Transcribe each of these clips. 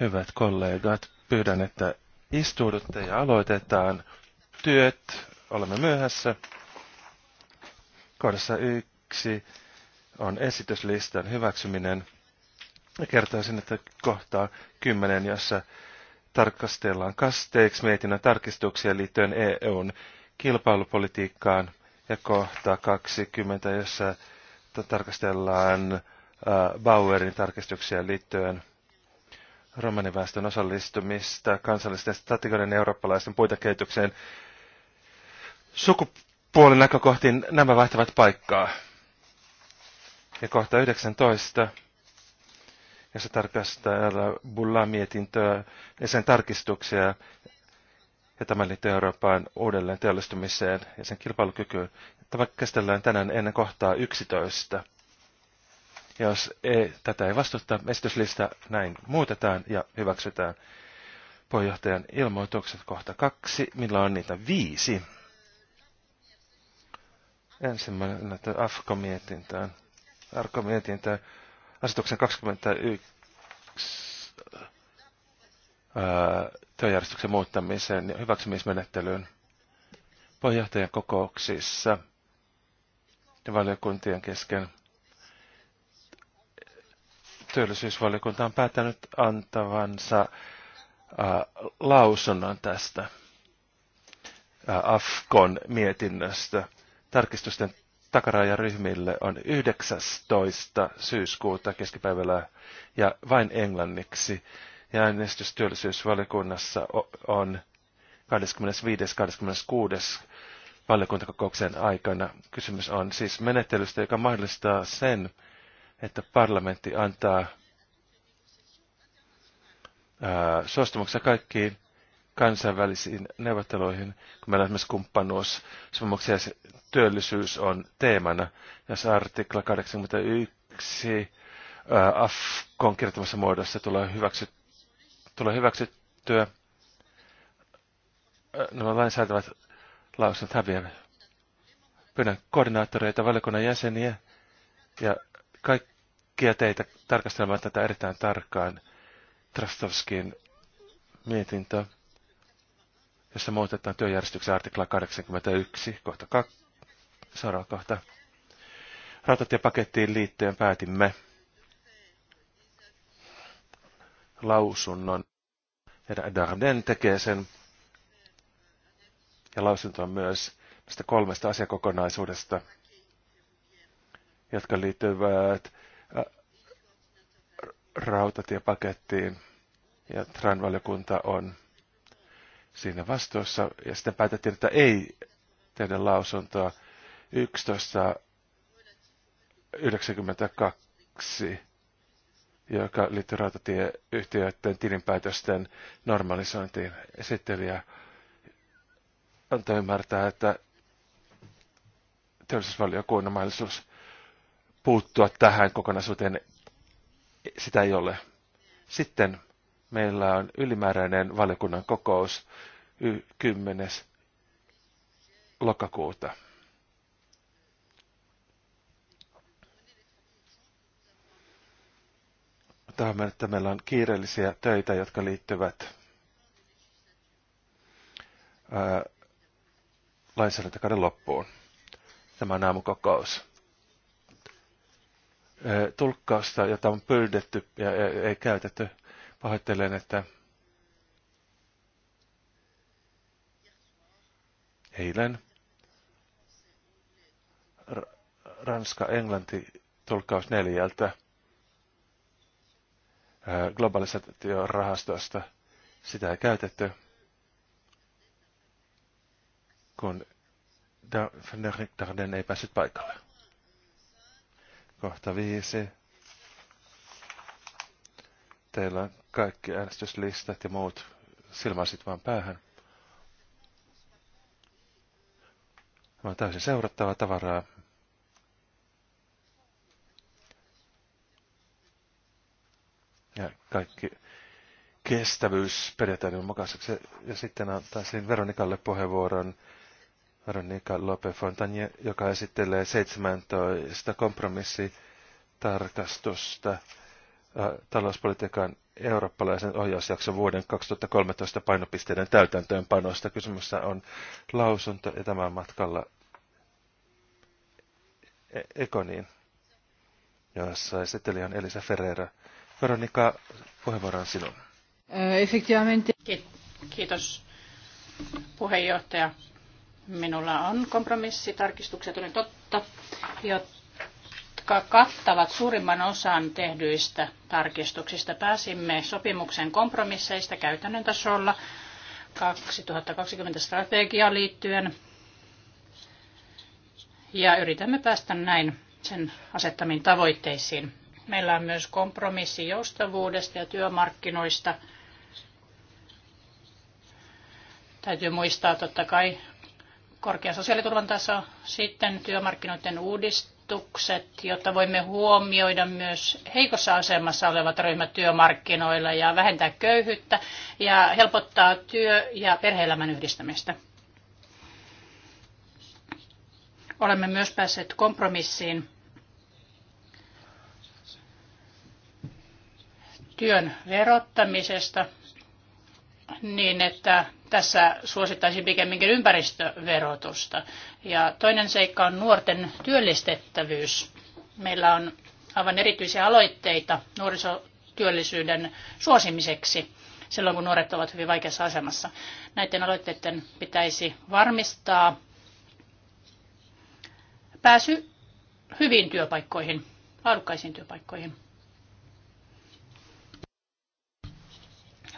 Hyvät kollegat, pyydän, että istuudutte ja aloitetaan työt. Olemme myöhässä. Kohdassa yksi on esityslistan hyväksyminen. Kertoisin, että kohtaa kymmenen, jossa tarkastellaan kasteiksi mietinnän tarkistuksia liittyen EUn kilpailupolitiikkaan ja kohta 20, jossa tarkastellaan Bauerin tarkistuksia liittyen romaniväestön osallistumista kansallisten strategioiden eurooppalaisten puitekehitykseen. Sukupuolen näkökohtiin nämä vaihtavat paikkaa. Ja kohta 19, jossa tarkastellaan Bullan mietintöä ja sen tarkistuksia, ja tämä liittyy Euroopan uudelleen teollistumiseen ja sen kilpailukykyyn. Tämä käsitellään tänään ennen kohtaa 11. Jos ei, tätä ei vastuuttaa, esityslista näin muutetaan ja hyväksytään puheenjohtajan ilmoitukset kohta kaksi, millä on niitä viisi. Ensimmäinen että AFKO-mietintään, ARKO-mietintään, asetuksen 21 työjärjestyksen muuttamiseen ja hyväksymismenettelyyn puheenjohtajan kokouksissa ja valiokuntien kesken – työllisyysvaliokunta on päättänyt antavansa ää, äh, lausunnon tästä äh, AFKon mietinnöstä. Tarkistusten takarajaryhmille on 19. syyskuuta keskipäivällä ja vain englanniksi. Ja äänestys työllisyysvaliokunnassa on 25.-26. valiokuntakokouksen aikana. Kysymys on siis menettelystä, joka mahdollistaa sen, että parlamentti antaa suostumuksia kaikkiin kansainvälisiin neuvotteluihin, kun meillä on esimerkiksi kumppanuussopimuksia, työllisyys on teemana, ja se artikla 81 AFKon kirjoittamassa muodossa tulee, hyväksyt, tulee hyväksyttyä, nämä lainsäätävät lausunnot häviävät. Pyydän koordinaattoreita, valiokunnan jäseniä ja kaikki kaikkia teitä tarkastelemaan tätä erittäin tarkkaan. Trastovskin mietintö, jossa muutetaan työjärjestyksen artikla 81, kohta 2, seuraava kohta. Rautatiepakettiin liittyen päätimme lausunnon. Darden tekee sen. Ja lausunto on myös tästä kolmesta asiakokonaisuudesta, jotka liittyvät rautatiepakettiin ja TRAN-valiokunta on siinä vastuussa. Ja sitten päätettiin, että ei tehdä lausuntoa 11.92, joka liittyy rautatieyhtiöiden tilinpäätösten normalisointiin. Esittelijä antaa ymmärtää, että teollisuusvaliokunnan mahdollisuus puuttua tähän kokonaisuuteen. Sitä ei ole. Sitten meillä on ylimääräinen valiokunnan kokous 10. lokakuuta. Tähän että meillä on kiireellisiä töitä, jotka liittyvät lainsäädäntökauden loppuun. Tämä on aamukokous tulkkausta, jota on pöydetty ja ei käytetty. Pahoittelen, että eilen Ranska-Englanti tulkkaus neljältä globalisaatiorahastosta. Sitä ei käytetty, kun Frederic Darden ei päässyt paikalle. Kohta viisi. Teillä on kaikki äänestyslistat ja muut silmäsit vaan päähän. Tämä on täysin seurattavaa tavaraa. Ja kaikki kestävyys periaatteiden mukaiseksi. Ja sitten antaisin Veronikalle puheenvuoron Veronika Lope-Fontanje, joka esittelee 17 kompromissitarkastusta äh, talouspolitiikan eurooppalaisen ohjausjakson vuoden 2013 painopisteiden täytäntöönpanosta. Kysymys on lausunto ja tämän matkalla e Ekoniin, jossa esitteli on Elisa Ferreira. Veronika, puheenvuoro on sinun. Äh, kiitos puheenjohtaja. Minulla on kompromissitarkistukset tuli totta, jotka kattavat suurimman osan tehdyistä tarkistuksista. Pääsimme sopimuksen kompromisseista käytännön tasolla 2020 strategiaan liittyen. Ja yritämme päästä näin sen asettamiin tavoitteisiin. Meillä on myös kompromissi joustavuudesta ja työmarkkinoista. Täytyy muistaa totta kai korkea sosiaaliturvan taso, sitten työmarkkinoiden uudistukset, jotta voimme huomioida myös heikossa asemassa olevat ryhmät työmarkkinoilla ja vähentää köyhyyttä ja helpottaa työ- ja perhe-elämän yhdistämistä. Olemme myös päässeet kompromissiin työn verottamisesta niin, että tässä suosittaisin pikemminkin ympäristöverotusta. Ja toinen seikka on nuorten työllistettävyys. Meillä on aivan erityisiä aloitteita nuorisotyöllisyyden suosimiseksi silloin, kun nuoret ovat hyvin vaikeassa asemassa. Näiden aloitteiden pitäisi varmistaa pääsy hyviin työpaikkoihin, laadukkaisiin työpaikkoihin.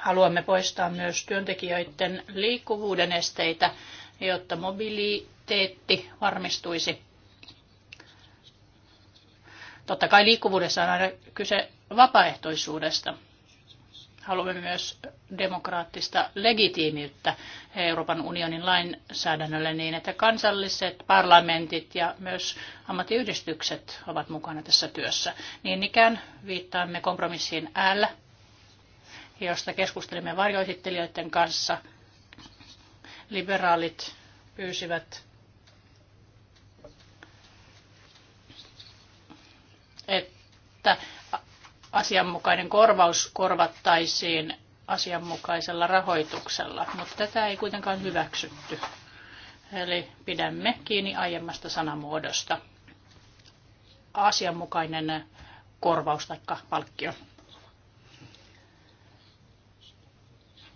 Haluamme poistaa myös työntekijöiden liikkuvuuden esteitä, jotta mobiliteetti varmistuisi. Totta kai liikkuvuudessa on aina kyse vapaaehtoisuudesta. Haluamme myös demokraattista legitiimiyttä Euroopan unionin lainsäädännölle niin, että kansalliset parlamentit ja myös ammattiyhdistykset ovat mukana tässä työssä. Niin ikään viittaamme kompromissiin L josta keskustelimme varjoesittelijöiden kanssa. Liberaalit pyysivät, että asianmukainen korvaus korvattaisiin asianmukaisella rahoituksella, mutta tätä ei kuitenkaan hyväksytty. Eli pidämme kiinni aiemmasta sanamuodosta. Asianmukainen korvaus tai palkkio.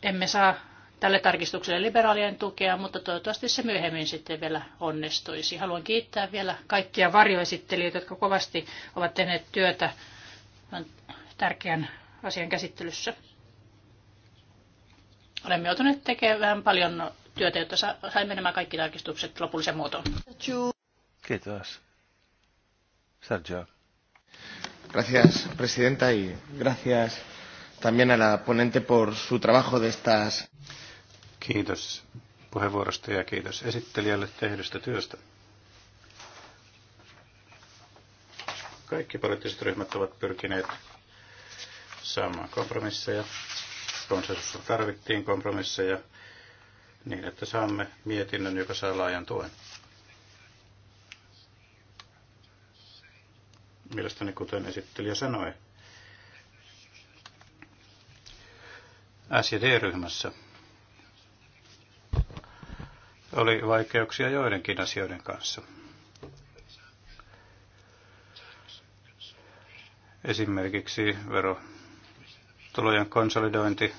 Emme saa tälle tarkistukselle liberaalien tukea, mutta toivottavasti se myöhemmin sitten vielä onnistuisi. Haluan kiittää vielä kaikkia varjoesittelijöitä, jotka kovasti ovat tehneet työtä tärkeän asian käsittelyssä. Olemme joutuneet tekemään paljon työtä, jotta saimme nämä kaikki tarkistukset lopulliseen muotoon. Kiitos. Sergio. Gracias, presidenta, y gracias también a la ponente por su trabajo de estas. Kiitos puheenvuorosta ja kiitos esittelijälle tehdystä työstä. Kaikki poliittiset ryhmät ovat pyrkineet saamaan kompromisseja. Konsensusta tarvittiin kompromisseja niin, että saamme mietinnön, joka saa laajan tuen. Mielestäni, kuten esittelijä sanoi, SD-ryhmässä oli vaikeuksia joidenkin asioiden kanssa. Esimerkiksi verotulojen konsolidointi.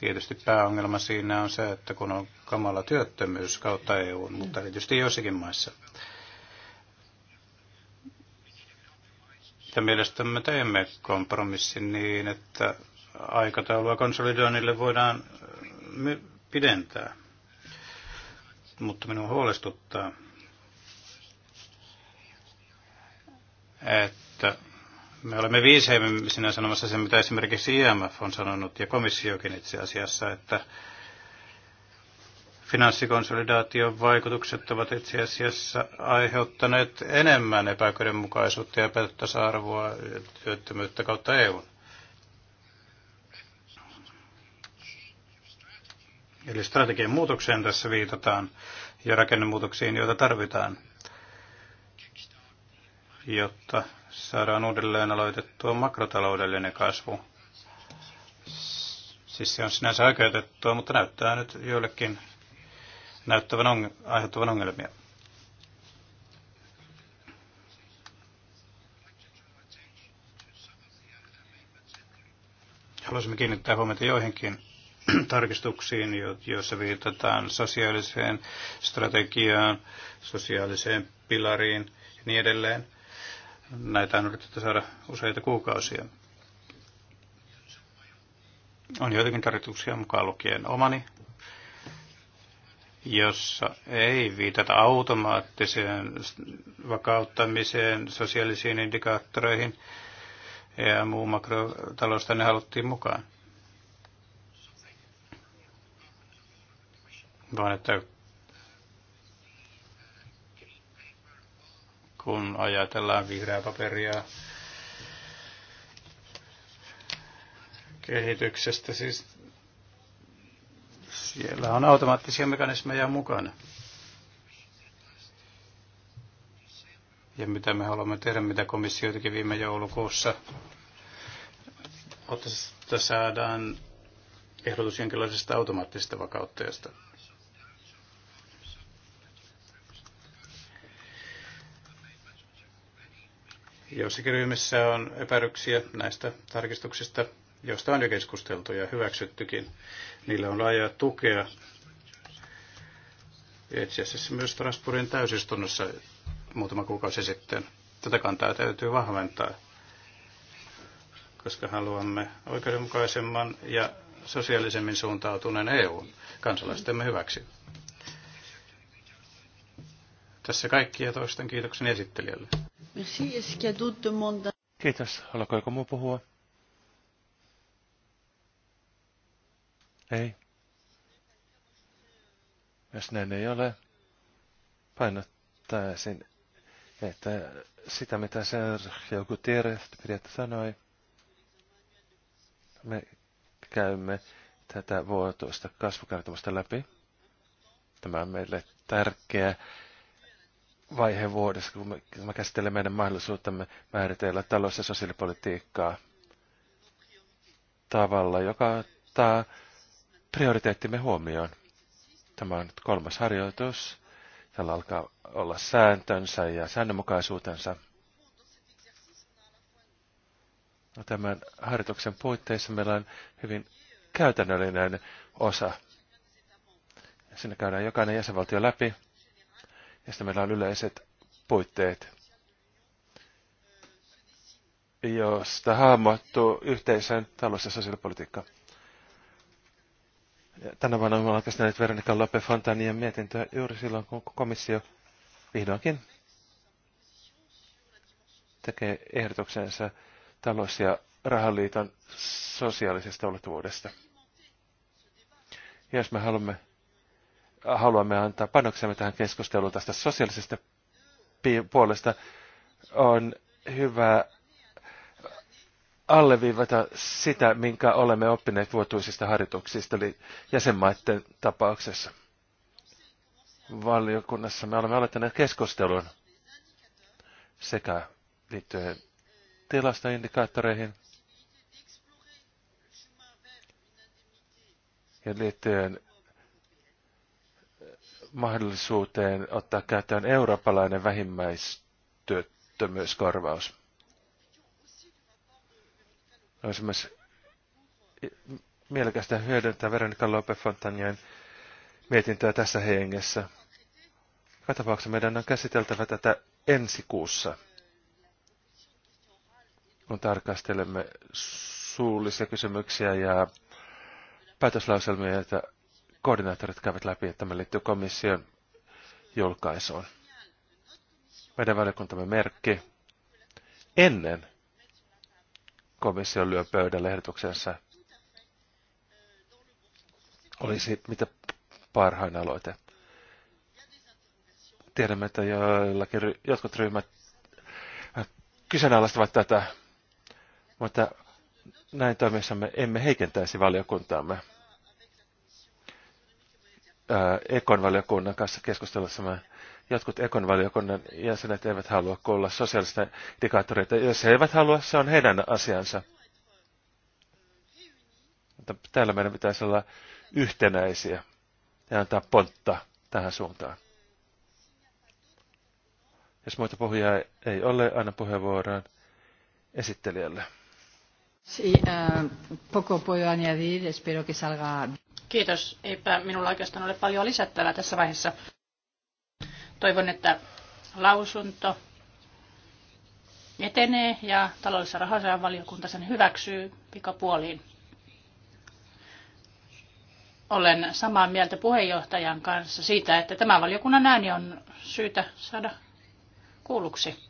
Tietysti pääongelma siinä on se, että kun on kamala työttömyys kautta EUn, mutta erityisesti joissakin maissa. Ja mielestämme teemme kompromissin niin, että aikataulua konsolidoinnille voidaan eh, pidentää. Mutta minua huolestuttaa, että me olemme viiseimmin sanomassa sen, mitä esimerkiksi IMF on sanonut ja komissiokin itse asiassa, että finanssikonsolidaation vaikutukset ovat itse asiassa aiheuttaneet enemmän epäoikeudenmukaisuutta ja epätasa-arvoa työttömyyttä kautta EUn. Eli strategian muutokseen tässä viitataan ja rakennemuutoksiin, joita tarvitaan, jotta saadaan uudelleen aloitettua makrotaloudellinen kasvu. Siis se on sinänsä oikeutettua, mutta näyttää nyt joillekin näyttävän on, aiheuttavan ongelmia. Haluaisimme kiinnittää huomiota joihinkin tarkistuksiin, joissa viitataan sosiaaliseen strategiaan, sosiaaliseen pilariin ja niin edelleen. Näitä on yritetty saada useita kuukausia. On joitakin tarkistuksia mukaan lukien omani, jossa ei viitata automaattiseen vakauttamiseen, sosiaalisiin indikaattoreihin ja muu makrotalous ne haluttiin mukaan. vaan että kun ajatellaan vihreää paperia kehityksestä, siis siellä on automaattisia mekanismeja mukana. Ja mitä me haluamme tehdä, mitä komissio teki viime joulukuussa, että saadaan ehdotus jonkinlaisesta automaattisesta vakautteesta. Joissakin ryhmissä on epäryksiä näistä tarkistuksista, joista on jo keskusteltu ja hyväksyttykin. Niillä on laajaa tukea. Itse asiassa myös Strasbourgin täysistunnossa muutama kuukausi sitten. Tätä kantaa täytyy vahventaa, koska haluamme oikeudenmukaisemman ja sosiaalisemmin suuntautuneen EUn kansalaistemme hyväksi. Tässä kaikki ja toisten kiitoksen esittelijälle. Kiitos. Haluatko joku muu puhua? Ei. Jos näin ei ole, painottaisin, että sitä mitä Sergio Gutierrez Pirjat sanoi, me käymme tätä vuotuista kasvukertomusta läpi. Tämä on meille tärkeä vaihe vuodessa, kun me, käsittelemme meidän mahdollisuuttamme määritellä talous- ja sosiaalipolitiikkaa tavalla, joka ottaa prioriteettimme huomioon. Tämä on nyt kolmas harjoitus. Tällä alkaa olla sääntönsä ja säännönmukaisuutensa. No, tämän harjoituksen puitteissa meillä on hyvin käytännöllinen osa. Sinne käydään jokainen jäsenvaltio läpi ja sitten meillä on yleiset puitteet, josta hahmottu yhteisön talous- ja sosiaalipolitiikka. Ja tänä vuonna ollaan käsitellyt Veronika Lope Fontanien mietintöä juuri silloin, kun komissio vihdoinkin tekee ehdotuksensa talous- ja rahaliiton sosiaalisesta ulottuvuudesta. Jos me haluamme haluamme antaa panoksemme tähän keskusteluun tästä sosiaalisesta puolesta, on hyvä alleviivata sitä, minkä olemme oppineet vuotuisista harjoituksista, eli jäsenmaiden tapauksessa. Valiokunnassa me olemme aloittaneet keskustelun sekä liittyen tilastoindikaattoreihin ja liittyen mahdollisuuteen ottaa käyttöön eurooppalainen vähimmäistyöttömyyskorvaus. Olisi myös mielekästä hyödyntää Veronika Lopefontanien mietintöä tässä hengessä. Katapauksessa meidän on käsiteltävä tätä ensi kuussa, kun tarkastelemme suullisia kysymyksiä ja päätöslauselmia, joita koordinaattorit käyvät läpi, että tämä liittyy komission julkaisuun. Meidän valiokuntamme merkki ennen komission lyö pöydälle ehdotuksensa olisi mitä parhain aloite. Tiedämme, että joillakin, jotkut ryhmät äh, kyseenalaistavat tätä, mutta näin toimissamme emme heikentäisi valiokuntaamme. Äh, ekonvaliokunnan kanssa Mä jotkut ekonvaliokunnan jäsenet eivät halua kuulla sosiaalista indikaattoreita. Jos he eivät halua, se on heidän asiansa. Mutta täällä meidän pitäisi olla yhtenäisiä ja antaa pontta tähän suuntaan. Jos muita puhujaa ei ole, anna puheenvuoron esittelijälle. Sí, uh, poco puedo añadir, espero que salga... Kiitos. Eipä minulla oikeastaan ole paljon lisättävää tässä vaiheessa. Toivon, että lausunto etenee ja talous- ja valiokunta sen hyväksyy pikapuoliin. Olen samaa mieltä puheenjohtajan kanssa siitä, että tämä valiokunnan ääni on syytä saada kuulluksi.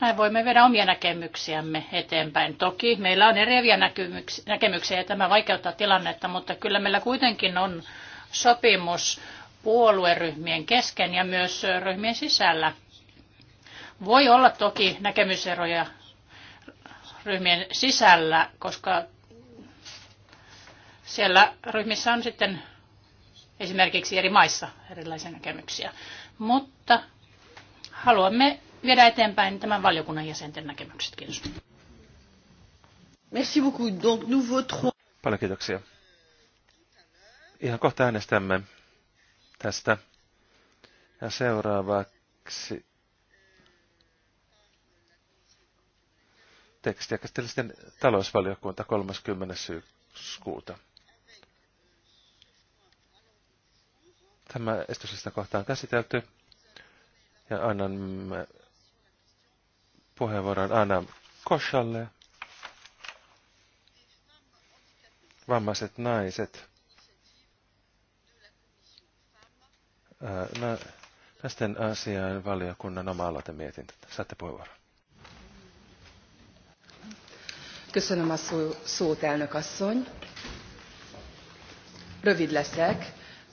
Näin voimme viedä omia näkemyksiämme eteenpäin. Toki meillä on eriäviä näkemyksiä ja tämä vaikeuttaa tilannetta, mutta kyllä meillä kuitenkin on sopimus puolueryhmien kesken ja myös ryhmien sisällä. Voi olla toki näkemyseroja ryhmien sisällä, koska siellä ryhmissä on sitten esimerkiksi eri maissa erilaisia näkemyksiä. Mutta haluamme viedä eteenpäin tämän valiokunnan jäsenten näkemykset. Kiitos. Merci beaucoup. Donc nous voterons... Paljon kiitoksia. Ihan kohta äänestämme tästä. Ja seuraavaksi tekstiä käsitellään sitten talousvaliokunta 30. syyskuuta. Tämä estoslista kohta on käsitelty ja annan puheenvuoron Anna Koshalle. Vammaiset naiset. Ää, naisten asian valiokunnan oma mietintä. Saatte puheenvuoron. Köszönöm a szó, szót, elnök asszony. Rövid leszek.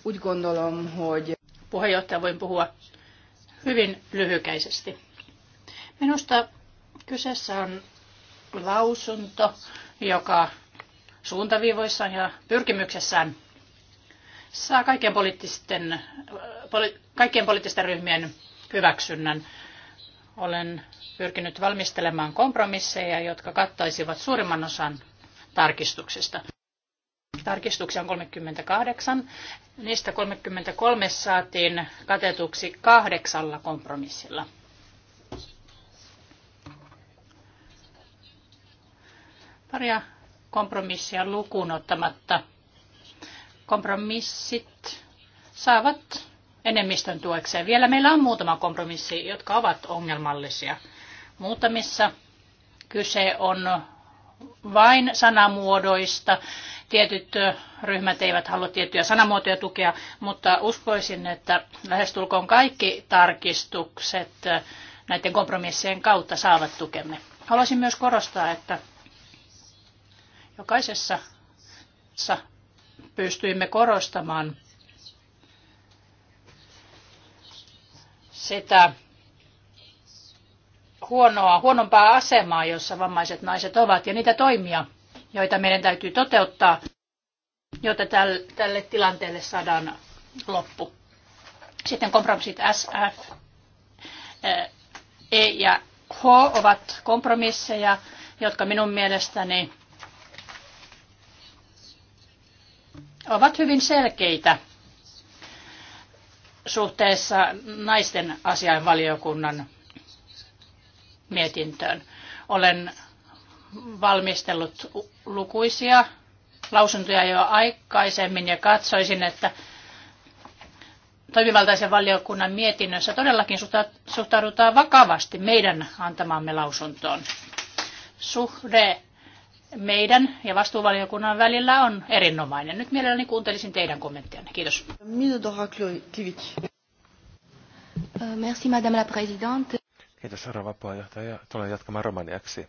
Úgy gondolom, hogy... Puheenjohtaja, voin puhua hyvin lyhykäisesti. Minusta Kyseessä on lausunto, joka suuntaviivoissaan ja pyrkimyksessään saa kaikkien poliittisten, poli, kaikkien poliittisten ryhmien hyväksynnän. Olen pyrkinyt valmistelemaan kompromisseja, jotka kattaisivat suurimman osan tarkistuksista. Tarkistuksia on 38. Niistä 33 saatiin katetuksi kahdeksalla kompromissilla. Paria kompromissia lukuun ottamatta. Kompromissit saavat enemmistön tuekseen. Vielä meillä on muutama kompromissi, jotka ovat ongelmallisia. Muutamissa kyse on vain sanamuodoista. Tietyt ryhmät eivät halua tiettyjä sanamuotoja tukea, mutta uskoisin, että lähestulkoon kaikki tarkistukset näiden kompromissien kautta saavat tukemme. Haluaisin myös korostaa, että Jokaisessa pystyimme korostamaan sitä huonoa, huonompaa asemaa, jossa vammaiset naiset ovat, ja niitä toimia, joita meidän täytyy toteuttaa, jotta tälle tilanteelle saadaan loppu. Sitten kompromissit SF, E ja H ovat kompromisseja, jotka minun mielestäni ovat hyvin selkeitä suhteessa naisten asianvaliokunnan mietintöön. Olen valmistellut lukuisia lausuntoja jo aikaisemmin ja katsoisin, että toimivaltaisen valiokunnan mietinnössä todellakin suhtaudutaan vakavasti meidän antamaamme lausuntoon. Suhde meidän ja vastuuvaliokunnan välillä on erinomainen. Nyt mielelläni kuuntelisin teidän kommenttianne. Kiitos. Merci, madame la présidente. Kiitos, rouva puheenjohtaja. Tulen jatkamaan romaniaksi.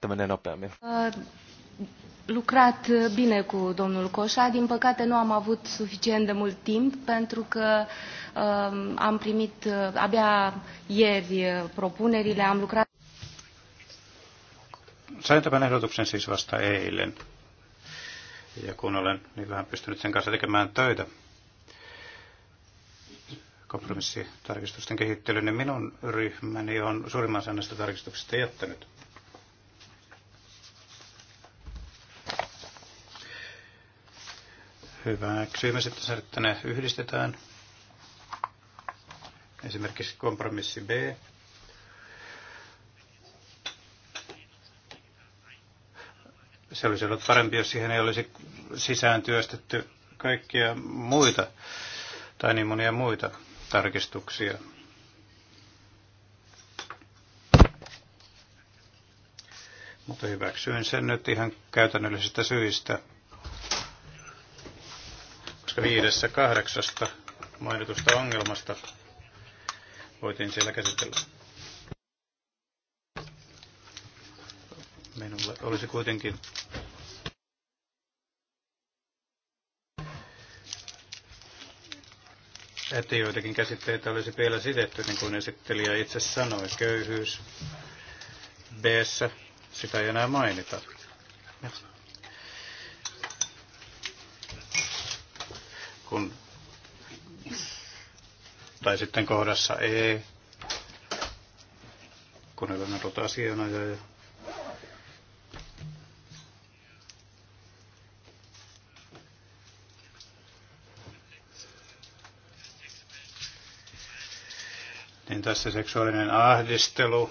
Tämä menee nopeammin. Lucrat bine cu domnul Coșa, din păcate nu am avut suficient de mult timp pentru că um, am primit uh, abia ieri propunerile, am lucrat sain tämän ehdotuksen siis vasta eilen. Ja kun olen niin vähän pystynyt sen kanssa tekemään töitä kompromissitarkistusten kehittelyyn, niin minun ryhmäni on suurimman osan näistä tarkistuksista jättänyt. Hyvä, sitten sen, että ne yhdistetään. Esimerkiksi kompromissi B, Se olisi ollut parempi, jos siihen ei olisi sisään työstetty kaikkia muita tai niin monia muita tarkistuksia. Mutta hyväksyin sen nyt ihan käytännöllisistä syistä, koska viidessä kahdeksasta mainitusta ongelmasta voitiin siellä käsitellä. olisi kuitenkin että joitakin käsitteitä olisi vielä sidetty, niin kuin esittelijä itse sanoi, köyhyys b sitä ei enää mainita. Kun, tai sitten kohdassa E, kun yleinen rotaasiona ja tässä seksuaalinen ahdistelu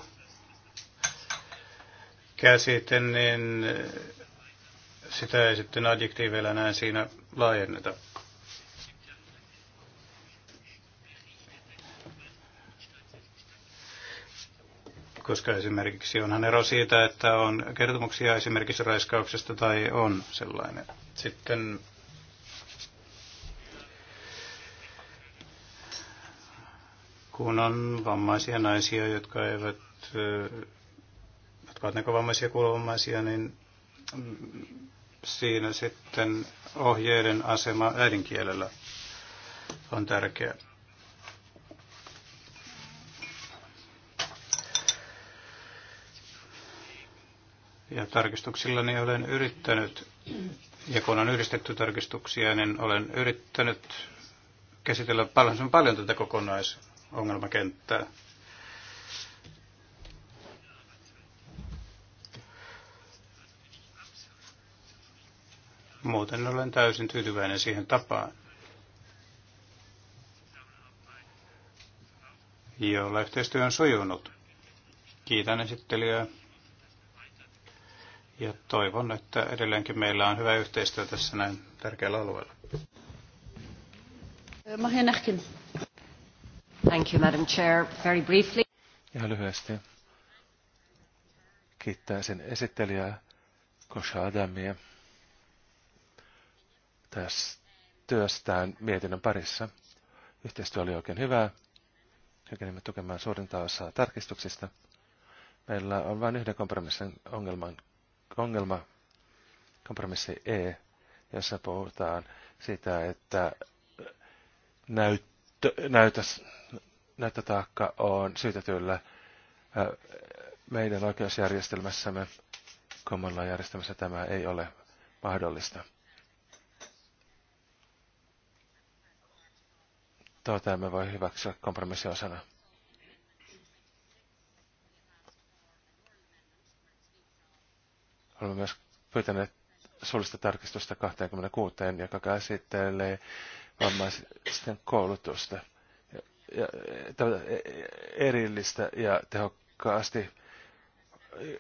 käsite, niin sitä ei sitten adjektiiveillä näin siinä laajenneta. koska esimerkiksi onhan ero siitä, että on kertomuksia esimerkiksi raiskauksesta tai on sellainen. Sitten kun on vammaisia naisia, jotka eivät, jotka ovat näkövammaisia ja kuulovammaisia, niin siinä sitten ohjeiden asema äidinkielellä on tärkeä. Ja tarkistuksillani olen yrittänyt, ja kun on yhdistetty tarkistuksia, niin olen yrittänyt käsitellä paljon, paljon tätä kokonaisuutta ongelmakenttää. Muuten olen täysin tyytyväinen siihen tapaan, jolla yhteistyö on sujunut. Kiitän esittelijää ja toivon, että edelleenkin meillä on hyvä yhteistyö tässä näin tärkeällä alueella. Mä Thank Madam Chair. Very briefly. lyhyesti. Kiittää sen esittelijää Kosha Adamia tästä työstään mietinnön parissa. Yhteistyö oli oikein hyvää. Kykenimme tukemaan suurinta osaa tarkistuksista. Meillä on vain yhden kompromissin ongelman, ongelma, kompromissi E, jossa puhutaan sitä, että näyttö, näytös näyttötaakka on syytetyllä meidän oikeusjärjestelmässämme, common järjestelmässä tämä ei ole mahdollista. Tuota emme voi hyväksyä kompromissiosana. Olemme myös pyytäneet suullista tarkistusta 26, joka käsittelee vammaisten koulutusta ja, erillistä ja tehokkaasti.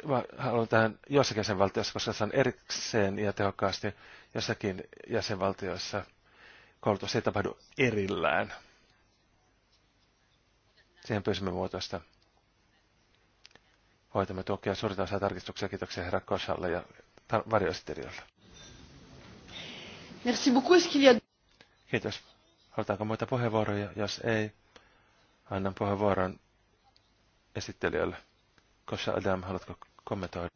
Mä haluan tähän jossakin jäsenvaltiossa, koska se on erikseen ja tehokkaasti jossakin jäsenvaltiossa. Koulutus ei tapahdu erillään. Siihen pyysimme muotoista. Hoitamme tukea suurta osaa tarkistuksia. Kiitoksia herra Koshalle ja varjoesittelijöille. Merci beaucoup. Kiitos. Halutaanko muita puheenvuoroja? Jos ei, Annan puheenvuoron esittelijälle. Kosha Adam, haluatko kommentoida?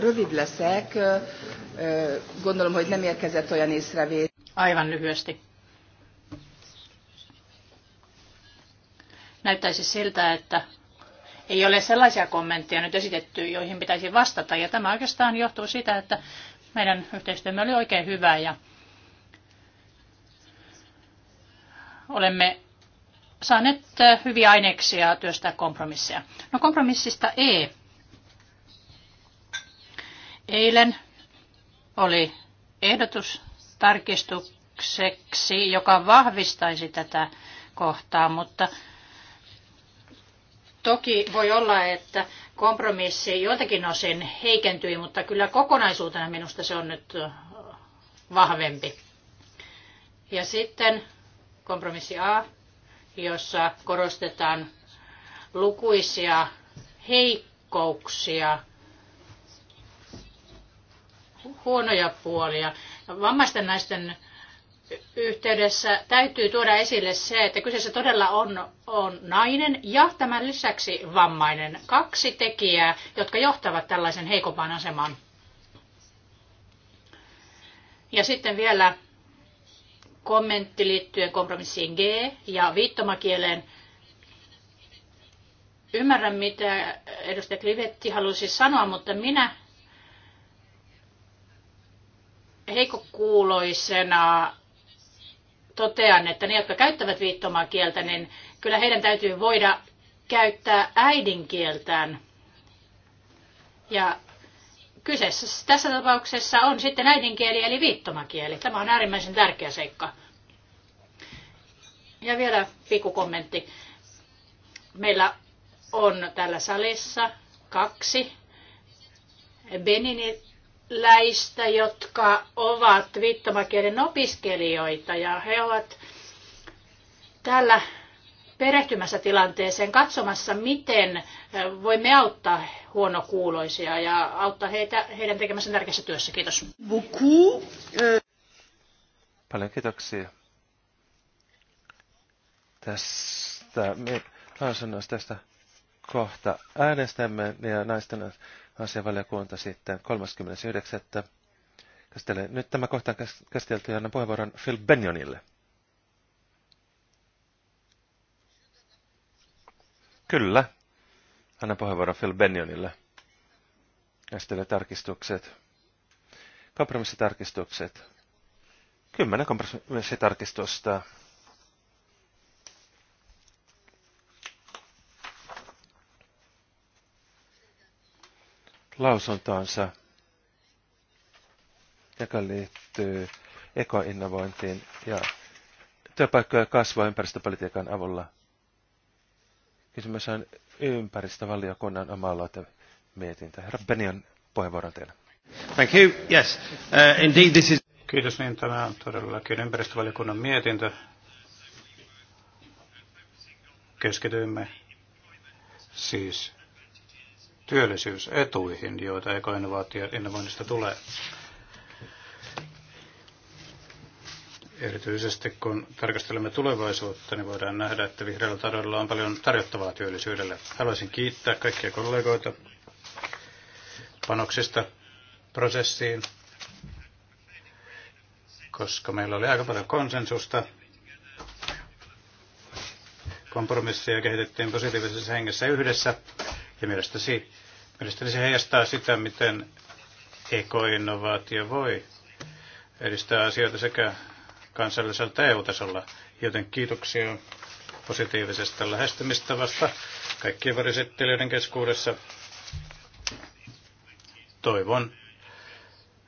Rövid leszek. Gondolom, hogy nem érkezett olyan észrevét. Aivan lyhyesti. Näyttäisi siltä, että ei ole sellaisia kommentteja nyt esitetty, joihin pitäisi vastata. Ja tämä oikeastaan johtuu siitä, että meidän yhteistyömme oli oikein hyvä ja olemme saaneet hyviä aineksia työstää kompromisseja. No kompromissista E. Eilen oli ehdotus tarkistukseksi, joka vahvistaisi tätä kohtaa, mutta toki voi olla, että kompromissi joiltakin osin heikentyi, mutta kyllä kokonaisuutena minusta se on nyt vahvempi. Ja sitten kompromissi A, jossa korostetaan lukuisia heikkouksia, huonoja puolia. Vammaisten naisten yhteydessä täytyy tuoda esille se, että kyseessä todella on, on nainen ja tämän lisäksi vammainen. Kaksi tekijää, jotka johtavat tällaisen heikompaan asemaan. Ja sitten vielä kommentti liittyen kompromissiin G ja viittomakieleen. Ymmärrän, mitä edustaja Klivetti halusi sanoa, mutta minä heikokuuloisena totean, että ne, jotka käyttävät viittomakieltä, niin kyllä heidän täytyy voida käyttää äidinkieltään. Ja Kyseessä siis tässä tapauksessa on sitten äidinkieli eli viittomakieli. Tämä on äärimmäisen tärkeä seikka. Ja vielä kommentti. Meillä on täällä salissa kaksi beniniläistä, jotka ovat viittomakielen opiskelijoita ja he ovat täällä perehtymässä tilanteeseen, katsomassa, miten voimme auttaa huonokuuloisia ja auttaa heitä heidän tekemässä tärkeässä työssä. Kiitos. Paljon kiitoksia. Tästä lausunnosta tästä kohta äänestämme ja naisten asiavaliokunta sitten 39. Käsittelee. Nyt tämä kohta on käsitelty ja annan puheenvuoron Phil Benjonille. Kyllä. Anna puheenvuoro Phil Benionille. Ja sitten tarkistukset. Kompromissitarkistukset. Kymmenen kompromissitarkistusta. Lausuntoonsa, joka liittyy ekoinnovointiin ja työpaikkojen kasvua ympäristöpolitiikan avulla – Kysymys on ympäristövaliokunnan omalla aloite mietintä. Herra Benian puheenvuoron teille. Thank you. Yes. Uh, indeed this is... Kiitos, niin tämä on todellakin ympäristövaliokunnan mietintö. Keskityimme siis työllisyysetuihin, joita ekoinnovaatioinnovoinnista tulee. Erityisesti kun tarkastelemme tulevaisuutta, niin voidaan nähdä, että vihreällä taloudella on paljon tarjottavaa työllisyydelle. Haluaisin kiittää kaikkia kollegoita panoksista prosessiin, koska meillä oli aika paljon konsensusta. Kompromisseja kehitettiin positiivisessa hengessä yhdessä, ja mielestäni, mielestäni se heijastaa sitä, miten ekoinnovaatio voi edistää asioita sekä kansalliselta EU-tasolla. Joten kiitoksia positiivisesta lähestymistavasta kaikkien varisittelijöiden keskuudessa. Toivon,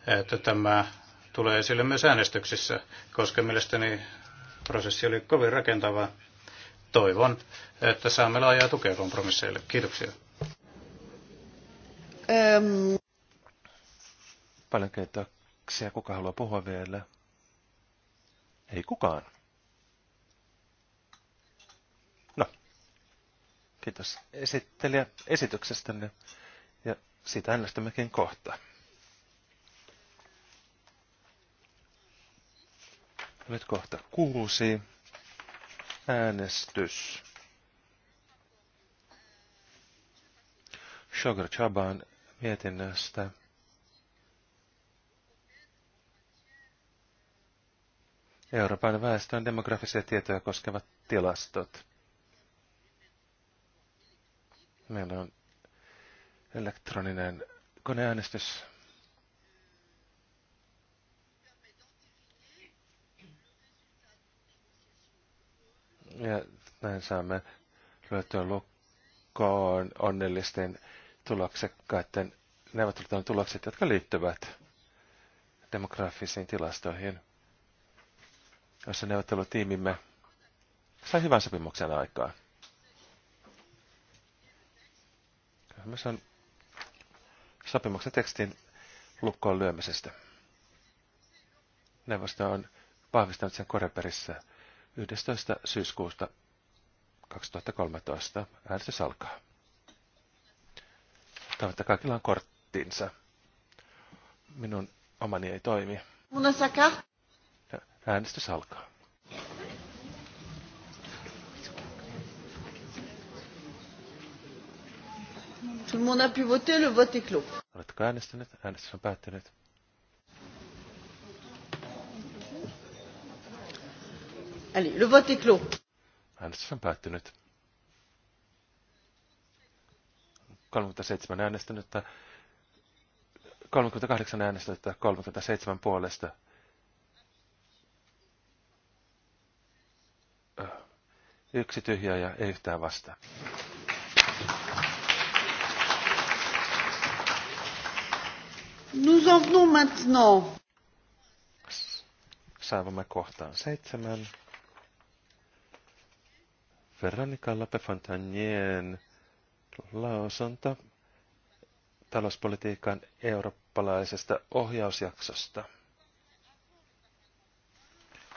että tämä tulee esille myös äänestyksissä, koska mielestäni prosessi oli kovin rakentava. Toivon, että saamme laajaa tukea kompromisseille. Kiitoksia. Paljon kiitoksia. Kuka haluaa puhua vielä? Ei kukaan. No, kiitos esittelijä esityksestänne ja siitä äänestämmekin kohta. Nyt kohta kuusi. Äänestys. Shogar Chaban mietinnöstä. Euroopan väestön demografisia tietoja koskevat tilastot. Meillä on elektroninen koneäänestys. Ja näin saamme lyötyä lukkoon onnellisten tuloksekkaiden neuvottelujen tulokset, jotka liittyvät demografisiin tilastoihin jossa neuvottelutiimimme sai hyvän sopimuksen aikaa. Kysymys on sopimuksen tekstin lukkoon lyömisestä. Neuvosto on vahvistanut sen Koreperissä 11. syyskuusta 2013. Äänestys alkaa. Toivottavasti kaikilla on korttinsa. Minun omani ei toimi. Munasaka. Äänestys alkaa. Tout le monde a pu voter, le vote est clos. Oletko äänestäneet? Äänestys on päättynyt. Allez, le vote est clos. Äänestys on päättynyt. 37 äänestänyttä, 38 äänestänyttä, 37 puolesta, Yksi tyhjä ja ei yhtään vastaa. Nous en venons maintenant. Saavamme kohtaan seitsemän. Veronica Lapefontanien lausunta talouspolitiikan eurooppalaisesta ohjausjaksosta.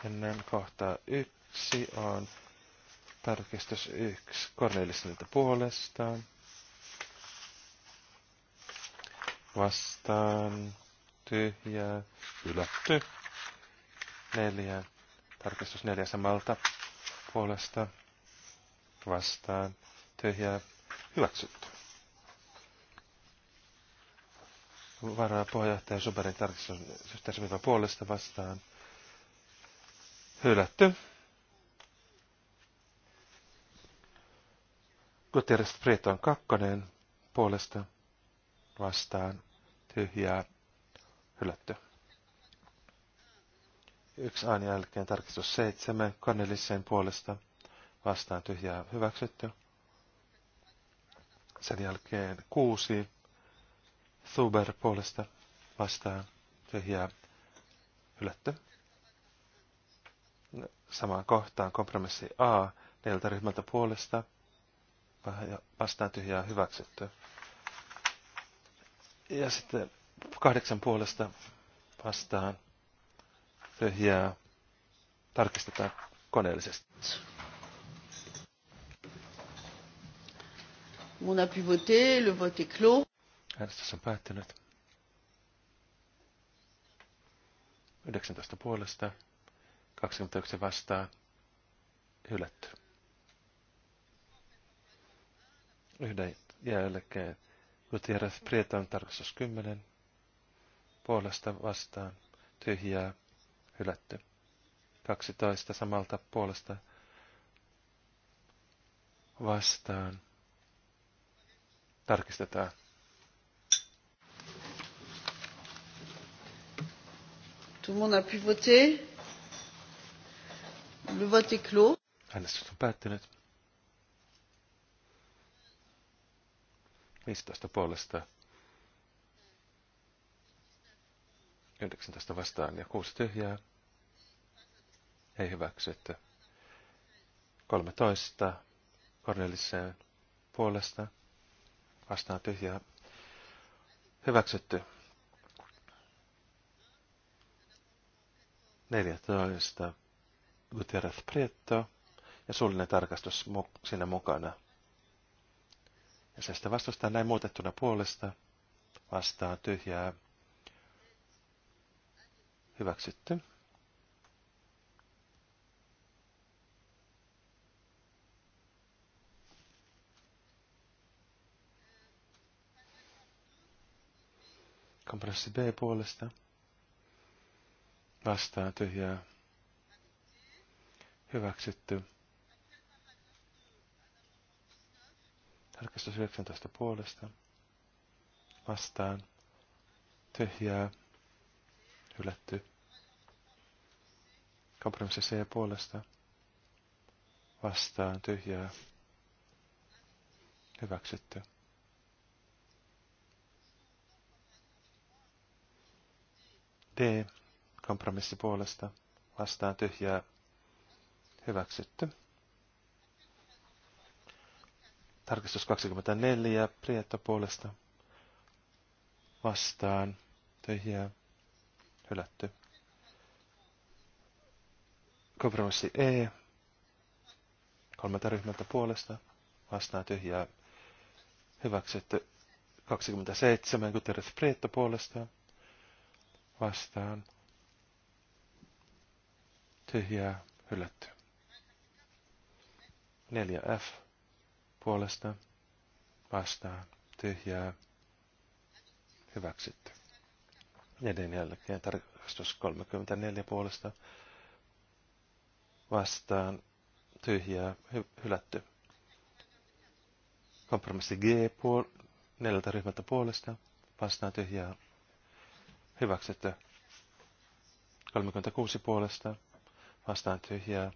Ennen kohtaa yksi on Tarkistus 1 Korneliselta puolestaan. Vastaan. Tyhjää. ylätty. Neljä. Tarkistus neljä samalta puolesta. Vastaan. Tyhjää. Hyväksytty. Varaa puheenjohtaja Suberin tarkistus puolesta vastaan. Hylätty. Guterres Freton kakkonen puolesta vastaan tyhjää hylätty. Yksi aina jälkeen tarkistus seitsemän Cornelissen puolesta vastaan tyhjää hyväksytty. Sen jälkeen kuusi Thuber puolesta vastaan tyhjää hylätty. Samaan kohtaan kompromissi A neljältä ryhmältä puolesta vastaan tyhjää hyväksyttyä. Ja sitten kahdeksan puolesta vastaan tyhjää tarkistetaan koneellisesti. On a pu voter, le vote est clos. Äänestys on päättynyt. 19 puolesta, 21 vastaan, hylätty. Yhden jälkeen Gutierrez Prieton tarkastus 10. Puolesta vastaan tyhjää hylätty. 12 samalta puolesta vastaan. Tarkistetaan. Tout le monde a pu voter. Le vote est clos. Äänestys on päättynyt. 15 puolesta. 19 vastaan ja 6 tyhjää. Ei hyväksy, että 13 Cornelisseen puolesta. Vastaan tyhjää. Hyväksytty. 14 Gutierrez Prieto ja suullinen tarkastus siinä mukana. Ja se sitä vastustaa näin muutettuna puolesta vastaan tyhjää. Hyväksytty. Kompressi B puolesta. vastaa tyhjää. Hyväksytty. Tarkastus 19 puolesta. Vastaan. Tyhjää. Hylätty. Kompromissi C puolesta. Vastaan. Tyhjää. Hyväksytty. D. Kompromissi puolesta. Vastaan tyhjää. Hyväksytty. Tarkistus 24, Prietta puolesta. Vastaan, tyhjää, hylätty. Kompromissi E, kolmelta ryhmältä puolesta. Vastaan, tyhjää, hyväksytty. 27, Guterres Prietta puolesta. Vastaan, tyhjää, hylätty. 4F puolesta vastaan tyhjää hyväksytty. niin jälkeen tarkastus 34 puolesta vastaan tyhjää hy- hylätty. Kompromissi G puol- neljältä ryhmältä puolesta vastaan tyhjää hyväksytty. 36 puolesta vastaan tyhjää.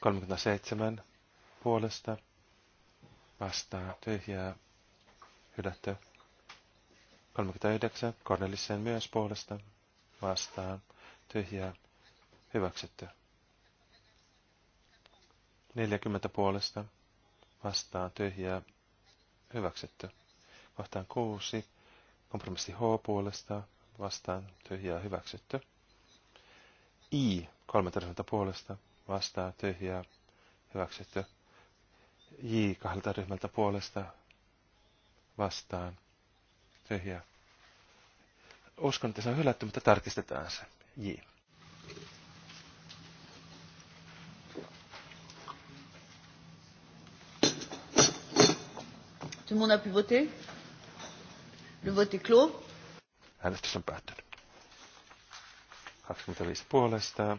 37 puolesta vastaa tyhjää hylätty. 39 Kornelissen myös puolesta vastaa tyhjää hyväksytty. 40 puolesta vastaa tyhjää hyväksytty. Kohtaan 6 kompromissi H puolesta vastaan tyhjää hyväksytty. I 13 puolesta vastaa tyhjää hyväksytty. J kahdelta ryhmältä puolesta vastaan. Tyhjä. Uskon, että se on hylätty, mutta tarkistetaan se. J. Tout le monde a pu voter Le vote est clos. Äänestys on päättynyt. 25 puolesta,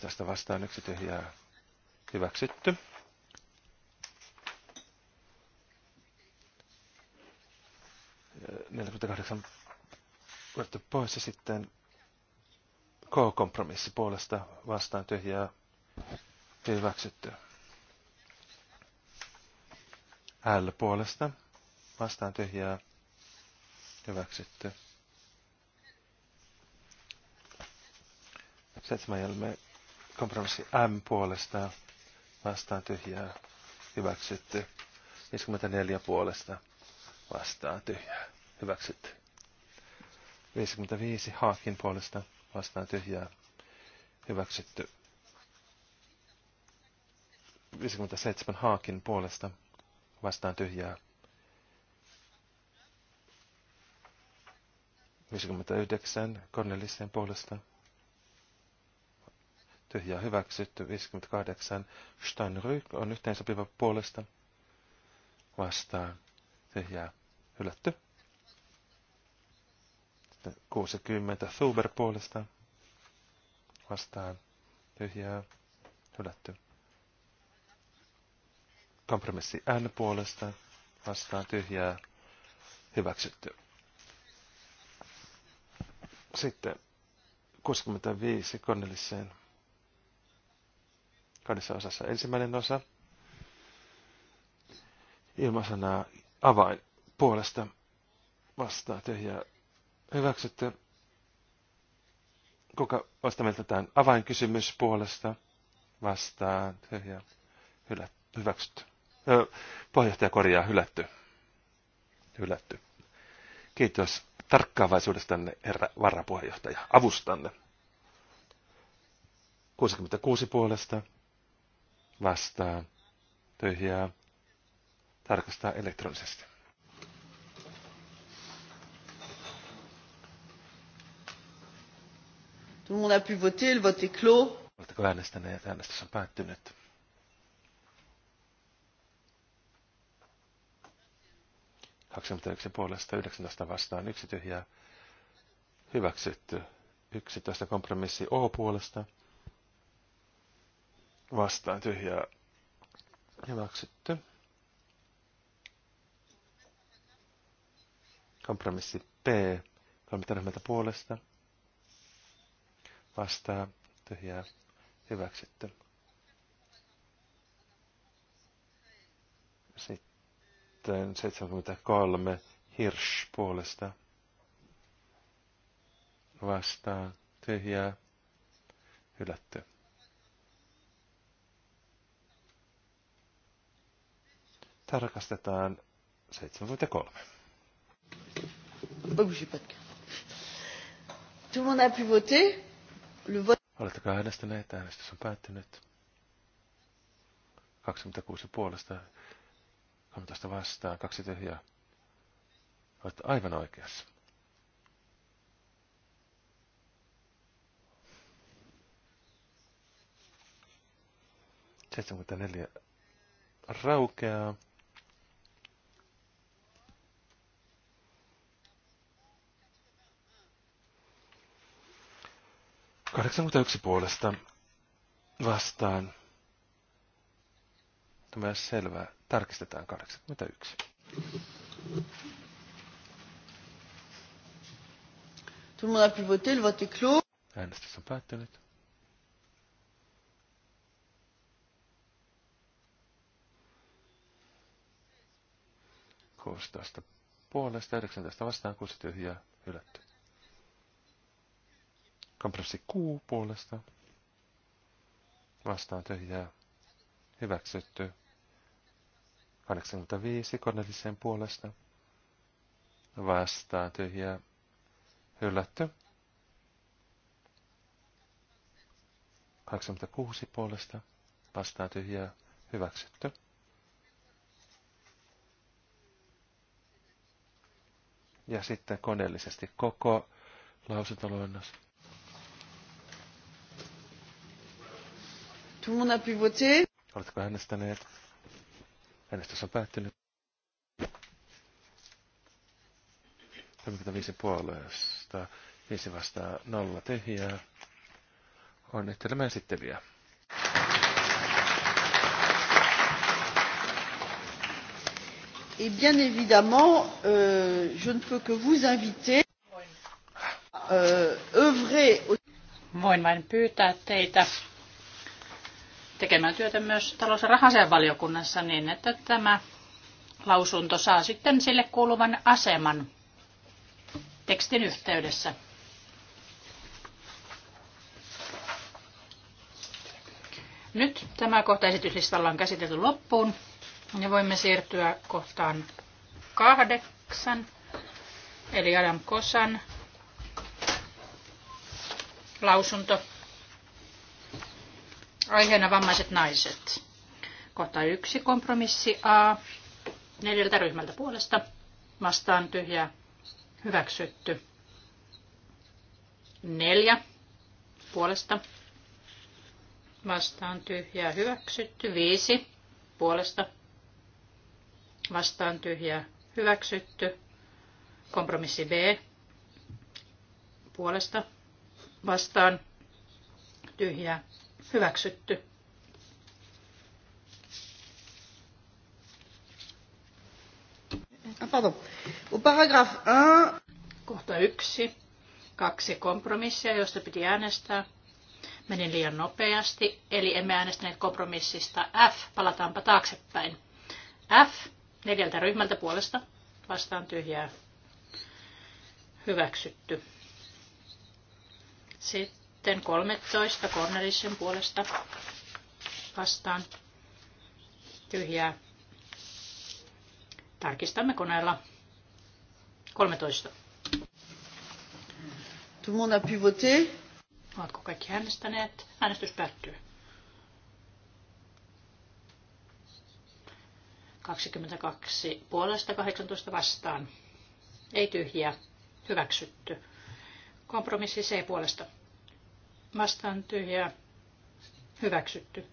Tästä vastaan yksi tyhjää hyväksytty. Ja 48 otettu pois ja sitten K-kompromissi puolesta vastaan tyhjää hyväksytty. L puolesta vastaan tyhjää hyväksytty. Seitsemän jälmeen Kompromissi M puolesta vastaan tyhjää hyväksytty. 54 puolesta vastaan tyhjää hyväksytty. 55 Haakin puolesta vastaan tyhjää hyväksytty. 57 Haakin puolesta vastaan tyhjää 59 Cornelissen puolesta tyhjää hyväksytty. 58 Steinryk on sopiva puolesta vastaan tyhjää hylätty. 60 Thuber puolesta vastaan tyhjää hylätty. Kompromissi N puolesta vastaan tyhjää hyväksytty. Sitten 65 Cornelisseen kahdessa osassa. Ensimmäinen osa ilmaisanaa avain puolesta vastaa ja hyväksytte. Kuka vastaa meiltä tämän avainkysymys puolesta vastaa ja hylät, hyväksytty. pohjohtaja korjaa hylätty. Hylätty. Kiitos tarkkaavaisuudestanne, herra varapuheenjohtaja, avustanne. 66 puolesta vastaan tyhjää tarkastaa elektronisesti. Tout le monde a pu voter, le vote est clos. Oletteko äänestäneet? Äänestys on päättynyt. puolesta 19 vastaan yksi tyhjää hyväksytty. 11 kompromissi O puolesta vastaan tyhjää hyväksytty. Kompromissi P, kolme puolesta, vastaa tyhjää hyväksytty. Sitten 73 Hirsch puolesta vastaa tyhjää hylätty. tarkastetaan 73. Oletteko äänestäneet? Äänestys on päättynyt. 26 puolesta, 13 vastaan, kaksi tyhjää. Olet aivan oikeassa. Seitsemänkymmentä neljä raukeaa. 81 puolesta vastaan. Tämä on selvää. Tarkistetaan 81. Tout le monde a pu voter, le vote est clos. Äänestys on päättynyt. Kuusitoista puolesta, 19 vastaan, kuusi tyhjää, hylätty. Kompressi Q puolesta. Vastaan tyhjää. Hyväksytty. 85 koneelliseen puolesta. Vastaan tyhjää. Hylätty. 86 puolesta. Vastaan tyhjää. Hyväksytty. Ja sitten koneellisesti koko lausuntoluennossa. Tout le monde a pu voter. Oletko äänestäneet? Äänestys on päättynyt. 35 puolesta, 5 vastaa 0 tehjää. Onnittelemme esittelijää. Et bien évidemment, euh, je ne peux que vous inviter à euh, œuvrer. Voin vain pyytää teitä tekemään työtä myös talous- ja rahasianvaliokunnassa niin, että tämä lausunto saa sitten sille kuuluvan aseman tekstin yhteydessä. Nyt tämä kohta esityslistalla on käsitelty loppuun ja voimme siirtyä kohtaan kahdeksan, eli Adam Kosan lausunto Aiheena vammaiset naiset. Kohta yksi kompromissi A. Neljältä ryhmältä puolesta vastaan tyhjä. hyväksytty. Neljä puolesta vastaan tyhjä. hyväksytty. Viisi puolesta vastaan tyhjä. hyväksytty. Kompromissi B puolesta vastaan tyhjä. Hyväksytty. Ah, pardon. Paragraf 1. Kohta yksi. Kaksi kompromissia, joista piti äänestää. Menin liian nopeasti, eli emme äänestäneet kompromissista F. Palataanpa taaksepäin. F neljältä ryhmältä puolesta vastaan tyhjää hyväksytty. Sitten sitten 13 Cornelissen puolesta vastaan. Tyhjää. Tarkistamme koneella. 13. Tout le monde a pu voter. Oletko kaikki äänestäneet? Äänestys päättyy. 22 puolesta 18 vastaan. Ei tyhjiä. Hyväksytty. Kompromissi C puolesta vastaan tyhjä, hyväksytty.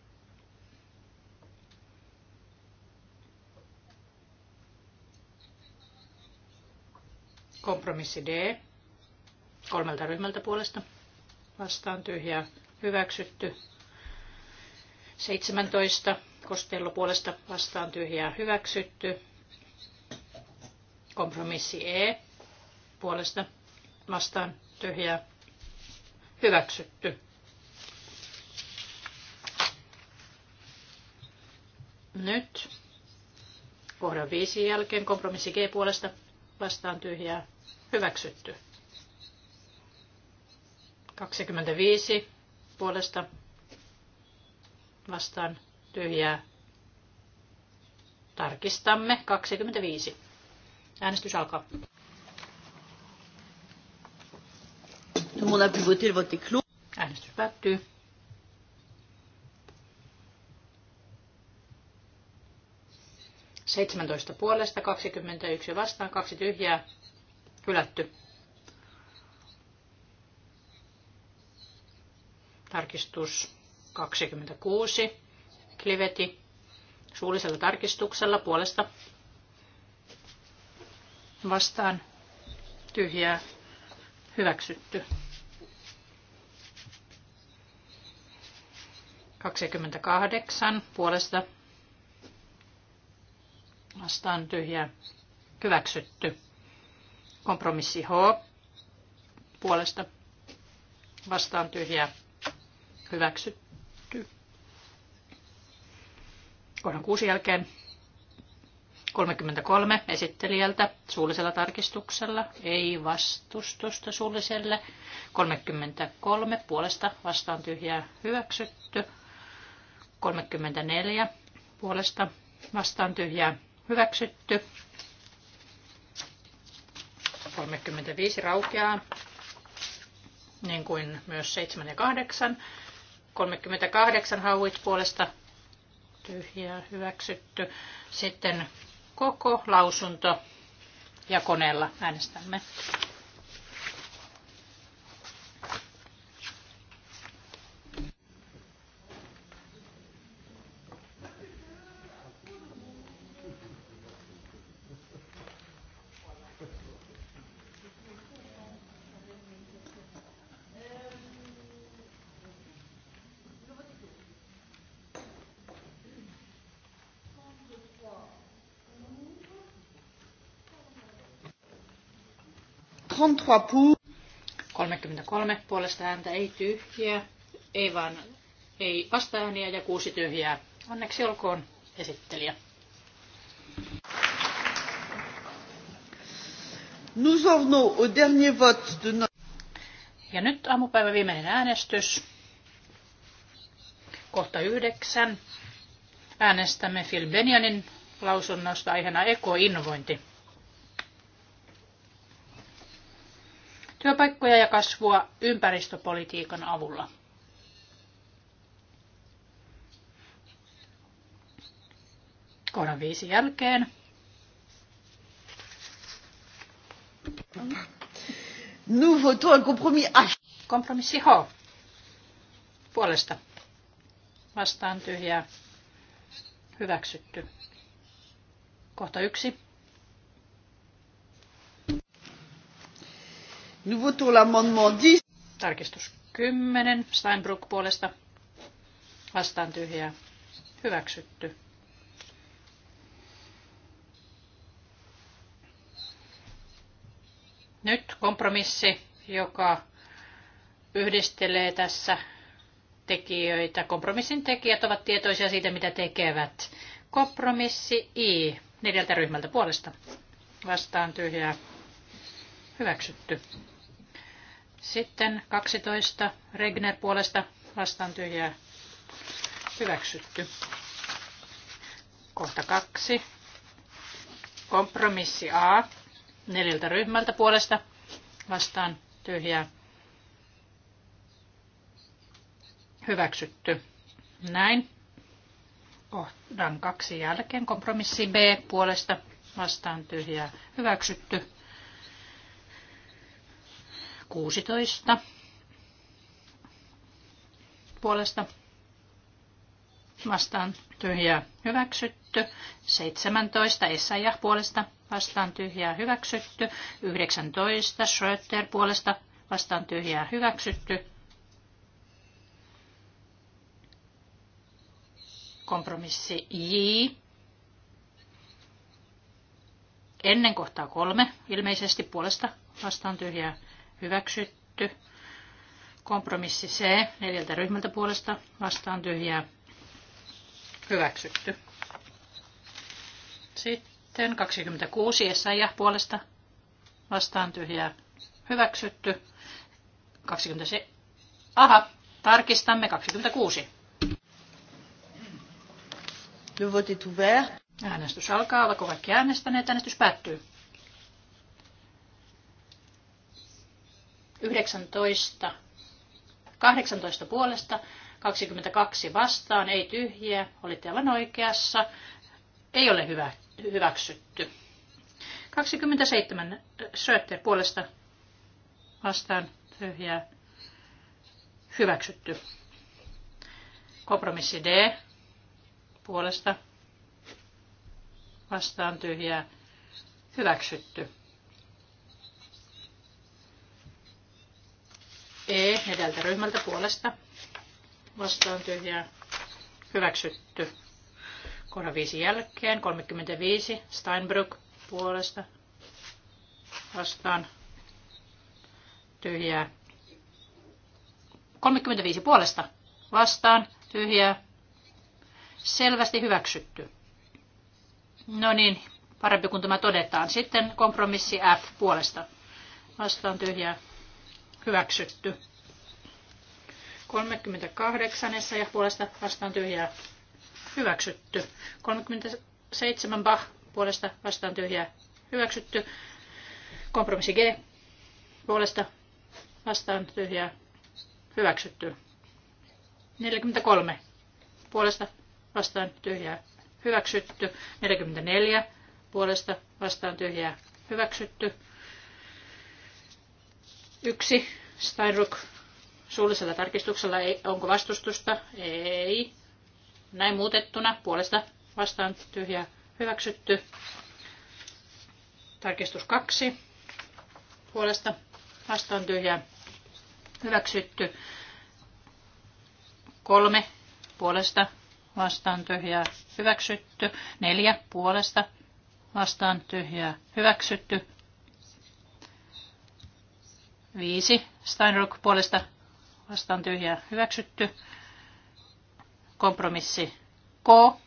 Kompromissi D. Kolmelta ryhmältä puolesta vastaan tyhjä, hyväksytty. 17 kostello puolesta vastaan tyhjä, hyväksytty. Kompromissi E puolesta vastaan tyhjä. Hyväksytty. Nyt kohdan 5 jälkeen kompromissi G puolesta vastaan tyhjää hyväksytty. 25 puolesta vastaan tyhjää. Tarkistamme 25. Äänestys alkaa. Tout le monde a pu voter, le vote est clos. Allez, Äänestys päättyy. Seitsemäntoista puolesta, 21 vastaan, kaksi tyhjää, hylätty. Tarkistus 26, kliveti, suullisella tarkistuksella puolesta, vastaan, tyhjää, hyväksytty. 28 puolesta vastaan tyhjä hyväksytty. Kompromissi H puolesta vastaan tyhjä hyväksytty. Kohdan kuusi jälkeen 33 esittelijältä suullisella tarkistuksella, ei vastustusta suulliselle. 33 puolesta vastaan tyhjää hyväksytty. 34 puolesta vastaan tyhjää hyväksytty. 35 raukeaa, niin kuin myös 7 ja 8. 38 hauit puolesta tyhjää hyväksytty. Sitten koko lausunto ja koneella äänestämme. 33 puolesta ääntä ei tyhjiä, ei vaan ei vasta-ääniä ja kuusi tyhjää. Onneksi olkoon esittelijä. Nous au dernier vote de Ja nyt aamupäivä viimeinen äänestys. Kohta yhdeksän. Äänestämme Phil Benionin lausunnosta aiheena ekoinnovointi. työpaikkoja ja kasvua ympäristöpolitiikan avulla. Kohdan viisi jälkeen. Nous votons compromis H. Kompromissi H. Puolesta. Vastaan tyhjää. Hyväksytty. Kohta yksi. Nous votons l'amendement 10. Tarkistus 10. Steinbrück puolesta. Vastaan tyhjää. Hyväksytty. Nyt kompromissi, joka yhdistelee tässä tekijöitä. Kompromissin tekijät ovat tietoisia siitä, mitä tekevät. Kompromissi I neljältä ryhmältä puolesta. Vastaan tyhjää Hyväksytty. Sitten 12 Regner puolesta vastaan tyhjää. Hyväksytty. Kohta kaksi. Kompromissi A. Neljältä ryhmältä puolesta vastaan tyhjää. Hyväksytty. Näin. Kohdan kaksi jälkeen kompromissi B puolesta vastaan tyhjää hyväksytty. 16 puolesta vastaan tyhjää hyväksytty. 17 Essayah puolesta vastaan tyhjää hyväksytty. 19 Schröter puolesta vastaan tyhjää hyväksytty. Kompromissi J. Ennen kohtaa kolme ilmeisesti puolesta vastaan tyhjää hyväksytty. Kompromissi C neljältä ryhmältä puolesta vastaan tyhjää hyväksytty. Sitten 26 ja puolesta vastaan tyhjää hyväksytty. 20... Aha, tarkistamme 26. Le vote est ouvert. Äänestys alkaa. Ovatko kaikki äänestäneet? Äänestys päättyy. 19, 18 puolesta, 22 vastaan, ei tyhjiä, olitte aivan oikeassa, ei ole hyvä, hyväksytty. 27 Sötter puolesta vastaan tyhjää hyväksytty. Kompromissi D puolesta vastaan tyhjää hyväksytty. E neljältä ryhmältä puolesta vastaan tyhjää hyväksytty. Kohdan 5 jälkeen 35 Steinbrück puolesta vastaan tyhjää. 35 puolesta vastaan tyhjää. Selvästi hyväksytty. No niin, parempi kun tämä todetaan. Sitten kompromissi F puolesta. Vastaan tyhjää hyväksytty. 38 ja puolesta vastaan tyhjää hyväksytty. 37 bah puolesta vastaan tyhjää hyväksytty. Kompromissi G puolesta vastaan tyhjää hyväksytty. 43 puolesta vastaan tyhjää hyväksytty. 44 puolesta vastaan tyhjää hyväksytty. Yksi, Steinruck, suullisella tarkistuksella, onko vastustusta? Ei. Näin muutettuna, puolesta vastaan tyhjä hyväksytty. Tarkistus kaksi, puolesta vastaan tyhjä hyväksytty. Kolme, puolesta vastaan tyhjää hyväksytty. Neljä, puolesta vastaan tyhjää hyväksytty. 5. Steinrock puolesta vastaan tyhjää hyväksytty. Kompromissi K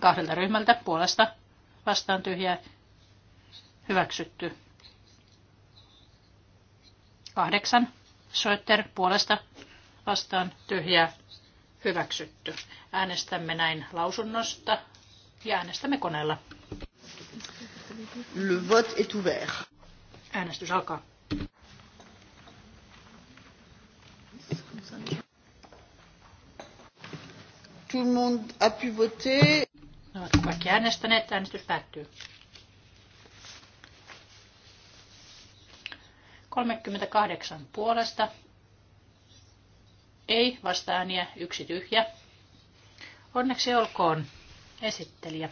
kahdelta ryhmältä puolesta vastaan tyhjää hyväksytty. 8. Soitter puolesta vastaan tyhjää hyväksytty. Äänestämme näin lausunnosta ja äänestämme koneella. Le vote est ouvert. Äänestys alkaa. Tout le monde a pu voter. No, kaikki äänestäneet, äänestys päättyy. 38 puolesta. Ei vasta ääniä, yksi tyhjä. Onneksi olkoon esittelijä.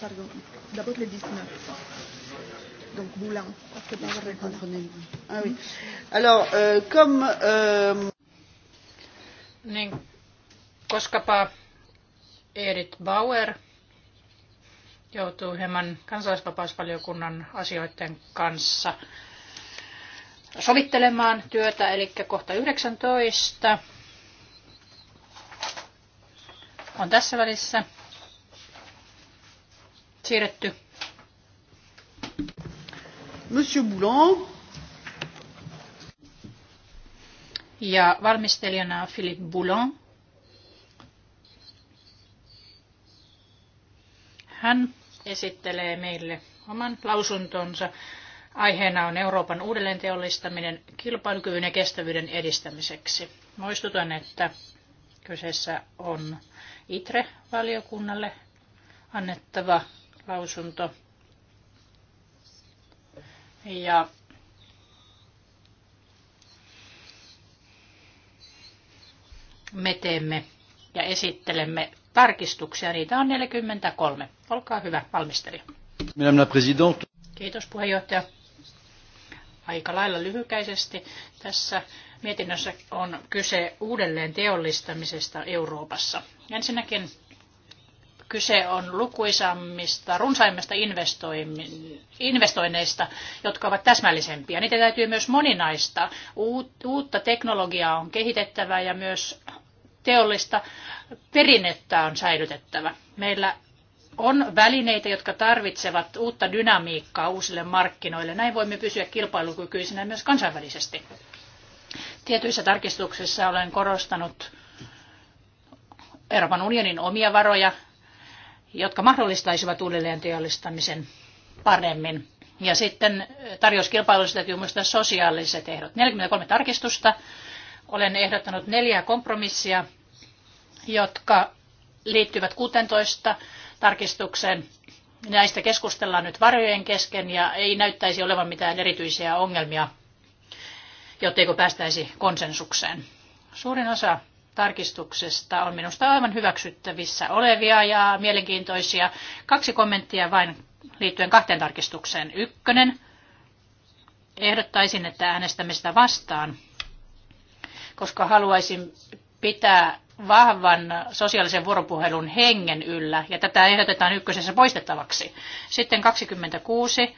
Pardon, d'abord le 19 donc Moulin. ah, oui. Mm. Alors, euh, comme... Euh... Niin, koska Erit Bauer joutuu hieman kansalaisvapausvaliokunnan asioiden kanssa sovittelemaan työtä, eli kohta 19 on tässä välissä siirretty ja valmistelijana Philippe Hän esittelee meille oman lausuntonsa. Aiheena on Euroopan uudelleenteollistaminen kilpailukyvyn ja kestävyyden edistämiseksi. Muistutan, että kyseessä on ITRE-valiokunnalle annettava lausunto. Ja me teemme ja esittelemme tarkistuksia. Niitä on 43. Olkaa hyvä, valmistelija. Madame la présidente. Kiitos puheenjohtaja. Aika lailla lyhykäisesti. Tässä mietinnössä on kyse uudelleen teollistamisesta Euroopassa. Ensinnäkin Kyse on lukuisammista, runsaimmista investoinneista, jotka ovat täsmällisempiä. Niitä täytyy myös moninaista. Uutta teknologiaa on kehitettävä ja myös teollista perinnettä on säilytettävä. Meillä on välineitä, jotka tarvitsevat uutta dynamiikkaa uusille markkinoille. Näin voimme pysyä kilpailukykyisinä myös kansainvälisesti. Tietyissä tarkistuksissa olen korostanut Euroopan unionin omia varoja jotka mahdollistaisivat uudelleen työllistämisen paremmin. Ja sitten eh, tarjouskilpailuissa täytyy muistaa sosiaaliset ehdot. 43 tarkistusta. Olen ehdottanut neljä kompromissia, jotka liittyvät 16 tarkistukseen. Näistä keskustellaan nyt varjojen kesken ja ei näyttäisi olevan mitään erityisiä ongelmia, jotteiko päästäisi konsensukseen. Suurin osa tarkistuksesta on minusta aivan hyväksyttävissä olevia ja mielenkiintoisia. Kaksi kommenttia vain liittyen kahteen tarkistukseen. Ykkönen. Ehdottaisin, että äänestämme sitä vastaan, koska haluaisin pitää vahvan sosiaalisen vuoropuhelun hengen yllä, ja tätä ehdotetaan ykkösessä poistettavaksi. Sitten 26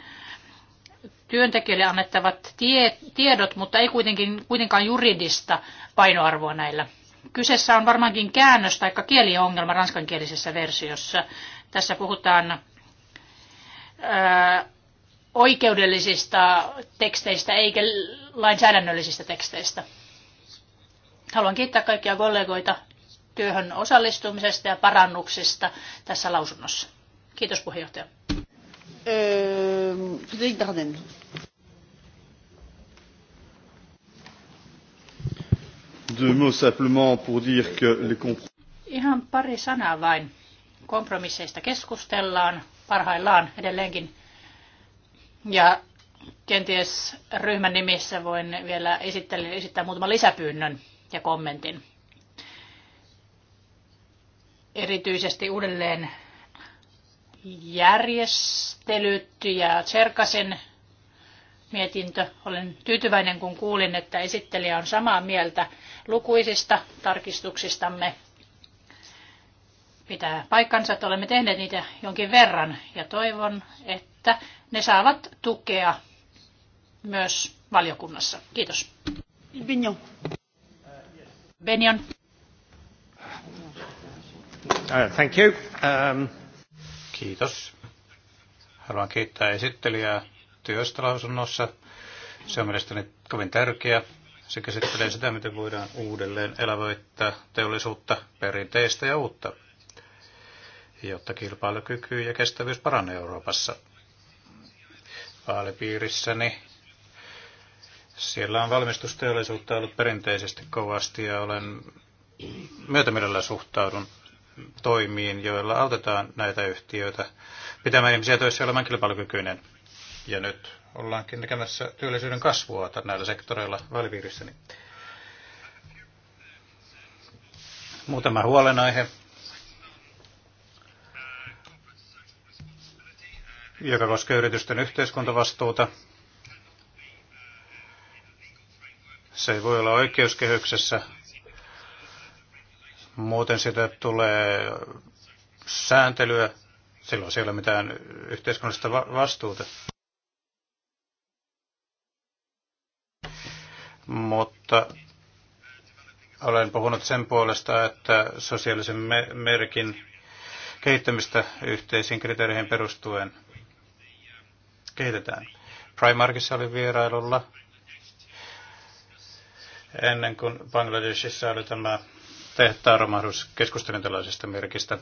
työntekijöille annettavat tie, tiedot, mutta ei kuitenkin, kuitenkaan juridista painoarvoa näillä Kyseessä on varmaankin käännös tai kieliongelma ranskankielisessä versiossa. Tässä puhutaan oikeudellisista teksteistä eikä lainsäädännöllisistä teksteistä. Haluan kiittää kaikkia kollegoita työhön osallistumisesta ja parannuksista tässä lausunnossa. Kiitos puheenjohtaja. Öö, deux mots simplement pour dire que les Ihan pari sanaa vain. Kompromisseista keskustellaan parhaillaan edelleenkin. Ja kenties ryhmän nimissä voin vielä esittää, esittää muutaman lisäpyynnön ja kommentin. Erityisesti uudelleen järjestelyt ja Tserkasin mietintö. Olen tyytyväinen, kun kuulin, että esittelijä on samaa mieltä lukuisista tarkistuksistamme. Pitää paikkansa, että olemme tehneet niitä jonkin verran ja toivon, että ne saavat tukea myös valiokunnassa. Kiitos. Benjon. Benjon. Uh, thank you. Um... Kiitos. Haluan kiittää esittelijää työstä lausunnossa. Se on mielestäni kovin tärkeä. Se käsittelee sitä, miten voidaan uudelleen elävöittää teollisuutta, perinteistä ja uutta, jotta kilpailukyky ja kestävyys paranee Euroopassa. Vaalipiirissäni siellä on valmistusteollisuutta ollut perinteisesti kovasti ja olen myötämielellä suhtaudun toimiin, joilla autetaan näitä yhtiöitä pitämään ihmisiä töissä olemaan kilpailukykyinen. Ja nyt ollaankin näkemässä työllisyyden kasvua näillä sektoreilla välipiirissäni. Muutama huolenaihe, joka koskee yritysten yhteiskuntavastuuta. Se ei voi olla oikeuskehyksessä. Muuten sitä tulee sääntelyä. Silloin siellä ei ole mitään yhteiskunnallista vastuuta. mutta olen puhunut sen puolesta, että sosiaalisen merkin kehittämistä yhteisiin kriteereihin perustuen kehitetään. Primarkissa oli vierailulla ennen kuin Bangladesissa oli tämä tehtaaromahdus. romahdus. Keskustelin tällaisesta merkistä.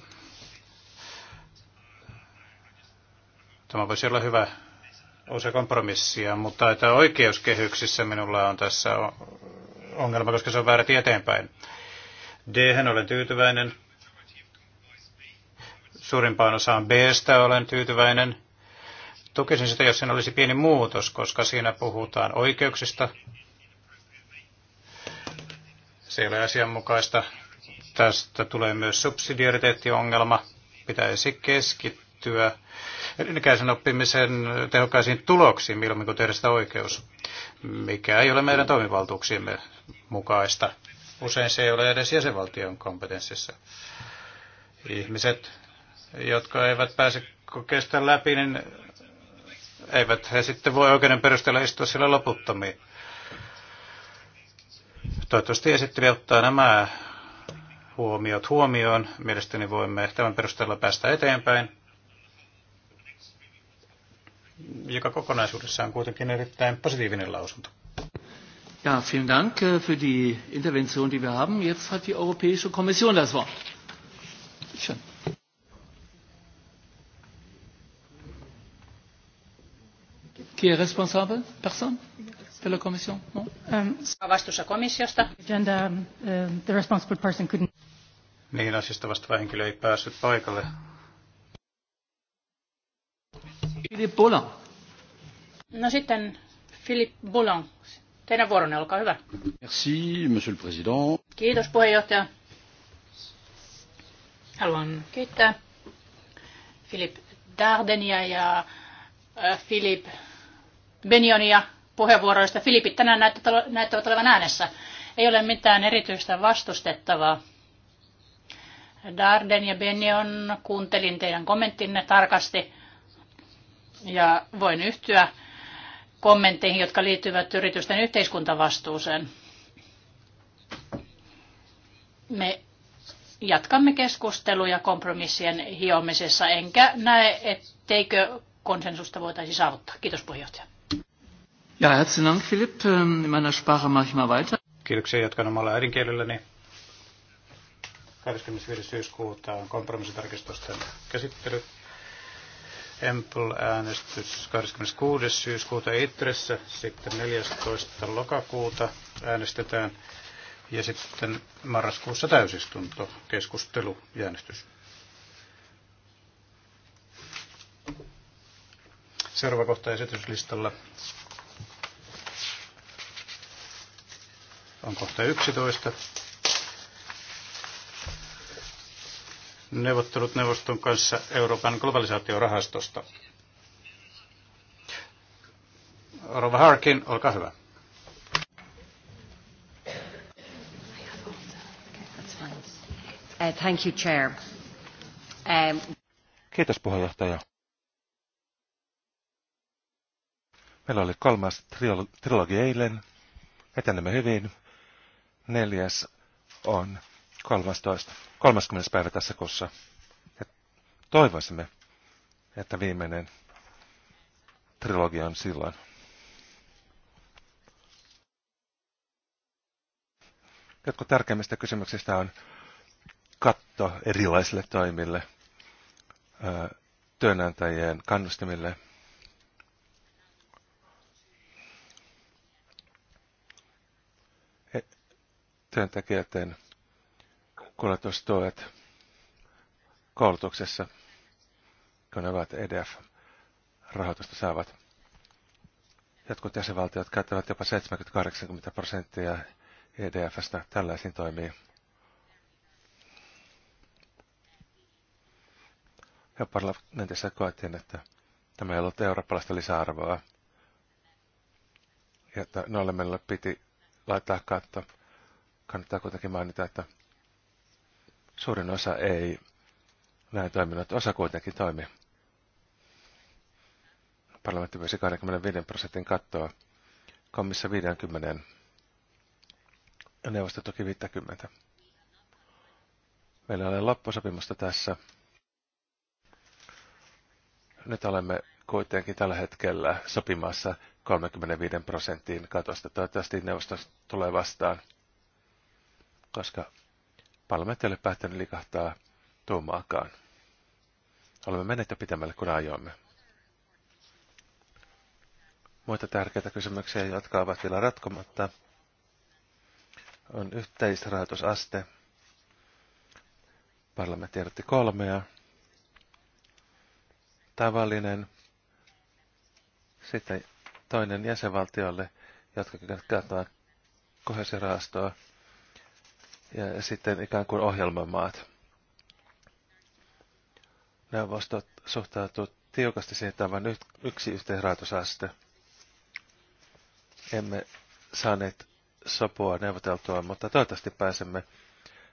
Tämä voisi olla hyvä osa kompromissia, mutta että oikeuskehyksissä minulla on tässä ongelma, koska se on vääräti eteenpäin. d olen tyytyväinen. Suurimpaan osaan b olen tyytyväinen. Tukisin sitä, jos siinä olisi pieni muutos, koska siinä puhutaan oikeuksista. Se ei ole asianmukaista. Tästä tulee myös subsidiariteettiongelma. Pitäisi keskittyä päätyä elinikäisen oppimisen tehokkaisiin tuloksiin, milloin kun tehdä sitä oikeus, mikä ei ole meidän toimivaltuuksiemme mukaista. Usein se ei ole edes jäsenvaltion kompetenssissa. Ihmiset, jotka eivät pääse kokeesta läpi, niin eivät he sitten voi oikeuden perusteella istua siellä loputtomiin. Toivottavasti esittelijä ottaa nämä huomiot huomioon. Mielestäni voimme tämän perusteella päästä eteenpäin joka kokonaisuudessaan on kuitenkin erittäin positiivinen lausunto. Ja, vielen Dank äh, für die Intervention, die wir haben. Jetzt hat die Europäische Kommission das Wort. Schön. Qui est responsable Personne de la Commission Non um, Vastuussa komissiosta. Agenda, uh, the responsible person couldn't... Niin, asiasta vastaava henkilö ei päässyt paikalle. Philippe Boulan. No sitten Philippe Boulan, Teidän vuoronne, olkaa hyvä. Merci, monsieur le président. Kiitos puheenjohtaja. Haluan kiittää Philippe Dardenia ja äh, Philippe Benionia puheenvuoroista. Filipit tänään näyttävät olevan äänessä. Ei ole mitään erityistä vastustettavaa. Darden ja Benion, kuuntelin teidän kommenttinne tarkasti ja voin yhtyä kommentteihin, jotka liittyvät yritysten yhteiskuntavastuuseen. Me jatkamme keskusteluja kompromissien hiomisessa, enkä näe, etteikö konsensusta voitaisi saavuttaa. Kiitos puheenjohtaja. Ja, herzlichen Dank, Philipp. Ähm, in meiner Sprache mache ich mal weiter. Kiitoksia, jatkan omalla äidinkielelläni. 25. syyskuuta on kompromissitarkistusten käsittely empel äänestys 26. syyskuuta Itressä, sitten 14. lokakuuta äänestetään ja sitten marraskuussa täysistunto, keskustelu ja äänestys. Seuraava kohta esityslistalla on kohta 11. neuvottelut neuvoston kanssa Euroopan globalisaatiorahastosta. Rova Harkin, olkaa hyvä. Uh, thank you, Chair. Um, Kiitos puheenjohtaja. Meillä oli kolmas trilogi eilen. Etenemme hyvin. Neljäs on 13, 30. päivä tässä kossa, Ja toivoisimme, että viimeinen trilogia on silloin. Jotkut tärkeimmistä kysymyksistä on katto erilaisille toimille, työnantajien kannustimille, e, työntekijöiden että koulutuksessa, kun ne ovat EDF-rahoitusta saavat. Jotkut jäsenvaltiot käyttävät jopa 70-80 prosenttia EDFstä tällaisiin toimiin. Ja parlamentissa koettiin, että tämä ei ollut eurooppalaista lisäarvoa. Ja että nollemella piti laittaa katto. Kannattaa kuitenkin mainita, että Suurin osa ei näin toiminut. Osa kuitenkin toimi. Parlamentti pyysi 25 prosentin kattoa, komissa 50 ja neuvosto toki 50. Meillä oli loppusopimusta tässä. Nyt olemme kuitenkin tällä hetkellä sopimassa 35 prosentin katosta. Toivottavasti neuvosto tulee vastaan, koska Parlamentti ei ole päättänyt liikahtaa tuomaakaan. Olemme jo pitämällä kun ajoimme. Muita tärkeitä kysymyksiä, jotka ovat vielä ratkomatta, on yhteisrahoitusaste. Parlamentti ehdotti kolmea. Tavallinen. Sitten toinen jäsenvaltiolle, jotka käyttävät kohesirahastoa ja sitten ikään kuin ohjelmamaat. Neuvostot suhtautuu tiukasti siihen, että vain yksi yhteenraatusaste. Emme saaneet sopua neuvoteltua, mutta toivottavasti pääsemme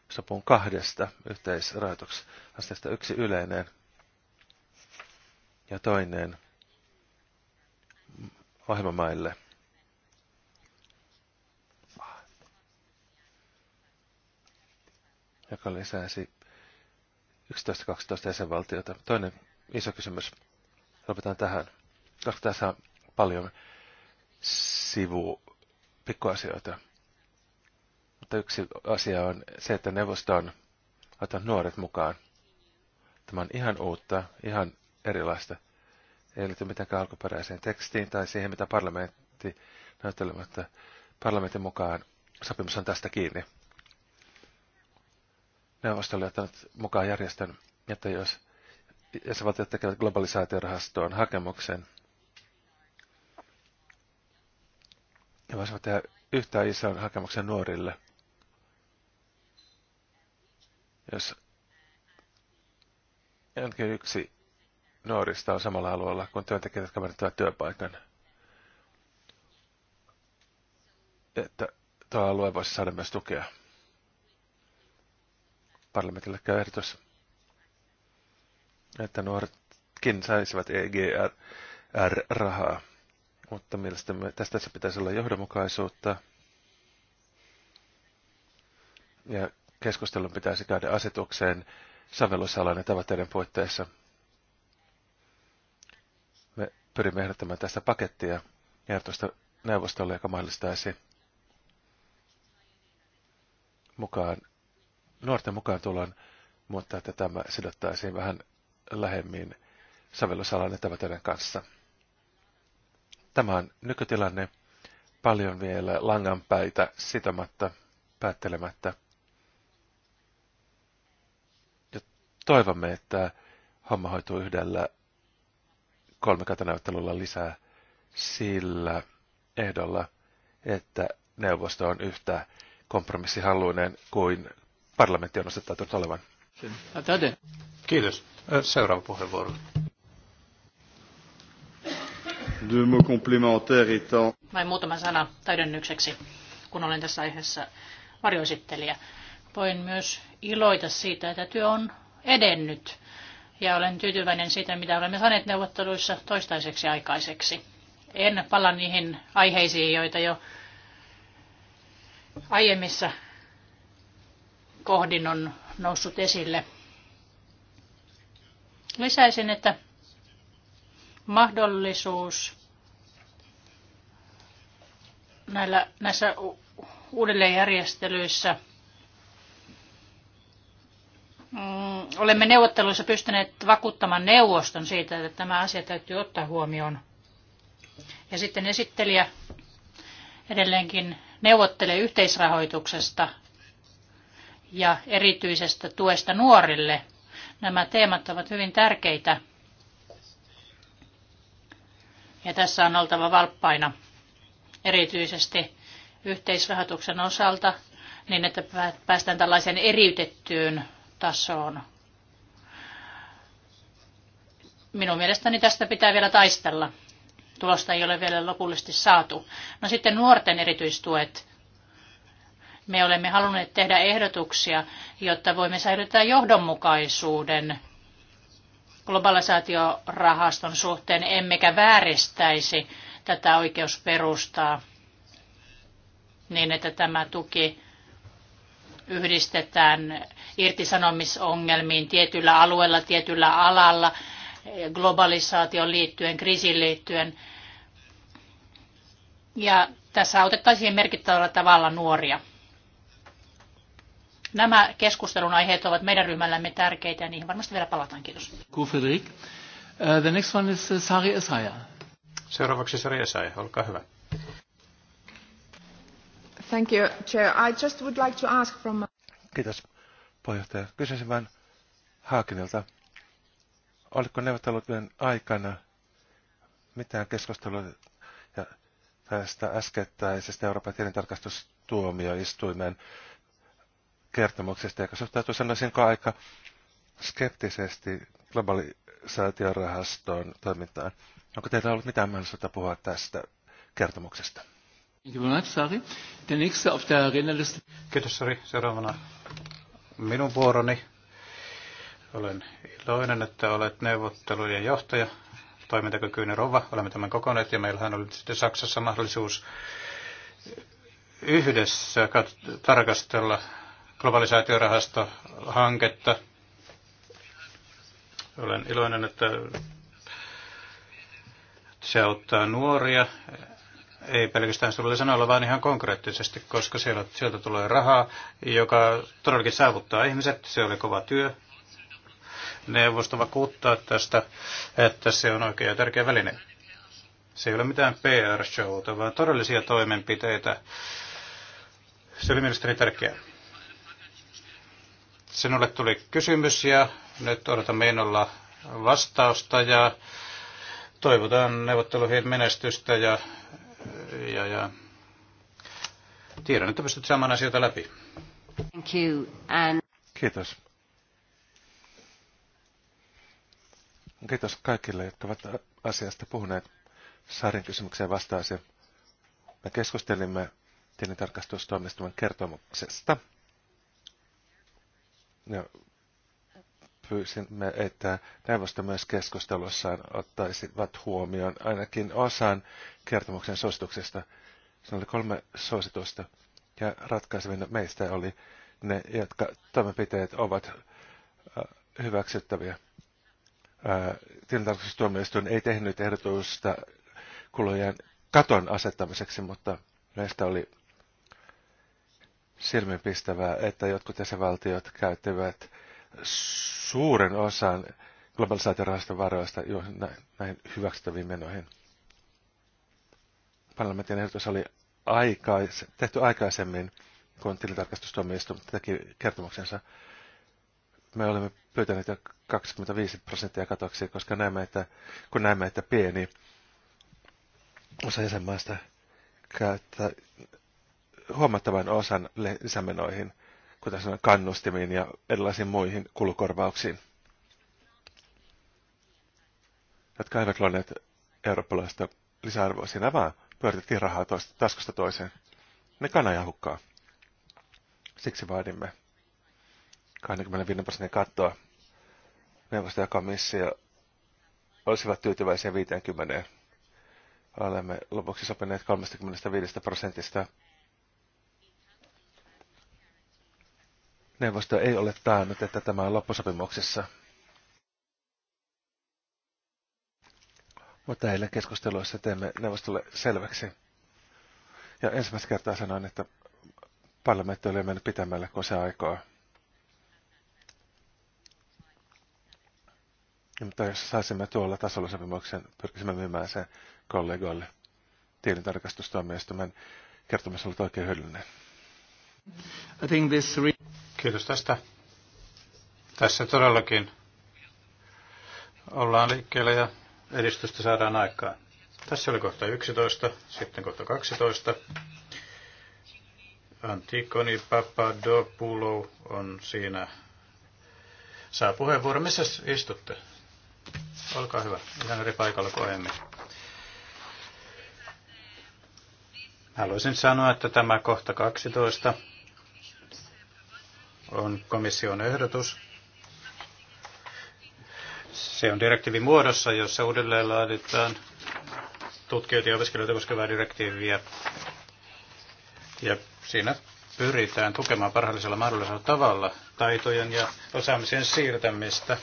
sopun kahdesta yhteisrahoitusasteesta. Yksi yleinen ja toinen ohjelmamaille. joka lisäisi 11-12 jäsenvaltiota. Toinen iso kysymys. Lopetan tähän, koska tässä on paljon sivu pikkuasioita. Mutta yksi asia on se, että neuvosto on ottanut nuoret mukaan. Tämä on ihan uutta, ihan erilaista. Ei liity mitenkään alkuperäiseen tekstiin tai siihen, mitä parlamentti mutta parlamentin mukaan sopimus on tästä kiinni neuvostolle ottanut mukaan järjestön, että jos jäsenvaltiot tekevät globalisaatiorahastoon hakemuksen, ja voisivat tehdä yhtä ison hakemuksen nuorille, jos jonkin yksi nuorista on samalla alueella kuin työntekijät, jotka menettävät työpaikan. Että tuo alue voisi saada myös tukea parlamentille käy ehdotus, että nuoretkin saisivat EGR-rahaa. Mutta mielestäni tästä tässä pitäisi olla johdonmukaisuutta. Ja keskustelun pitäisi käydä asetukseen ja tavoitteiden puitteissa. Me pyrimme ehdottamaan tästä pakettia järjestöstä neuvostolle, joka mahdollistaisi mukaan nuorten mukaan tullaan, mutta että tämä sidottaisiin vähän lähemmin sävellysalan etävätöiden kanssa. Tämä on nykytilanne. Paljon vielä langanpäitä sitomatta, päättelemättä. Ja toivomme, että homma hoituu yhdellä kolmikatanäyttelyllä lisää sillä ehdolla, että neuvosto on yhtä kompromissihalluinen kuin parlamentti on osoittautunut olevan. Kiitos. Seuraava puheenvuoro. Vain muutama sana täydennykseksi, kun olen tässä aiheessa varjoesittelijä. Voin myös iloita siitä, että työ on edennyt ja olen tyytyväinen siitä, mitä olemme saaneet neuvotteluissa toistaiseksi aikaiseksi. En pala niihin aiheisiin, joita jo aiemmissa kohdin on noussut esille. Lisäisin, että mahdollisuus näillä, näissä uudelleenjärjestelyissä mm, olemme neuvotteluissa pystyneet vakuuttamaan neuvoston siitä, että tämä asia täytyy ottaa huomioon. Ja sitten esittelijä edelleenkin neuvottelee yhteisrahoituksesta ja erityisestä tuesta nuorille. Nämä teemat ovat hyvin tärkeitä. Ja tässä on oltava valppaina, erityisesti yhteisrahoituksen osalta, niin että päästään tällaiseen eriytettyyn tasoon. Minun mielestäni tästä pitää vielä taistella. Tulosta ei ole vielä lopullisesti saatu. No sitten nuorten erityistuet. Me olemme halunneet tehdä ehdotuksia, jotta voimme säilyttää johdonmukaisuuden globalisaatiorahaston suhteen, emmekä vääristäisi tätä oikeusperustaa niin, että tämä tuki yhdistetään irtisanomisongelmiin tietyllä alueella, tietyllä alalla, globalisaation liittyen, kriisiin liittyen. Ja tässä autettaisiin merkittävällä tavalla nuoria. Nämä keskustelun aiheet ovat meidän ryhmällämme tärkeitä ja niihin varmasti vielä palataan. Kiitos. Fredrik. Uh, the next one is uh, Sari Esaja. Seuraavaksi Sari Esaja, olkaa hyvä. Thank you, Chair. I just would like to ask from... Kiitos, puheenjohtaja. Kysyisin vain Haakinilta. Oliko neuvottelujen aikana mitään keskustelua tästä äskettäisestä Euroopan tilintarkastustuomioistuimen kertomuksesta, joka suhtautui sanoisin aika skeptisesti globalisaatiorahaston toimintaan. Onko teillä ollut mitään mahdollisuutta puhua tästä kertomuksesta? Kiitos, Sari. Seuraavana minun vuoroni. Olen iloinen, että olet neuvottelujen johtaja, toimintakykyinen rova. Olemme tämän kokoneet ja meillähän oli sitten Saksassa mahdollisuus yhdessä tarkastella globalisaatiorahastohanketta. Olen iloinen, että se auttaa nuoria, ei pelkästään sulle sanoilla, vaan ihan konkreettisesti, koska siellä, sieltä tulee rahaa, joka todellakin saavuttaa ihmiset. Se oli kova työ. Neuvosto vakuuttaa tästä, että se on oikea ja tärkeä väline. Se ei ole mitään PR-showta, vaan todellisia toimenpiteitä. Se oli mielestäni tärkeää. Sinulle tuli kysymys ja nyt odotamme innolla vastausta ja toivotan neuvotteluihin menestystä ja, ja, ja tiedän, että pystyt saamaan asioita läpi. Thank you. And... Kiitos. Kiitos kaikille, jotka ovat asiasta puhuneet. Saarin kysymykseen vastaasi. Me keskustelimme tilintarkastustoimistoman kertomuksesta. Ja me että neuvosto myös keskustelussaan ottaisivat huomioon ainakin osan kertomuksen suosituksesta. Se oli kolme suositusta ja ratkaisevina meistä oli ne, jotka toimenpiteet ovat äh, hyväksyttäviä. Äh, tilintarkastustuomioistuin ei tehnyt ehdotusta kulujen katon asettamiseksi, mutta meistä oli silmiinpistävää, että jotkut jäsenvaltiot käyttävät suuren osan globalisaatiorahaston varoista näihin hyväksyttäviin menoihin. Parlamentin ehdotus oli aikais, tehty aikaisemmin, kun tilintarkastustuomioistuin teki kertomuksensa. Me olemme pyytäneet jo 25 prosenttia katoksi, koska näemme, että, kun näemme, että pieni osa jäsenmaista käyttää huomattavan osan lisämenoihin, kuten sanoin, kannustimiin ja erilaisiin muihin kulukorvauksiin, jotka eivät luoneet eurooppalaista lisäarvoa. Siinä vaan pyöritettiin rahaa toista, taskusta toiseen. Ne kanaja hukkaa. Siksi vaadimme 25 prosentin kattoa. Neuvosto ja komissio olisivat tyytyväisiä 50. Olemme lopuksi sopineet 35 prosentista neuvosto ei ole taannut, että tämä on loppusopimuksessa. Mutta eilen keskusteluissa teemme neuvostolle selväksi. Ja ensimmäistä kertaa sanoin, että parlamentti oli mennyt pitämällä kuin se aikaa. Ja, mutta jos saisimme tuolla tasolla sopimuksen, pyrkisimme myymään sen kollegoille. Tilintarkastustuomioistuimen kertomus ollut oikein hyödyllinen. I think this Kiitos tästä. Tässä todellakin ollaan liikkeellä ja edistystä saadaan aikaan. Tässä oli kohta 11, sitten kohta 12. Antikoni Papadopoulou on siinä. Saa puheenvuoro. Missä istutte? Olkaa hyvä. Ihan eri paikalla kuin aiemmin. Haluaisin sanoa, että tämä kohta 12 on komission ehdotus. Se on direktiivin muodossa, jossa uudelleen laaditaan tutkijoita ja opiskelijoita koskevaa direktiiviä. Ja siinä pyritään tukemaan parhaallisella mahdollisella tavalla taitojen ja osaamisen siirtämistä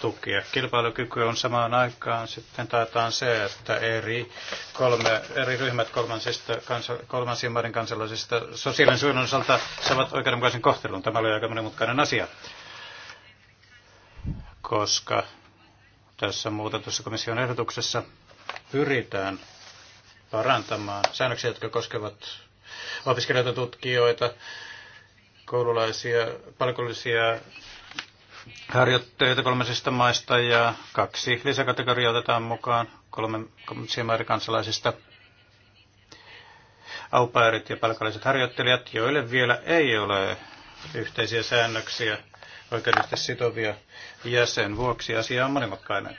tukea. Kilpailukyky on samaan aikaan sitten taitaan se, että eri, kolme, eri ryhmät kolmansista, kansa, kolmansien maiden kansalaisista sosiaalisen suojelun osalta saavat oikeudenmukaisen kohtelun. Tämä oli aika monimutkainen asia, koska tässä muutetussa komission ehdotuksessa pyritään parantamaan säännöksiä, jotka koskevat opiskelijoita, tutkijoita, koululaisia, palkollisia harjoitteita kolmesista maista ja kaksi lisäkategoriaa otetaan mukaan kolmen komission kansalaisista aupairit ja palkalliset harjoittelijat, joille vielä ei ole yhteisiä säännöksiä oikeudellisesti sitovia ja sen vuoksi asia on monimutkainen,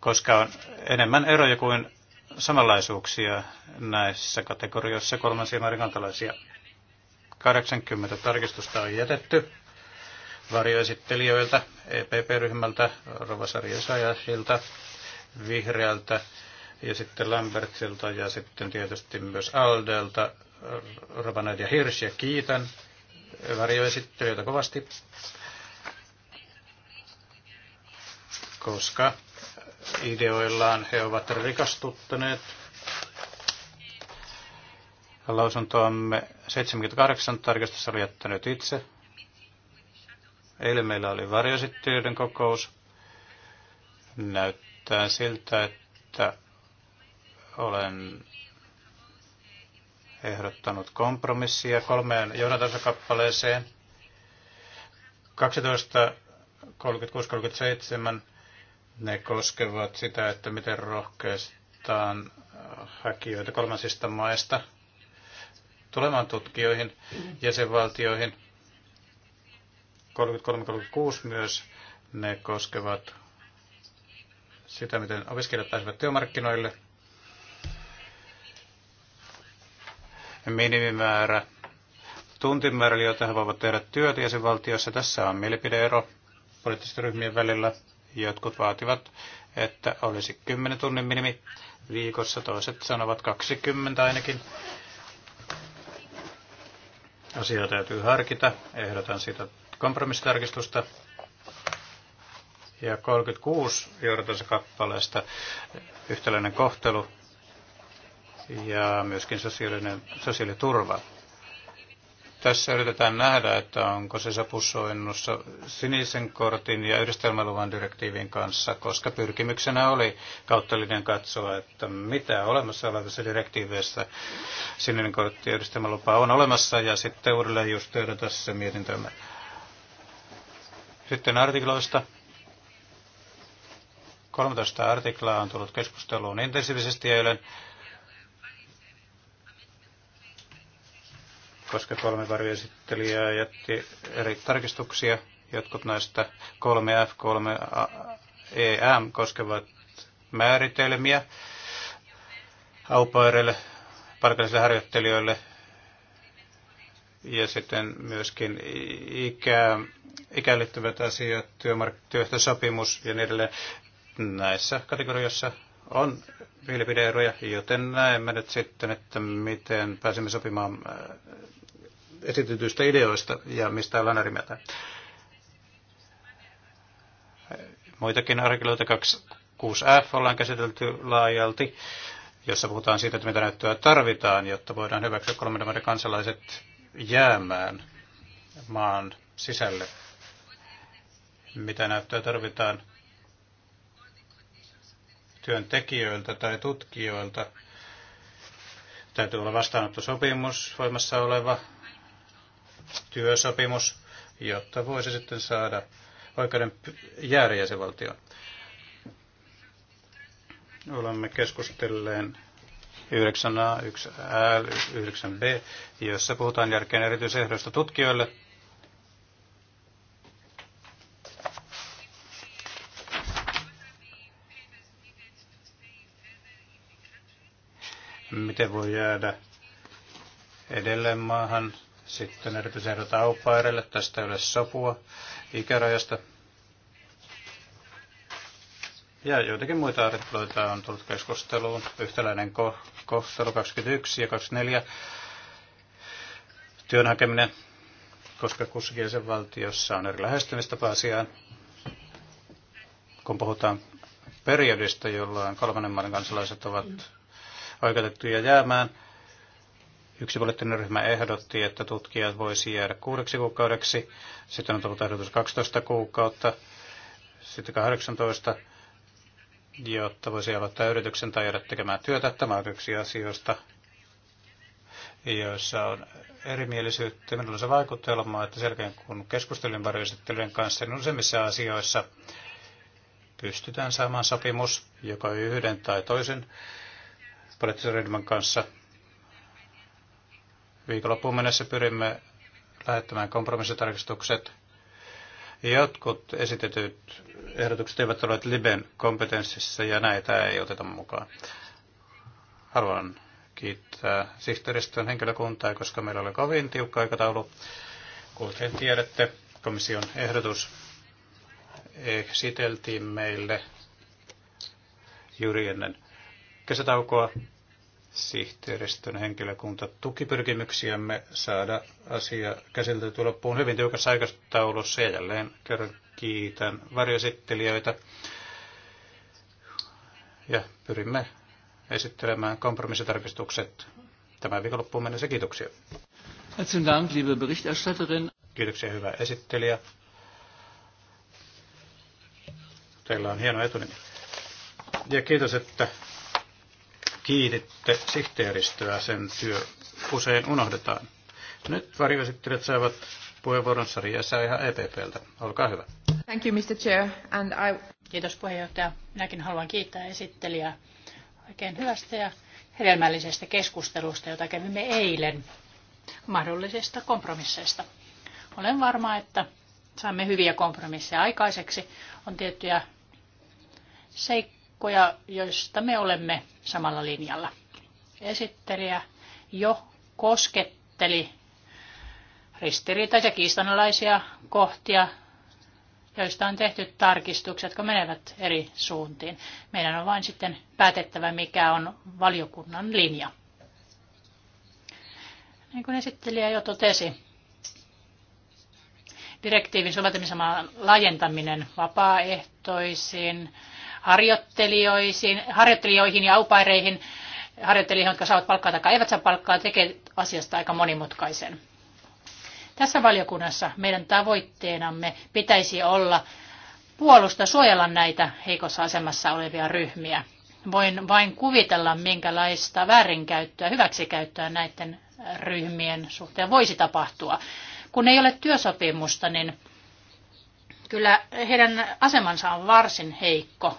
koska on enemmän eroja kuin samanlaisuuksia näissä kategorioissa kolmansia maiden 80 tarkistusta on jätetty varjoesittelijöiltä, EPP-ryhmältä, Rovasari Esajahilta, Vihreältä ja sitten Lambertsilta ja sitten tietysti myös Aldelta, Rovanad ja Hirsch ja kiitän varjoesittelijöitä kovasti, koska ideoillaan he ovat rikastuttaneet lausuntoamme 78 tarkastus oli jättänyt itse Eilen meillä oli varjosittyöiden kokous. Näyttää siltä, että olen ehdottanut kompromissia kolmeen johdantasakappaleeseen. 12, 36, 37 ne koskevat sitä, että miten rohkeistaan hakijoita kolmansista maista tulemaan tutkijoihin, jäsenvaltioihin – 33-36 myös, ne koskevat sitä, miten opiskelijat pääsevät työmarkkinoille. Minimimäärä Tuntimäärä, jota he voivat tehdä työtä jäsenvaltiossa. Tässä on mielipideero poliittisten ryhmien välillä. Jotkut vaativat, että olisi 10 tunnin minimi viikossa, toiset sanovat 20 ainakin. Asiaa täytyy harkita. Ehdotan sitä kompromissitarkistusta ja 36 johdatonsa kappaleesta yhtäläinen kohtelu ja myöskin sosiaalinen, sosiaaliturva. Tässä yritetään nähdä, että onko se sapussoinnussa sinisen kortin ja yhdistelmäluvan direktiivin kanssa, koska pyrkimyksenä oli kauttalinen katsoa, että mitä olemassa olevissa direktiiveissä sininen kortti ja yhdistelmälupa on olemassa ja sitten uudelleen justeerata se mietintömme. Sitten artikloista. 13 artiklaa on tullut keskusteluun intensiivisesti eilen, koska kolme varjoesittelijää jätti eri tarkistuksia. Jotkut näistä 3F, 3EM e, koskevat määritelmiä aupoireille, palkallisille harjoittelijoille, ja sitten myöskin ikä, ikään liittyvät asiat, työmark- työhtösopimus ja niin edelleen. Näissä kategorioissa on mielipideeroja, joten näemme nyt sitten, että miten pääsemme sopimaan äh, esitetyistä ideoista ja mistä ollaan eri mieltä. Muitakin arkiloita 26F ollaan käsitelty laajalti, jossa puhutaan siitä, että mitä näyttöä tarvitaan, jotta voidaan hyväksyä kolmannen maiden kansalaiset jäämään maan sisälle, mitä näyttöä tarvitaan työntekijöiltä tai tutkijoilta. Täytyy olla vastaanottosopimus, voimassa oleva työsopimus, jotta voisi sitten saada oikeuden jäädä jäsenvaltioon. Olemme keskustelleen 9a, 1a, 9b, jossa puhutaan järkeen erityisehdoista tutkijoille. Miten voi jäädä edelleen maahan? Sitten erityisehdot au tästä ei ole sopua ikärajasta. Ja joitakin muita artikloita on tullut keskusteluun. Yhtäläinen ko- kohtelu 21 ja 24. Työn hakeminen, koska kussakin jäsenvaltiossa on eri lähestymistapa asiaan. Kun puhutaan periodista, jolloin kolmannen maan kansalaiset ovat oikeutettuja jäämään, Yksi poliittinen ryhmä ehdotti, että tutkijat voisi jäädä kuudeksi kuukaudeksi. Sitten on tullut ehdotus 12 kuukautta, sitten 18 jotta voisi aloittaa yrityksen tai jäädä tekemään työtä. Tämä on yksi asioista, joissa on erimielisyyttä. Minulla on se vaikutelma, että selkeän kun keskustelin varjoesittelyiden kanssa, niin useimmissa asioissa pystytään saamaan sopimus, joka yhden tai toisen poliittisen ryhmän kanssa. Viikonloppuun mennessä pyrimme lähettämään kompromissitarkistukset Jotkut esitetyt ehdotukset eivät ole Liben kompetenssissa ja näitä ei oteta mukaan. Haluan kiittää sihteeristön henkilökuntaa, koska meillä oli kovin tiukka aikataulu. Kuten tiedätte, komission ehdotus esiteltiin meille juuri ennen kesätaukoa sihteeristön henkilökunta tukipyrkimyksiämme saada asia käsiteltyä loppuun hyvin tiukassa aikataulussa ja jälleen kerran kiitän varjosittelijöitä. ja pyrimme esittelemään kompromissitarkistukset tämän viikonloppuun mennessä. Kiitoksia. Herzlichen Dank, liebe Berichterstatterin. Kiitoksia, hyvä esittelijä. Teillä on hieno etunimi. Ja kiitos, että kiititte sihteeristöä, sen työ usein unohdetaan. Nyt varjoesittelijät saavat puheenvuoron Sari Jäsäihä EPPltä. Olkaa hyvä. Thank you, Mr. Chair, and I... Kiitos puheenjohtaja. Minäkin haluan kiittää esittelijää oikein hyvästä ja hedelmällisestä keskustelusta, jota kävimme eilen mahdollisista kompromisseista. Olen varma, että saamme hyviä kompromisseja aikaiseksi. On tiettyjä seikkoja, seikkoja, joista me olemme samalla linjalla. Esittelijä jo kosketteli ristiriitaisia kiistanalaisia kohtia, joista on tehty tarkistukset, jotka menevät eri suuntiin. Meidän on vain sitten päätettävä, mikä on valiokunnan linja. Niin kuin esittelijä jo totesi, direktiivin soveltamisalan laajentaminen vapaaehtoisiin harjoittelijoihin, harjoittelijoihin ja aupaireihin, harjoittelijoihin, jotka saavat palkkaa tai eivät saa palkkaa, tekee asiasta aika monimutkaisen. Tässä valiokunnassa meidän tavoitteenamme pitäisi olla puolusta suojella näitä heikossa asemassa olevia ryhmiä. Voin vain kuvitella, minkälaista väärinkäyttöä, hyväksikäyttöä näiden ryhmien suhteen voisi tapahtua. Kun ei ole työsopimusta, niin kyllä heidän asemansa on varsin heikko.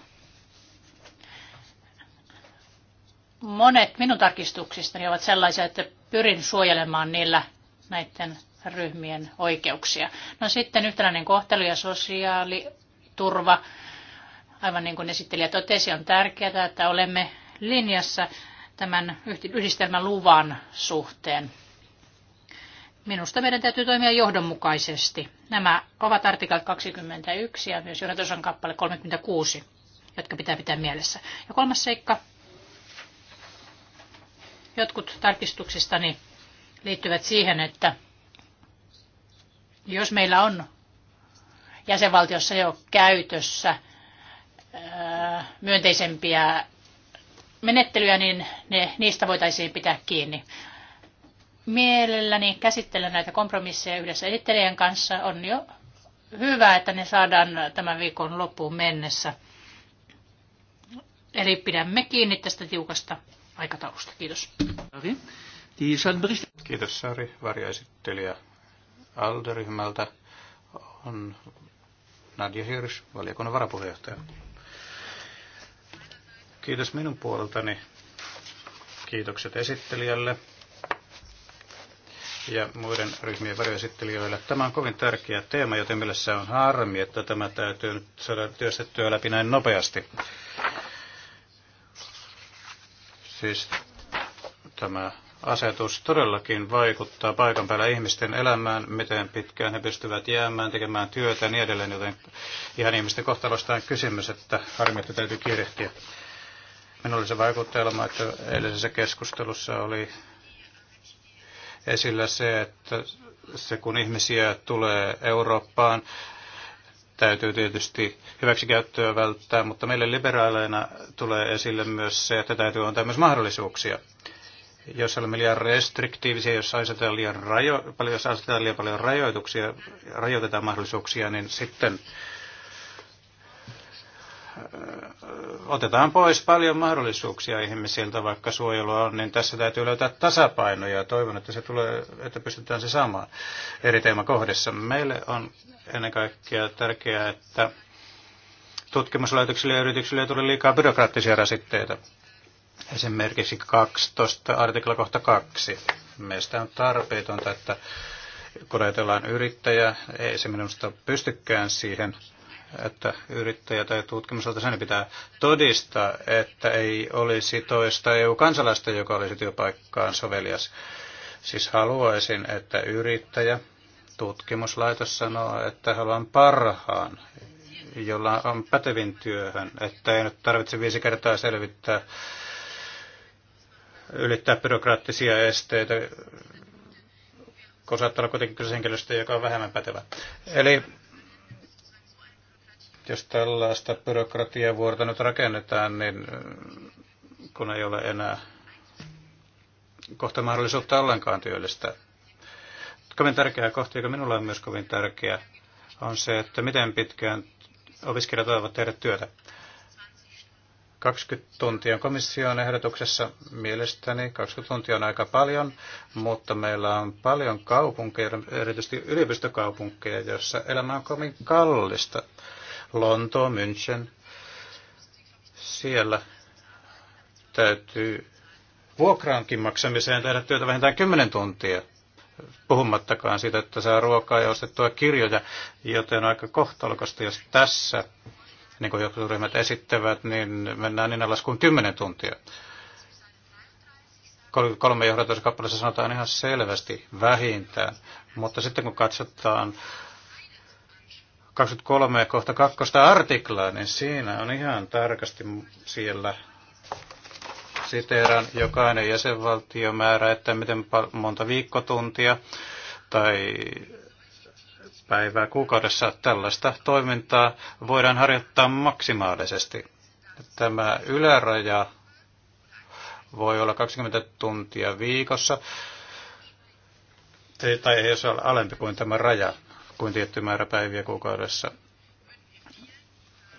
Monet minun tarkistuksistani ovat sellaisia, että pyrin suojelemaan niillä näiden ryhmien oikeuksia. No sitten yhtäläinen kohtelu ja sosiaaliturva, aivan niin kuin esittelijä totesi, on tärkeää, että olemme linjassa tämän yhdistelmän luvan suhteen. Minusta meidän täytyy toimia johdonmukaisesti. Nämä ovat artiklat 21 ja myös johdatus kappale 36, jotka pitää pitää mielessä. Ja kolmas seikka Jotkut tarkistuksistani liittyvät siihen, että jos meillä on jäsenvaltiossa jo käytössä myönteisempiä menettelyjä, niin ne, niistä voitaisiin pitää kiinni. Mielelläni käsittelen näitä kompromisseja yhdessä esittelijän kanssa. On jo hyvä, että ne saadaan tämän viikon loppuun mennessä. Eli pidämme kiinni tästä tiukasta aikataulusta. Kiitos. Kiitos Sari. Varjaesittelijä Alderyhmältä on Nadia Hirsch, valiokunnan varapuheenjohtaja. Kiitos minun puoleltani. Kiitokset esittelijälle ja muiden ryhmien varjoesittelijöille. Tämä on kovin tärkeä teema, joten mielessä on harmi, että tämä täytyy nyt saada työstettyä läpi näin nopeasti. Siis tämä asetus todellakin vaikuttaa paikan päällä ihmisten elämään, miten pitkään he pystyvät jäämään, tekemään työtä ja niin edelleen, joten ihan ihmisten kohtalosta on kysymys, että harmi, että täytyy kiirehtiä. Minulla oli se vaikutelma, että eilisessä keskustelussa oli esillä se, että se kun ihmisiä tulee Eurooppaan, Täytyy tietysti hyväksikäyttöä välttää, mutta meille liberaaleina tulee esille myös se, että täytyy antaa myös mahdollisuuksia. Jos olemme liian restriktiivisiä, jos asetetaan liian, rajo, paljon, jos asetetaan liian paljon rajoituksia, rajoitetaan mahdollisuuksia, niin sitten otetaan pois paljon mahdollisuuksia ihmisiltä, vaikka suojelua on, niin tässä täytyy löytää tasapaino ja toivon, että, se tulee, että pystytään se saamaan eri teemakohdissa. Meille on ennen kaikkea tärkeää, että tutkimuslaitoksille ja yrityksille ei tule liikaa byrokraattisia rasitteita. Esimerkiksi 12 artikla kohta 2. Meistä on tarpeetonta, että kun ajatellaan yrittäjä, ei se minusta pystykään siihen että yrittäjä tai tutkimusalta sen pitää todistaa, että ei olisi toista EU-kansalaista, joka olisi työpaikkaan sovelias. Siis haluaisin, että yrittäjä, tutkimuslaitos sanoo, että haluan parhaan, jolla on pätevin työhön, että ei nyt tarvitse viisi kertaa selvittää, ylittää byrokraattisia esteitä, kun saattaa olla kuitenkin kyse henkilöstä, joka on vähemmän pätevä. Eli jos tällaista byrokratiavuorta nyt rakennetaan, niin mm, kun ei ole enää kohta mahdollisuutta ollenkaan työllistää. Kovin tärkeä kohta, joka minulla on myös kovin tärkeä, on se, että miten pitkään opiskelijat voivat tehdä työtä. 20 tuntia komission ehdotuksessa mielestäni 20 tuntia on aika paljon, mutta meillä on paljon kaupunkeja, erityisesti yliopistokaupunkeja, joissa elämä on kovin kallista. Lontoa, München. Siellä täytyy vuokraankin maksamiseen tehdä työtä vähintään 10 tuntia, puhumattakaan siitä, että saa ruokaa ja ostettua kirjoja, joten aika kohtalokasta, jos tässä, niin kuin jotkut ryhmät esittävät, niin mennään niin alas kuin 10 tuntia. Kolme johdatuskappaleessa sanotaan ihan selvästi vähintään, mutta sitten kun katsotaan 23 kohta 2 artiklaa, niin siinä on ihan tarkasti siellä siteeraan jokainen jäsenvaltio määrää, että miten monta viikkotuntia tai päivää kuukaudessa tällaista toimintaa voidaan harjoittaa maksimaalisesti. Tämä yläraja voi olla 20 tuntia viikossa, tai ei ole alempi kuin tämä raja kuin tietty määrä päiviä kuukaudessa.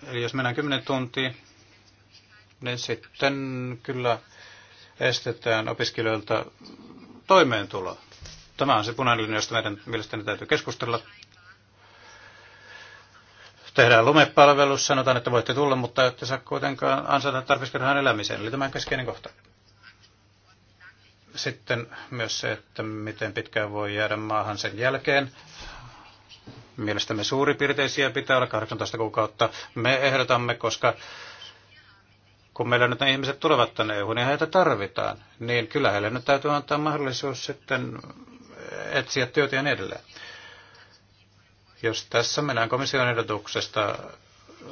Eli jos mennään 10 tuntia, niin sitten kyllä estetään opiskelijoilta toimeentulo. Tämä on se punainen linja, josta meidän mielestäni täytyy keskustella. Tehdään lumepalvelus, sanotaan, että voitte tulla, mutta ette saa kuitenkaan ansaita tarpeeksi elämiseen. Eli tämä on keskeinen kohta. Sitten myös se, että miten pitkään voi jäädä maahan sen jälkeen. Mielestämme suuripiirteisiä pitää olla 18 kuukautta. Me ehdotamme, koska kun meillä nyt ne ihmiset tulevat tänne EU, niin heitä tarvitaan. Niin kyllä heille nyt täytyy antaa mahdollisuus sitten etsiä työtä ja niin edelleen. Jos tässä mennään komission ehdotuksesta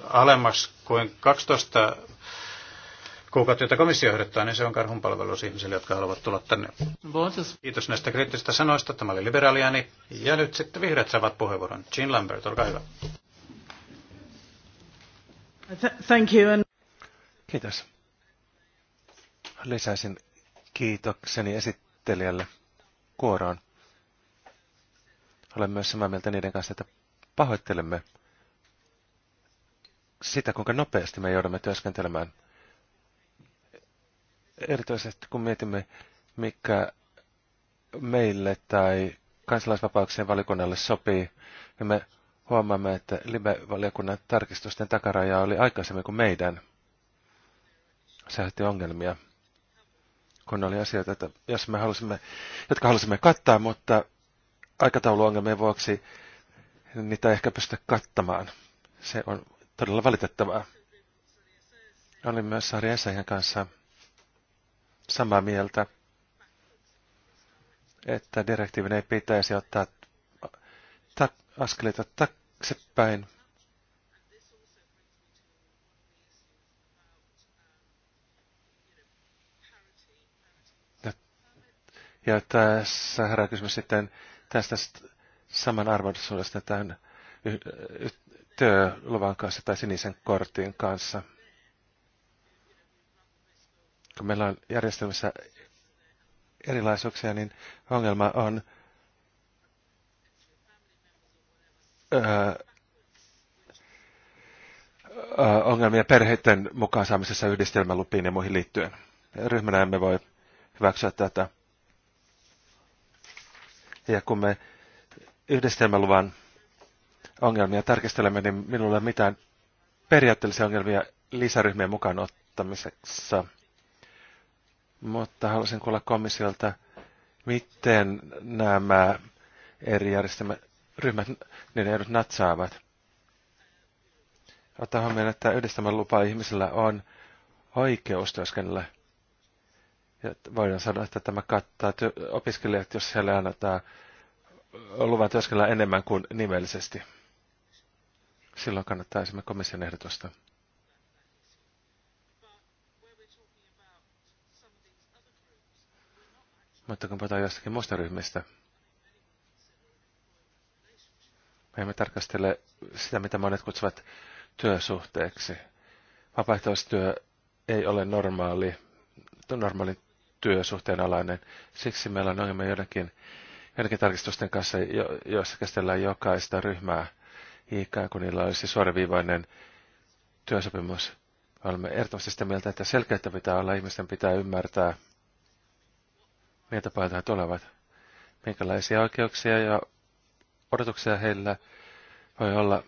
alemmas kuin 12 kuukautta, jota komissio ehdottaa, niin se on karhun palvelus ihmisille, jotka haluavat tulla tänne. Kiitos näistä kriittisistä sanoista. Tämä oli liberaaliani. Ja nyt sitten vihreät saavat puheenvuoron. Jean Lambert, olkaa hyvä. Thank you and... Kiitos. Lisäisin kiitokseni esittelijälle kuoroon. Olen myös samaa mieltä niiden kanssa, että pahoittelemme sitä, kuinka nopeasti me joudumme työskentelemään – erityisesti kun mietimme, mikä meille tai kansalaisvapauksien valikunnalle sopii, niin me huomaamme, että Libe-valiokunnan tarkistusten takaraja oli aikaisemmin kuin meidän. Se ongelmia, kun oli asioita, että jos me halusimme, jotka halusimme kattaa, mutta aikatauluongelmien vuoksi niitä ehkä pystytä kattamaan. Se on todella valitettavaa. Olin myös Sari Essayan kanssa samaa mieltä, että direktiivin ei pitäisi ottaa ta- askelita taksepäin. Ja tässä herää kysymys sitten tästä samanarvoisuudesta tämän työluvan kanssa tai sinisen kortin kanssa kun meillä on järjestelmissä erilaisuuksia, niin ongelma on ää, öö, ää, öö, ongelmia perheiden mukaan saamisessa yhdistelmälupiin ja muihin liittyen. Ryhmänä emme voi hyväksyä tätä. Ja kun me yhdistelmäluvan ongelmia tarkistelemme, niin minulla ei ole mitään periaatteellisia ongelmia lisäryhmien mukaan ottamisessa mutta haluaisin kuulla komissiolta, miten nämä eri järjestelmät, ryhmät, niiden edut natsaavat. Ottaa huomioon, että yhdistämän lupa ihmisellä on oikeus työskennellä. Ja voidaan sanoa, että tämä kattaa opiskelijat, jos siellä annetaan luvan työskennellä enemmän kuin nimellisesti. Silloin kannattaa esimerkiksi komission ehdotusta. Mutta kun puhutaan jostakin muusta ryhmistä, me emme tarkastele sitä, mitä monet kutsuvat työsuhteeksi. Vapaaehtoistyö ei ole normaali, normaalin työsuhteen alainen. Siksi meillä on ongelma joidenkin, joidenkin tarkistusten kanssa, joissa käsitellään jokaista ryhmää ikään kuin niillä olisi suoraviivainen työsopimus. Olemme ehdottomasti sitä mieltä, että selkeyttä pitää olla, ihmisten pitää ymmärtää – miltä päältä tulevat, minkälaisia oikeuksia ja odotuksia heillä voi olla,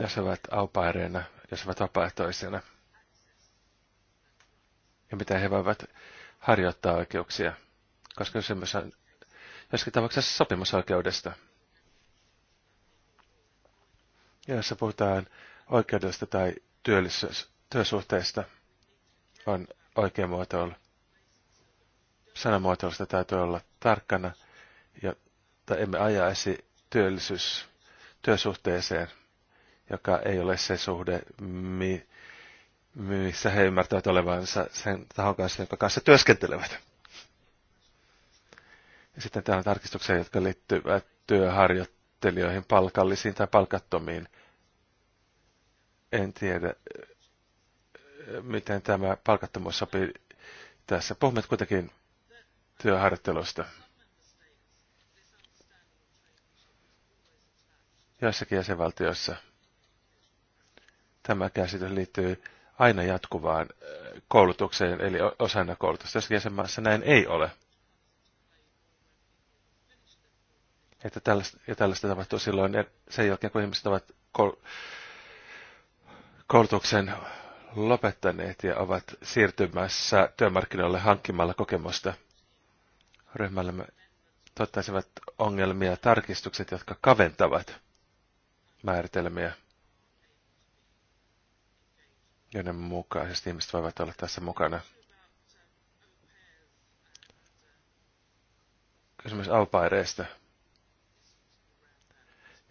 jos he ovat aupaireina, jos he ovat vapaaehtoisina, ja mitä he voivat harjoittaa oikeuksia, koska kysymys on joskin tapauksessa sopimusoikeudesta, jossa puhutaan oikeudesta tai työllisyys, työsuhteista, on oikea muotoilu sanamuotoilusta täytyy olla tarkkana, jotta emme ajaisi työllisyys työsuhteeseen, joka ei ole se suhde, mi, missä he ymmärtävät olevansa sen tahon kanssa, jonka kanssa työskentelevät. Ja sitten täällä on tarkistuksia, jotka liittyvät työharjoittelijoihin, palkallisiin tai palkattomiin. En tiedä, miten tämä palkattomuus sopii tässä. Puhumme kuitenkin työharjoittelusta. Joissakin jäsenvaltioissa tämä käsitys liittyy aina jatkuvaan koulutukseen, eli osana koulutusta. Joissakin jäsenmaassa näin ei ole. Että tällaista, ja tällaista tapahtuu silloin sen jälkeen, kun ihmiset ovat koulutuksen lopettaneet ja ovat siirtymässä työmarkkinoille hankkimalla kokemusta – ryhmällemme tuottaisivat ongelmia tarkistukset, jotka kaventavat määritelmiä, joiden mukaisesti ihmiset voivat olla tässä mukana. Kysymys aupaireista.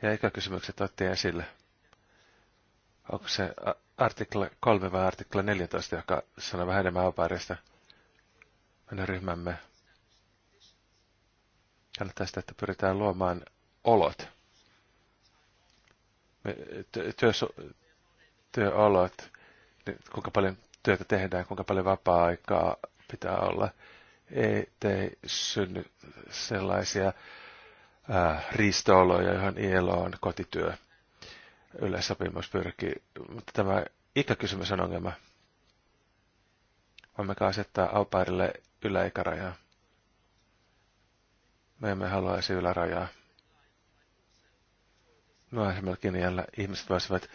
Ja eikä kysymykset otti esille. Onko se artikla 3 vai artikla 14, joka sanoo vähän enemmän aupaireista? Mennään ryhmämme kannattaa tästä että pyritään luomaan olot. Työ, työolot, niin kuinka paljon työtä tehdään, kuinka paljon vapaa-aikaa pitää olla. Ei te synny sellaisia äh, riistooloja, johon ILO on kotityö. Yleissopimus pyrkii, mutta tämä ikäkysymys on ongelma. Voimmeko asettaa aupairille yläikärajaa? Me emme haluaisi ylärajaa. No esimerkiksi niillä ihmiset voisivat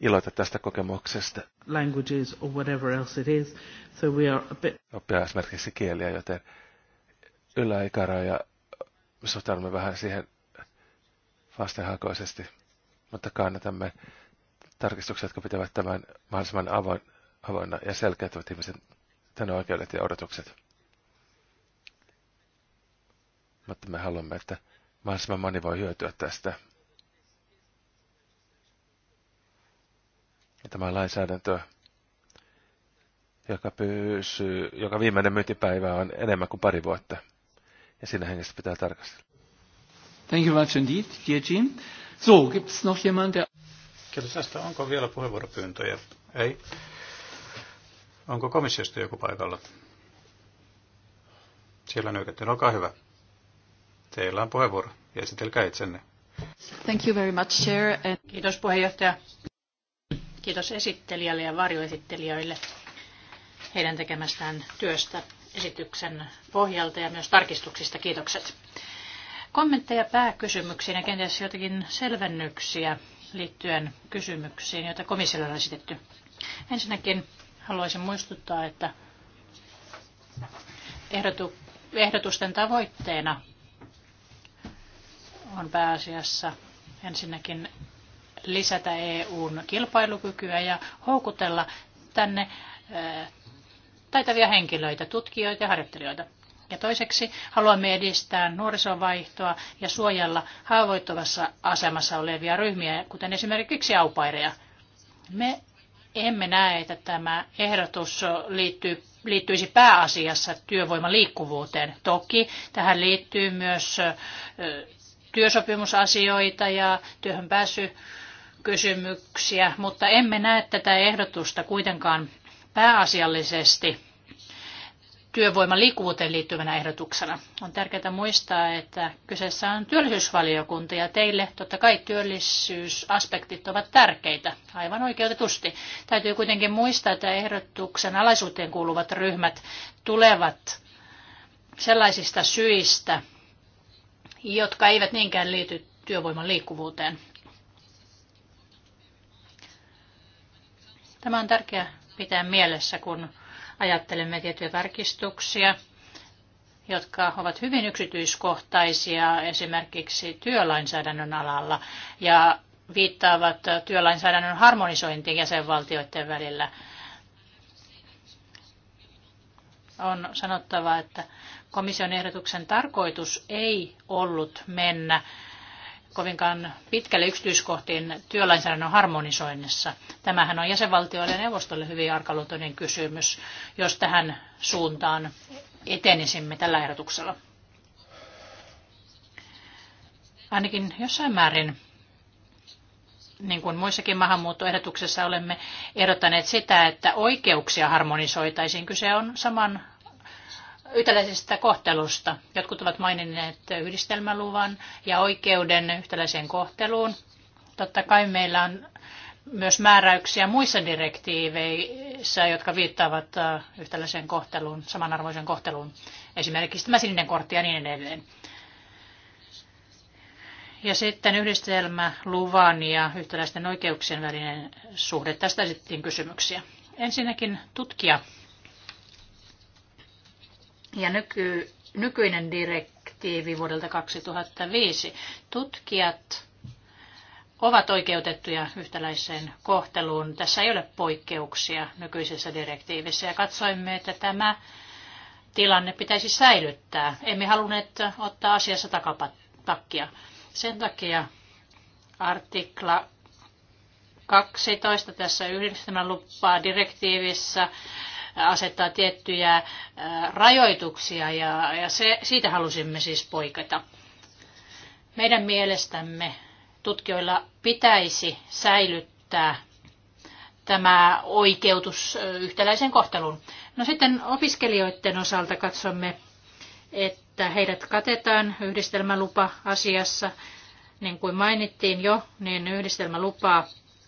iloita tästä kokemuksesta. Languages or whatever else it is. So we are a bit... Oppia esimerkiksi kieliä, joten yläikäraja suhtaudumme vähän siihen vastenhakoisesti, mutta kannatamme tarkistukset, jotka pitävät tämän mahdollisimman avoin, avoinna ja selkeyttävät ihmisen tämän oikeudet ja odotukset mutta me haluamme, että mahdollisimman moni voi hyötyä tästä. Tämä on lainsäädäntöä, joka, pysyy, joka viimeinen myyntipäivä on enemmän kuin pari vuotta. Ja siinä hengessä pitää tarkastella. Thank you much indeed, dear Jim. So, gibt's noch jemand, der... Kiitos tästä. Onko vielä puheenvuoropyyntöjä? Ei. Onko komissiosta joku paikalla? Siellä nyökättiin. Olkaa hyvä. Teillä on puheenvuoro esitelkää itsenne. Thank you very much, Chair. And... Kiitos puheenjohtaja. Kiitos esittelijälle ja varjoesittelijöille heidän tekemästään työstä esityksen pohjalta ja myös tarkistuksista. Kiitokset. Kommentteja pääkysymyksiin ja kenties jotakin selvennyksiä liittyen kysymyksiin, joita komissiolle on esitetty. Ensinnäkin haluaisin muistuttaa, että ehdotusten tavoitteena on pääasiassa ensinnäkin lisätä EUn kilpailukykyä ja houkutella tänne eh, taitavia henkilöitä, tutkijoita ja harjoittelijoita. Ja toiseksi haluamme edistää nuorisovaihtoa ja suojella haavoittuvassa asemassa olevia ryhmiä, kuten esimerkiksi aupaireja. Me emme näe, että tämä ehdotus liittyy, liittyisi pääasiassa työvoiman liikkuvuuteen. Toki tähän liittyy myös eh, työsopimusasioita ja työhön pääsykysymyksiä, mutta emme näe tätä ehdotusta kuitenkaan pääasiallisesti työvoiman liikkuvuuteen liittyvänä ehdotuksena. On tärkeää muistaa, että kyseessä on työllisyysvaliokunta ja teille totta kai työllisyysaspektit ovat tärkeitä, aivan oikeutetusti. Täytyy kuitenkin muistaa, että ehdotuksen alaisuuteen kuuluvat ryhmät tulevat sellaisista syistä, jotka eivät niinkään liity työvoiman liikkuvuuteen. Tämä on tärkeää pitää mielessä, kun ajattelemme tiettyjä tarkistuksia, jotka ovat hyvin yksityiskohtaisia esimerkiksi työlainsäädännön alalla ja viittaavat työlainsäädännön harmonisointiin jäsenvaltioiden välillä. On sanottava, että komission ehdotuksen tarkoitus ei ollut mennä kovinkaan pitkälle yksityiskohtiin työlainsäädännön harmonisoinnissa. Tämähän on jäsenvaltioille ja neuvostolle hyvin arkaluontoinen kysymys, jos tähän suuntaan etenisimme tällä ehdotuksella. Ainakin jossain määrin, niin kuin muissakin maahanmuuttoehdotuksissa olemme ehdottaneet sitä, että oikeuksia harmonisoitaisiin. Kyse on saman yhtäläisestä kohtelusta. Jotkut ovat maininneet yhdistelmäluvan ja oikeuden yhtäläiseen kohteluun. Totta kai meillä on myös määräyksiä muissa direktiiveissä, jotka viittaavat äh, yhtäläiseen kohteluun, samanarvoisen kohteluun, esimerkiksi tämä sininen kortti ja niin edelleen. Ja sitten yhdistelmäluvan ja yhtäläisten oikeuksien välinen suhde. Tästä esitettiin kysymyksiä. Ensinnäkin tutkia ja nyky, nykyinen direktiivi vuodelta 2005. Tutkijat ovat oikeutettuja yhtäläiseen kohteluun. Tässä ei ole poikkeuksia nykyisessä direktiivissä ja katsoimme, että tämä tilanne pitäisi säilyttää. Emme halunneet ottaa asiassa takapakkia. Sen takia artikla 12 tässä yhdistelmälupaa direktiivissä asettaa tiettyjä rajoituksia ja, ja se, siitä halusimme siis poiketa. Meidän mielestämme tutkijoilla pitäisi säilyttää tämä oikeutus yhtäläisen kohteluun. No sitten opiskelijoiden osalta katsomme, että heidät katetaan yhdistelmälupa-asiassa. Niin kuin mainittiin jo, niin yhdistelmälupaa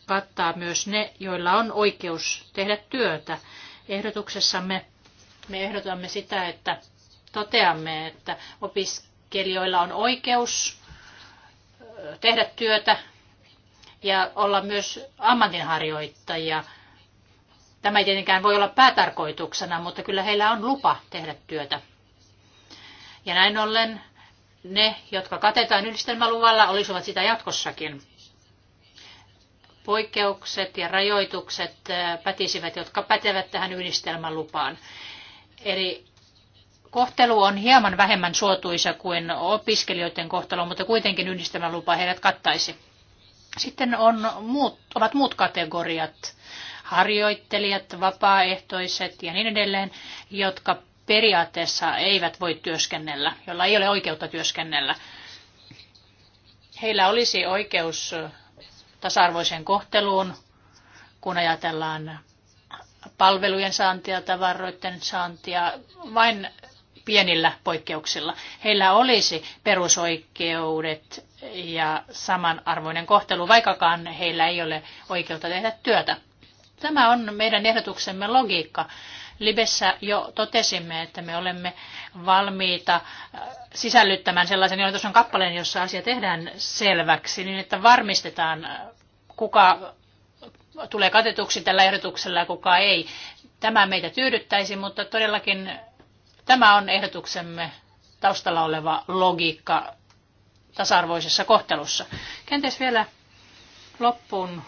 kattaa myös ne, joilla on oikeus tehdä työtä. Ehdotuksessamme me ehdotamme sitä, että toteamme, että opiskelijoilla on oikeus tehdä työtä ja olla myös ammatinharjoittajia. Tämä ei tietenkään voi olla päätarkoituksena, mutta kyllä heillä on lupa tehdä työtä. Ja näin ollen ne, jotka katetaan yhdistelmäluvalla, olisivat sitä jatkossakin poikkeukset ja rajoitukset äh, pätisivät, jotka pätevät tähän yhdistelmälupaan. Eli kohtelu on hieman vähemmän suotuisa kuin opiskelijoiden kohtelu, mutta kuitenkin yhdistelmälupa heidät kattaisi. Sitten on muut, ovat muut kategoriat, harjoittelijat, vapaaehtoiset ja niin edelleen, jotka periaatteessa eivät voi työskennellä, jolla ei ole oikeutta työskennellä. Heillä olisi oikeus tasa-arvoiseen kohteluun, kun ajatellaan palvelujen saantia, tavaroiden saantia, vain pienillä poikkeuksilla. Heillä olisi perusoikeudet ja samanarvoinen kohtelu, vaikkakaan heillä ei ole oikeutta tehdä työtä. Tämä on meidän ehdotuksemme logiikka. Libessä jo totesimme, että me olemme valmiita äh, sisällyttämään sellaisen on kappaleen, jossa asia tehdään selväksi, niin että varmistetaan, äh, kuka tulee katetuksi tällä ehdotuksella ja kuka ei. Tämä meitä tyydyttäisi, mutta todellakin tämä on ehdotuksemme taustalla oleva logiikka tasa-arvoisessa kohtelussa. Kenties vielä loppuun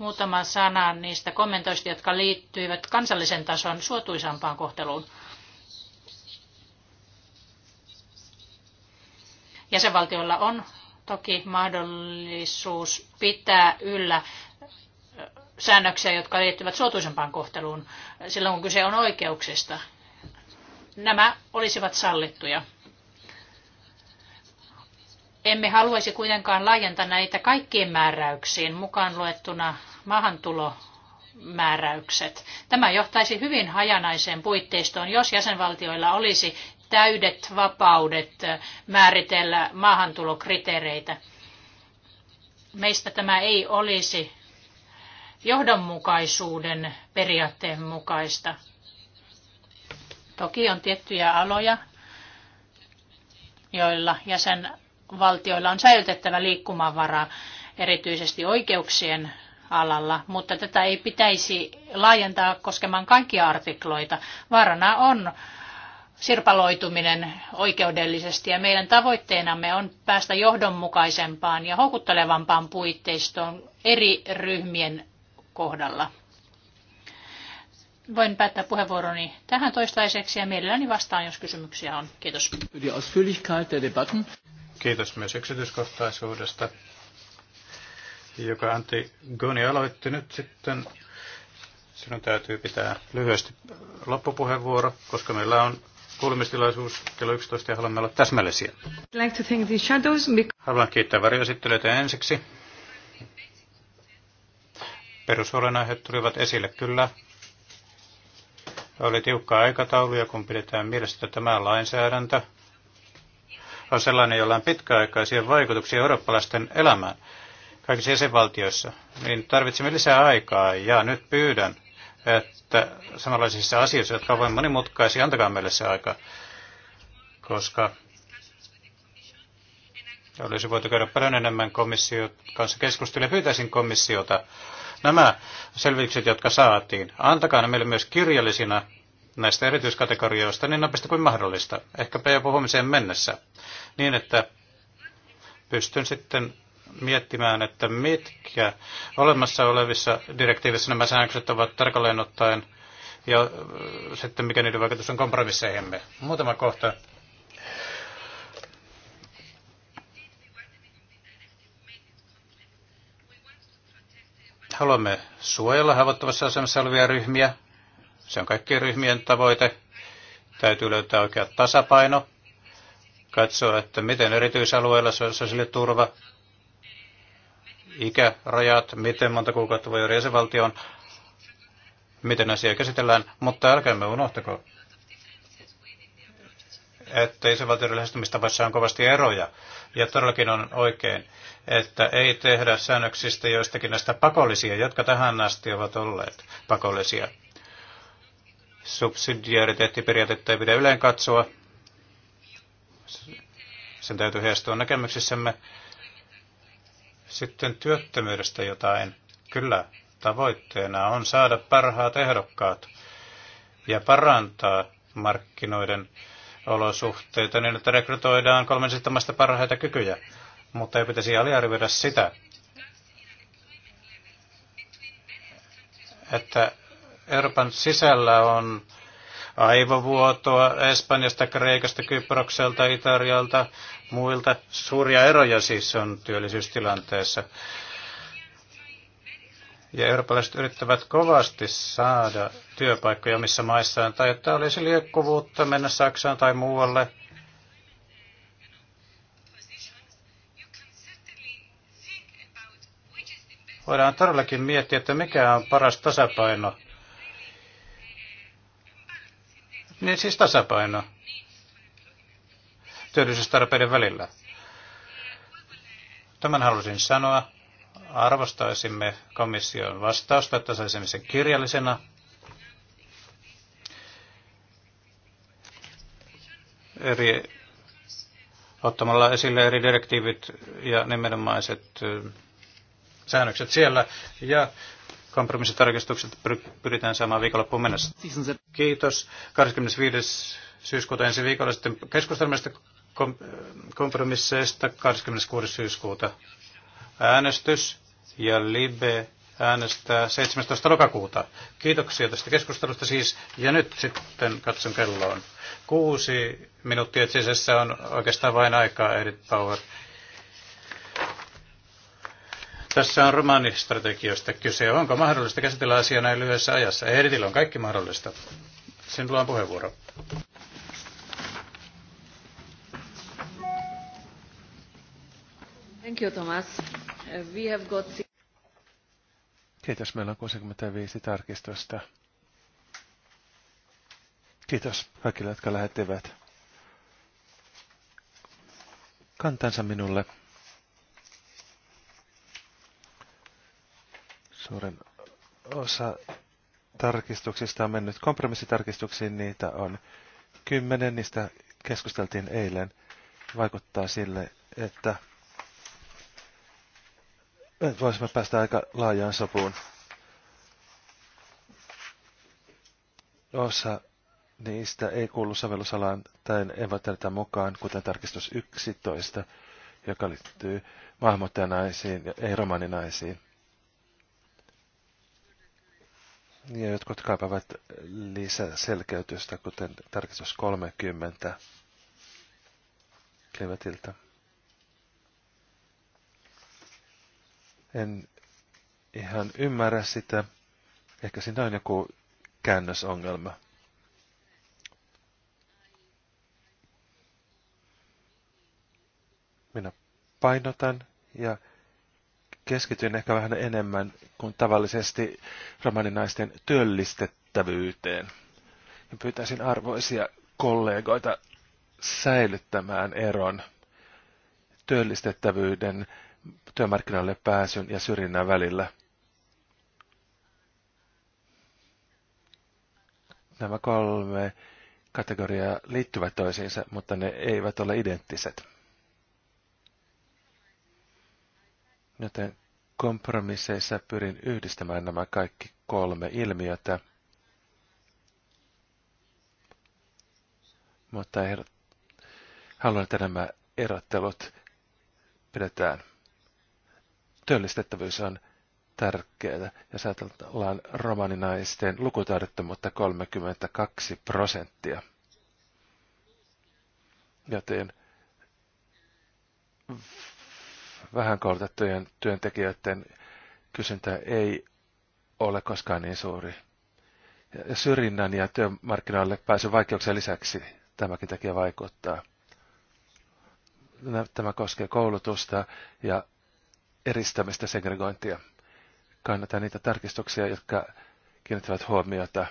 muutama sana niistä kommentoista, jotka liittyivät kansallisen tason suotuisampaan kohteluun. Jäsenvaltioilla on toki mahdollisuus pitää yllä säännöksiä, jotka liittyvät suotuisempaan kohteluun silloin, kun kyse on oikeuksista. Nämä olisivat sallittuja emme haluaisi kuitenkaan laajentaa näitä kaikkiin määräyksiin, mukaan luettuna maahantulomääräykset. Tämä johtaisi hyvin hajanaiseen puitteistoon, jos jäsenvaltioilla olisi täydet vapaudet määritellä maahantulokriteereitä. Meistä tämä ei olisi johdonmukaisuuden periaatteen mukaista. Toki on tiettyjä aloja, joilla jäsen valtioilla on säilytettävä liikkumavaraa erityisesti oikeuksien alalla, mutta tätä ei pitäisi laajentaa koskemaan kaikkia artikloita. Vaarana on sirpaloituminen oikeudellisesti ja meidän tavoitteenamme on päästä johdonmukaisempaan ja houkuttelevampaan puitteistoon eri ryhmien kohdalla. Voin päättää puheenvuoroni tähän toistaiseksi ja mielelläni vastaan, jos kysymyksiä on. Kiitos. Kiitos myös yksityiskohtaisuudesta, joka Antti Goni aloitti nyt sitten. Sinun täytyy pitää lyhyesti loppupuheenvuoro, koska meillä on kuulemistilaisuus kello 11 ja haluamme olla täsmällisiä. Haluan kiittää varjoesittelijöitä ensiksi. Perusolenaiheet tulivat esille kyllä. Oli tiukka aikataulu ja kun pidetään mielessä, tämä lainsäädäntö on sellainen, jolla on pitkäaikaisia vaikutuksia eurooppalaisten elämään kaikissa jäsenvaltioissa, niin tarvitsemme lisää aikaa ja nyt pyydän, että samanlaisissa asioissa, jotka ovat monimutkaisia, antakaa meille se aika, koska olisi voitu käydä paljon enemmän komission kanssa keskustelua. Pyytäisin komissiota nämä selvitykset, jotka saatiin, antakaa ne meille myös kirjallisina näistä erityiskategorioista niin nopeasti kuin mahdollista, ehkäpä jo puhumiseen mennessä, niin että pystyn sitten miettimään, että mitkä olemassa olevissa direktiivissä nämä säännökset ovat tarkalleen ottaen ja sitten mikä niiden vaikutus on kompromisseihimme. Muutama kohta. Haluamme suojella haavoittuvassa asemassa olevia ryhmiä, se on kaikkien ryhmien tavoite. Täytyy löytää oikea tasapaino, katsoa, että miten erityisalueella sosiaaliturva, ikärajat, miten monta kuukautta voi olla jäsenvaltioon, miten asia käsitellään, mutta älkäämme unohtako, että jäsenvaltioiden lähestymistavassa on kovasti eroja. Ja todellakin on oikein, että ei tehdä säännöksistä joistakin näistä pakollisia, jotka tähän asti ovat olleet pakollisia subsidiariteettiperiaatetta ei pidä yleen katsoa. Sen täytyy heijastua näkemyksissämme. Sitten työttömyydestä jotain. Kyllä, tavoitteena on saada parhaat ehdokkaat ja parantaa markkinoiden olosuhteita niin, että rekrytoidaan kolmen maista parhaita kykyjä. Mutta ei pitäisi aliarvioida sitä, että Euroopan sisällä on aivovuotoa Espanjasta, Kreikasta, Kyprokselta, Italialta, muilta. Suuria eroja siis on työllisyystilanteessa. Ja eurooppalaiset yrittävät kovasti saada työpaikkoja missä maissaan, tai että olisi liekkuvuutta mennä Saksaan tai muualle. Voidaan todellakin miettiä, että mikä on paras tasapaino Niin siis tasapaino työllisyystarpeiden välillä. Tämän halusin sanoa. Arvostaisimme komission vastausta, että saisimme sen kirjallisena. Eri, ottamalla esille eri direktiivit ja nimenomaiset säännökset siellä. Ja Kompromissitarkistukset pyritään saamaan viikonloppuun mennessä. Kiitos. 25. syyskuuta ensi viikolla sitten keskustelmista kompromisseista 26. syyskuuta äänestys ja Libe äänestää 17. lokakuuta. Kiitoksia tästä keskustelusta siis. Ja nyt sitten katson kelloon. Kuusi minuuttia että on oikeastaan vain aikaa, Edith Power. Tässä on romaanistrategioista kyse. Onko mahdollista käsitellä asiaa näin lyhyessä ajassa? Ehditillä on kaikki mahdollista. Sen on puheenvuoro. Thank you, Thomas. We have got... Kiitos, meillä on 65 tarkistusta. Kiitos kaikille, jotka lähettivät kantansa minulle. Suurin osa tarkistuksista on mennyt kompromissitarkistuksiin. Niitä on kymmenen, niistä keskusteltiin eilen. Vaikuttaa sille, että voisimme päästä aika laajaan sopuun. Osa niistä ei kuulu sovellusalaan tai ei voi tätä mukaan, kuten tarkistus 11, joka liittyy maahanmuuttajanaisiin ja ei romaninaisiin. Ja jotkut kaipaavat lisää selkeytystä, kuten tarkistus 30 klimatilta. En ihan ymmärrä sitä. Ehkä siinä on joku käännösongelma. Minä painotan ja keskityin ehkä vähän enemmän kuin tavallisesti romaninaisten työllistettävyyteen. Ja pyytäisin arvoisia kollegoita säilyttämään eron työllistettävyyden, työmarkkinoille pääsyn ja syrjinnän välillä. Nämä kolme kategoriaa liittyvät toisiinsa, mutta ne eivät ole identtiset. Joten kompromisseissa pyrin yhdistämään nämä kaikki kolme ilmiötä. Mutta ehdot, haluan, että nämä erottelut pidetään. Työllistettävyys on tärkeää. Ja ajatellaan romaninaisten lukutaidottomuutta 32 prosenttia. Joten vähän koulutettujen työntekijöiden kysyntä ei ole koskaan niin suuri. Ja syrjinnän ja työmarkkinoille pääsyn vaikeuksien lisäksi tämäkin tekijä vaikuttaa. Tämä koskee koulutusta ja eristämistä segregointia. Kannatan niitä tarkistuksia, jotka kiinnittävät huomiota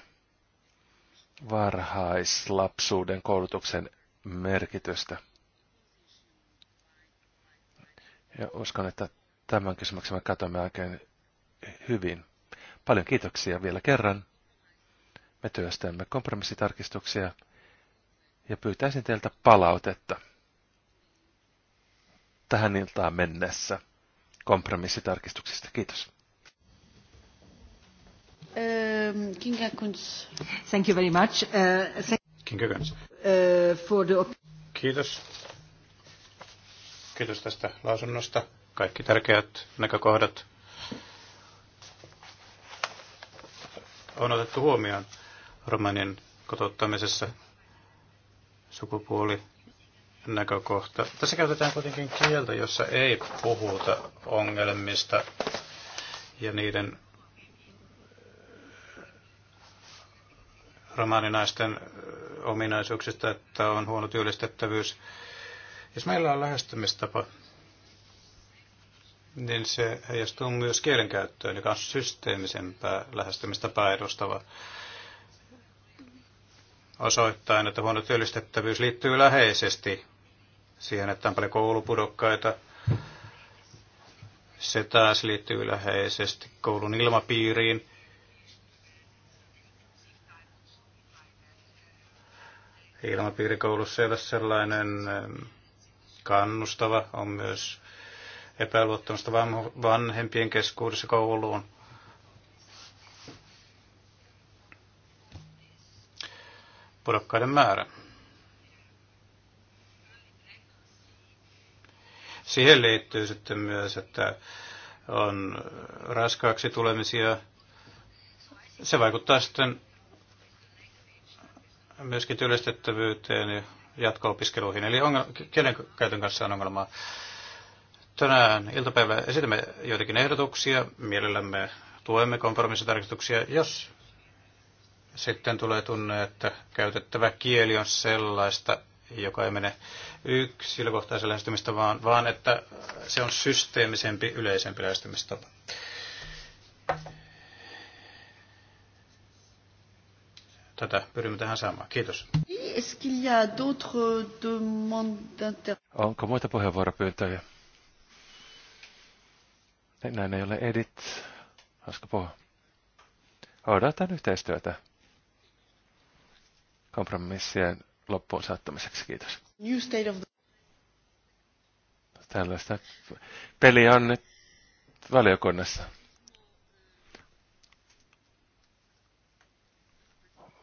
varhaislapsuuden koulutuksen merkitystä. Ja uskon, että tämän kysymyksen me katsomme oikein hyvin. Paljon kiitoksia vielä kerran. Me työstämme kompromissitarkistuksia ja pyytäisin teiltä palautetta tähän iltaan mennessä kompromissitarkistuksista. Kiitos. Ähm, thank you very much. Äh, äh, Kiitos Kiitos tästä lausunnosta. Kaikki tärkeät näkökohdat on otettu huomioon romanien kotouttamisessa sukupuoli näkökohta. Tässä käytetään kuitenkin kieltä, jossa ei puhuta ongelmista ja niiden romaaninaisten ominaisuuksista, että on huono työllistettävyys, jos meillä on lähestymistapa, niin se heijastuu myös kielenkäyttöön, joka on systeemisempää lähestymistapaa edustava osoittain, että huono työllistettävyys liittyy läheisesti siihen, että on paljon koulupudokkaita. Se taas liittyy läheisesti koulun ilmapiiriin. Ilmapiiri koulussa ei ole sellainen kannustava, on myös epäluottamusta vanhempien keskuudessa kouluun. Pudokkaiden määrä. Siihen liittyy sitten myös, että on raskaaksi tulemisia. Se vaikuttaa sitten myöskin työllistettävyyteen ja jatko-opiskeluihin. Eli ongel- käytön kanssa on ongelmaa. Tänään iltapäivällä esitämme joitakin ehdotuksia. Mielellämme tuemme kompromissitarkistuksia, jos sitten tulee tunne, että käytettävä kieli on sellaista, joka ei mene yksilökohtaisen lähestymistä, vaan, vaan että se on systeemisempi, yleisempi lähestymistapa. tätä pyrimme tähän saamaan. Kiitos. Onko muita puheenvuoropyyntöjä? Näin ei ole edit. Hauska puhua. Odotan yhteistyötä kompromissien loppuun saattamiseksi. Kiitos. New state of the... Tällaista peli on nyt valiokunnassa.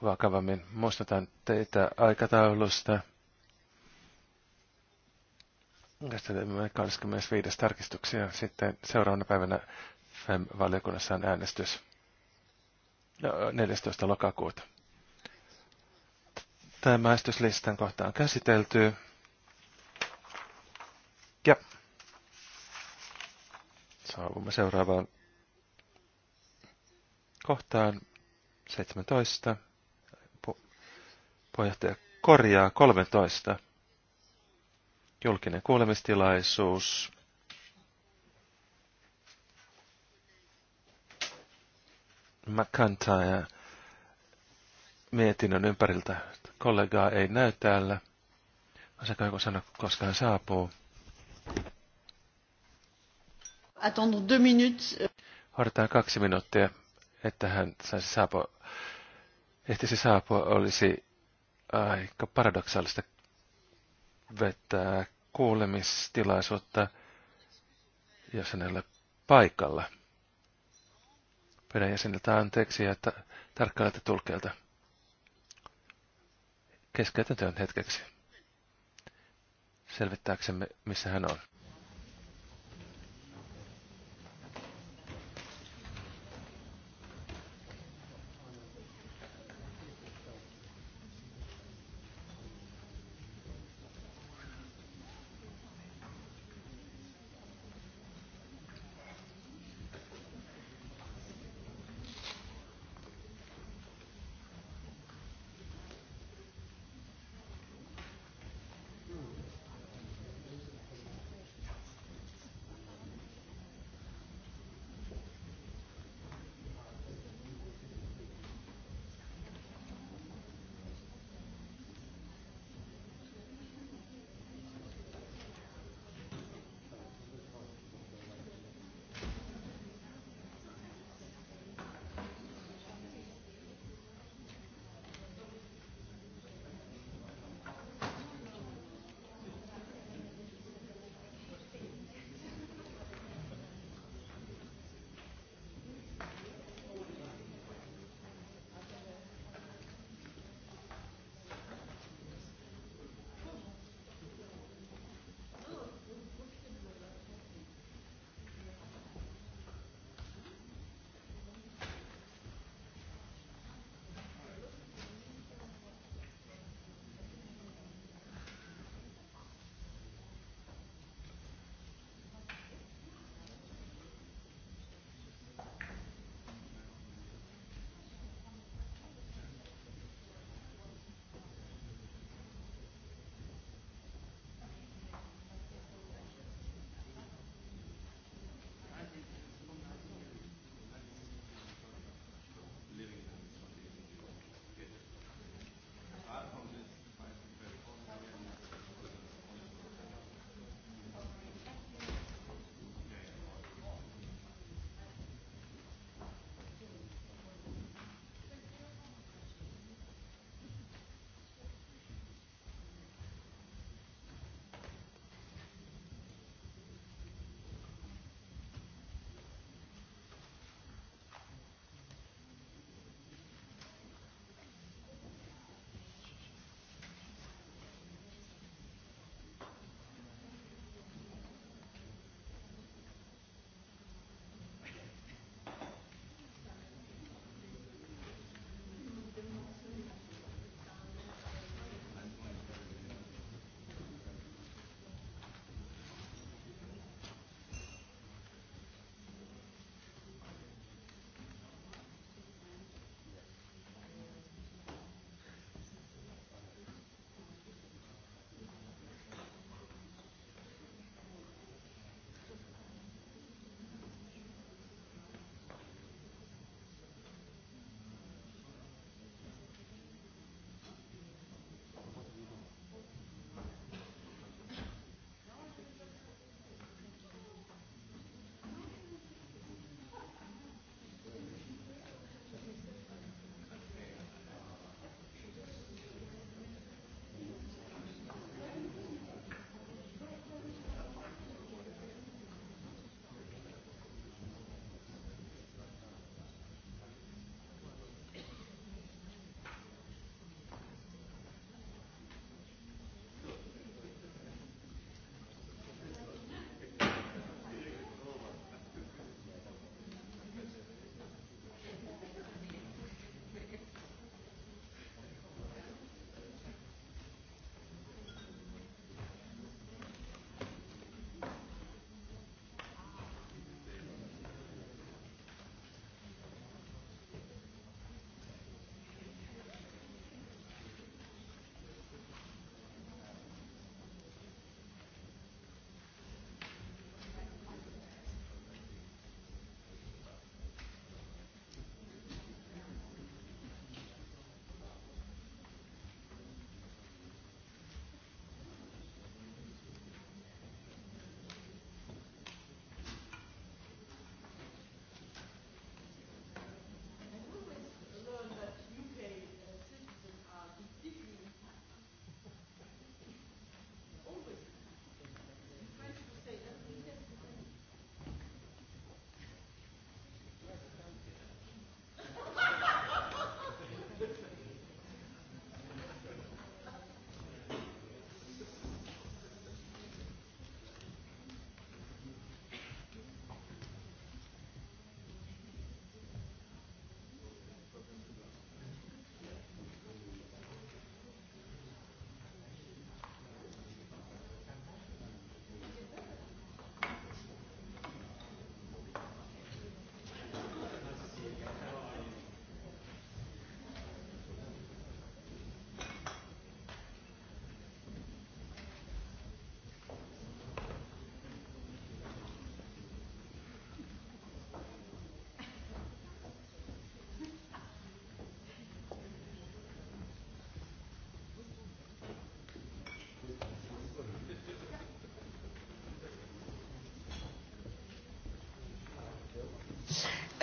vakavammin. Muistutan teitä aikataulusta. Käsittelemme 25. tarkistuksia. Sitten seuraavana päivänä FEM-valiokunnassa on äänestys 14. No, lokakuuta. Tämä äänestyslistan kohta on käsitelty. Ja saavumme seuraavaan kohtaan 17. Puheenjohtaja korjaa 13. Julkinen kuulemistilaisuus. McIntyre mietinnön ympäriltä. Kollegaa ei näy täällä. Aseka joku sano, koska hän saapuu. Attendre deux minutes. Odotetaan kaksi minuuttia, että hän saisi saapua. Ehtisi saapua olisi aika paradoksaalista vetää kuulemistilaisuutta, jos hänellä paikalla. Pyydän jäseniltä anteeksi ja tarkkailta tulkeilta. Keskeytän työn hetkeksi. Selvittääksemme, missä hän on.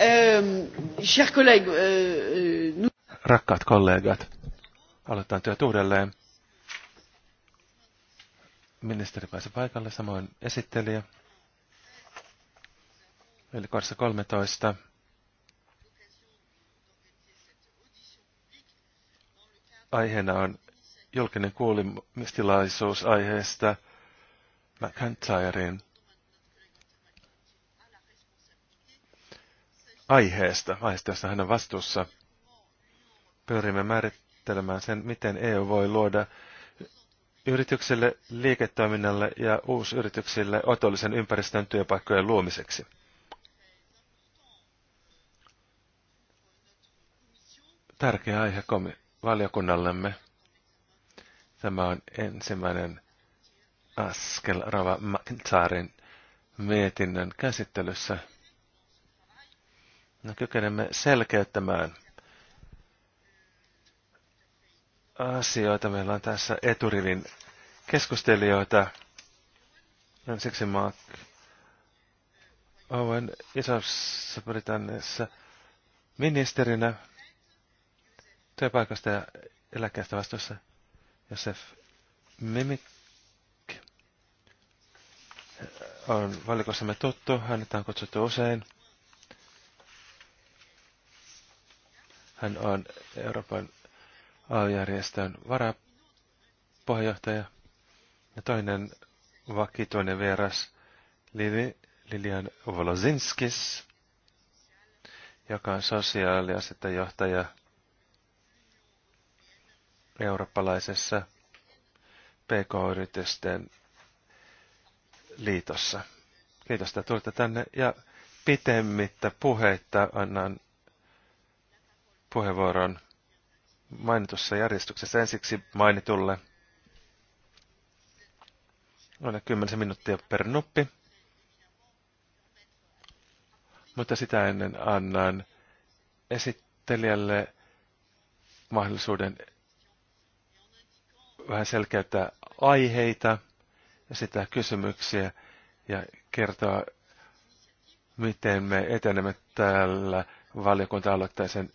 Ähm, euh, euh, Rakkaat kollegat, aloitetaan työt uudelleen. Ministeri pääsi paikalle, samoin esittelijä. Eli kohdassa 13. Aiheena on julkinen kuulimistilaisuus aiheesta McIntyren aiheesta, aiheesta, jossa hän on vastuussa. Pyrimme määrittelemään sen, miten EU voi luoda yritykselle, liiketoiminnalle ja uusyrityksille otollisen ympäristön työpaikkojen luomiseksi. Tärkeä aihe komi- valiokunnallemme. Tämä on ensimmäinen askel Rava McIntyren mietinnön käsittelyssä – No kykenemme selkeyttämään asioita. Meillä on tässä eturivin keskustelijoita. Ensiksi Mark Owen isossa Britanniassa ministerinä työpaikasta ja eläkkeestä vastuussa Josef Mimik on valikossamme tuttu. Hänet on kutsuttu usein. Hän on Euroopan AY-järjestön varapuheenjohtaja ja toinen vakituinen vieras Lili, Lilian Volozinskis, joka on sosiaaliasetten johtaja eurooppalaisessa PK-yritysten liitossa. Kiitos, että tulitte tänne ja pitemmittä puheita annan puheenvuoron mainitussa järjestyksessä ensiksi mainitulle. Noin 10 minuuttia per nuppi. Mutta sitä ennen annan esittelijälle mahdollisuuden vähän selkeyttää aiheita, ja sitä kysymyksiä ja kertoa, miten me etenemme täällä valiokunta-aloitteisen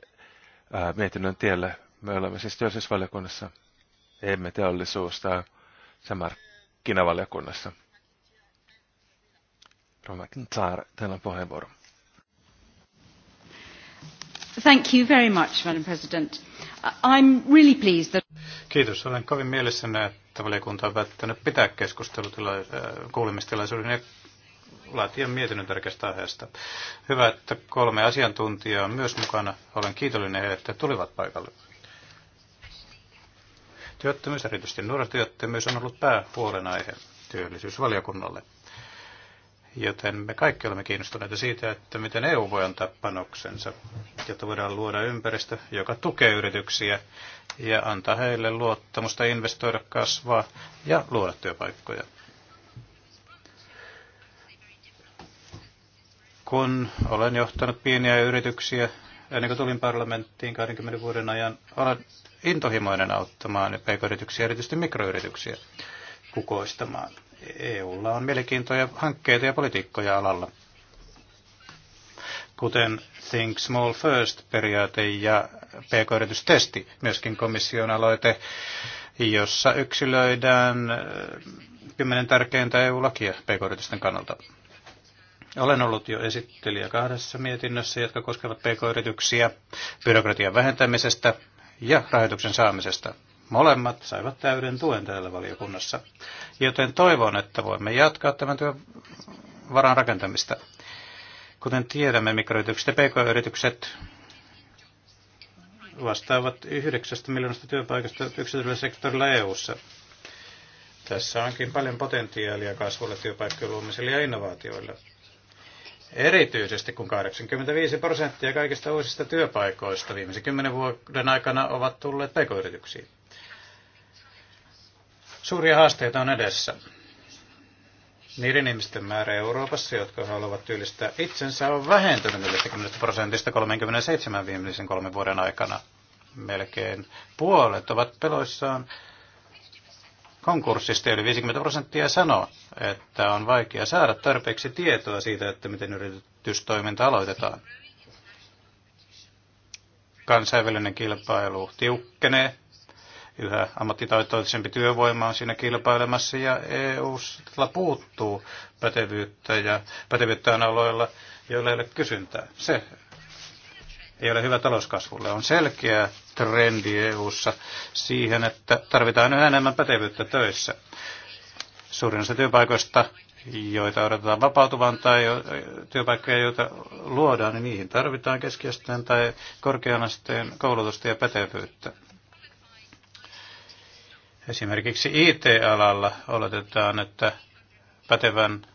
ää, mietinnön tielle Me olemme siis työllisyysvaliokunnassa, emme teollisuus tai samarkkinavaliokunnassa. Roma Romakin teillä on puheenvuoro. Thank you very much, Madam President. I'm really pleased that... Kiitos. Olen kovin mielessäni, että valiokunta on päättänyt pitää kuulemistilaisuuden ja laatia mietinnön tärkeästä aiheesta. Hyvä, että kolme asiantuntijaa on myös mukana. Olen kiitollinen heille, että tulivat paikalle. Työttömyys, erityisesti nuorisotyöttömyys, on ollut päähuolenaihe työllisyysvaliokunnalle. Joten me kaikki olemme kiinnostuneita siitä, että miten EU voi antaa panoksensa, jotta voidaan luoda ympäristö, joka tukee yrityksiä ja antaa heille luottamusta investoida, kasvaa ja luoda työpaikkoja. kun olen johtanut pieniä yrityksiä, ennen kuin tulin parlamenttiin 20 vuoden ajan, olen intohimoinen auttamaan pk-yrityksiä, erityisesti mikroyrityksiä, kukoistamaan. EUlla on mielenkiintoja hankkeita ja politiikkoja alalla, kuten Think Small First-periaate ja pk-yritystesti, myöskin komission aloite, jossa yksilöidään kymmenen tärkeintä EU-lakia pk-yritysten kannalta. Olen ollut jo esittelijä kahdessa mietinnössä, jotka koskevat pk-yrityksiä byrokratian vähentämisestä ja rahoituksen saamisesta. Molemmat saivat täyden tuen täällä valiokunnassa, joten toivon, että voimme jatkaa tämän työn varan rakentamista. Kuten tiedämme, mikroyritykset ja pk-yritykset vastaavat 9 miljoonasta työpaikasta yksityisellä sektorilla EU-ssa. Tässä onkin paljon potentiaalia kasvulle, työpaikkojen luomiselle ja innovaatioille. Erityisesti kun 85 prosenttia kaikista uusista työpaikoista viimeisen kymmenen vuoden aikana ovat tulleet pk-yrityksiin. Suuria haasteita on edessä. Niiden ihmisten määrä Euroopassa, jotka haluavat työllistää itsensä, on vähentynyt 40 prosentista 37 viimeisen kolmen vuoden aikana. Melkein puolet ovat peloissaan konkurssista, yli 50 prosenttia sanoo, että on vaikea saada tarpeeksi tietoa siitä, että miten yritystoiminta aloitetaan. Kansainvälinen kilpailu tiukkenee, yhä ammattitaitoisempi työvoima on siinä kilpailemassa ja eu puuttuu pätevyyttä ja pätevyyttä on aloilla, joilla ei ole kysyntää. Se ei ole hyvä talouskasvulle. On selkeä trendi EU:ssa siihen, että tarvitaan yhä enemmän pätevyyttä töissä. Suurin osa työpaikoista, joita odotetaan vapautuvan tai työpaikkoja, joita luodaan, niin niihin tarvitaan keskiasteen tai korkean asteen koulutusta ja pätevyyttä. Esimerkiksi IT-alalla oletetaan, että pätevän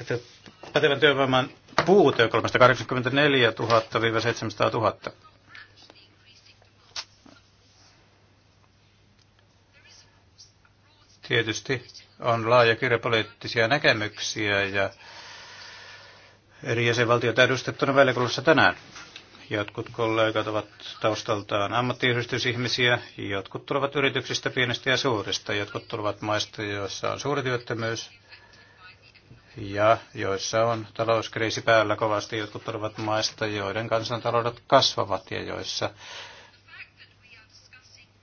että pätevän työvoiman puute 384 000-700 000. Tietysti on laaja kirjapoliittisia näkemyksiä ja eri jäsenvaltiot edustettuna välikulussa tänään. Jotkut kollegat ovat taustaltaan ammattiyhdistysihmisiä, jotkut tulevat yrityksistä pienestä ja suurista, jotkut tulevat maista, joissa on suuri työttömyys, ja joissa on talouskriisi päällä kovasti. Jotkut tulevat maista, joiden kansantaloudet kasvavat ja joissa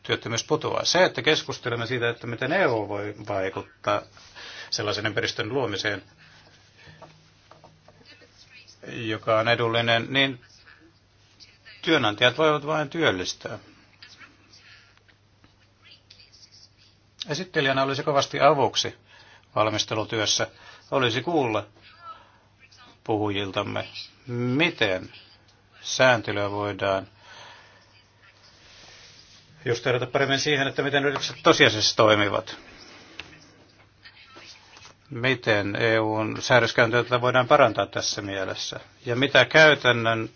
työttömyys putoaa. Se, että keskustelemme siitä, että miten EU voi vaikuttaa sellaisen ympäristön luomiseen, joka on edullinen, niin työnantajat voivat vain työllistää. Esittelijänä olisi kovasti avuksi valmistelutyössä olisi kuulla puhujiltamme, miten sääntelyä voidaan just tarjota paremmin siihen, että miten yritykset tosiasiassa toimivat. Miten EUn säädöskäyntiä voidaan parantaa tässä mielessä? Ja mitä käytännön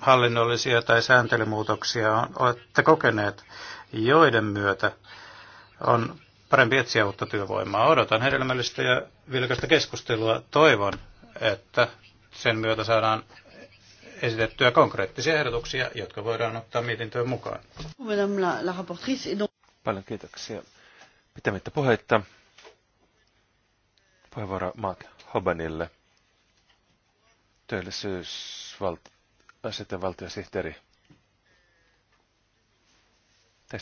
hallinnollisia tai sääntelymuutoksia olette kokeneet, joiden myötä on parempi etsiä uutta työvoimaa. Odotan hedelmällistä ja vilkasta keskustelua. Toivon, että sen myötä saadaan esitettyä konkreettisia ehdotuksia, jotka voidaan ottaa mietintöön mukaan. Paljon kiitoksia. Pitämättä puhetta. Puheenvuoro Mark Hobanille, työllisyysvaltioiden valtiosihteeri.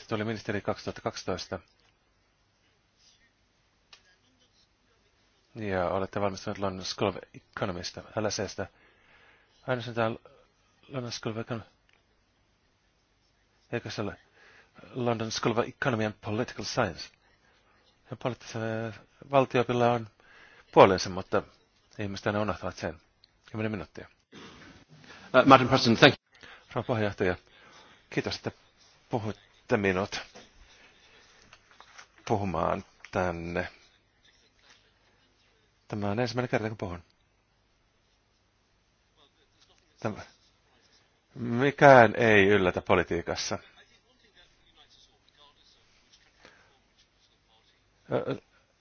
tuli ministeri 2012 ja olette valmistuneet London School of Economista, LSEstä. Ainoastaan tämä London School of Econ... Eikö se ole London School of Economy and Political Science? Ja poliittisella eh, valtiopilla on puolensa, mutta ihmiset aina unohtavat sen. Kymmenen minuuttia. Uh, Madam President, thank you. Rouva puheenjohtaja, kiitos, että puhutte minut puhumaan tänne Tämä on ensimmäinen kerta, kun puhun. Tämä. Mikään ei yllätä politiikassa.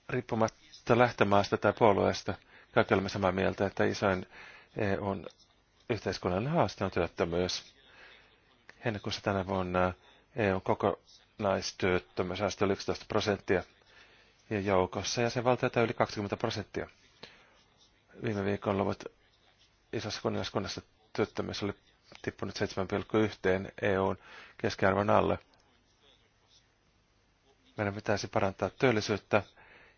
Riippumatta lähtömaasta tai puolueesta, kaikki olemme samaa mieltä, että isoin EUn yhteiskunnallinen haaste on työttömyys. Heinäkuussa tänä vuonna EUn kokonaistyöttömyysaste oli 11 prosenttia ja joukossa jäsenvaltioita yli 20 prosenttia viime viikolla ovat isossa kuningaskunnassa työttömyys oli tippunut 7,1 EUn keskiarvon alle. Meidän pitäisi parantaa työllisyyttä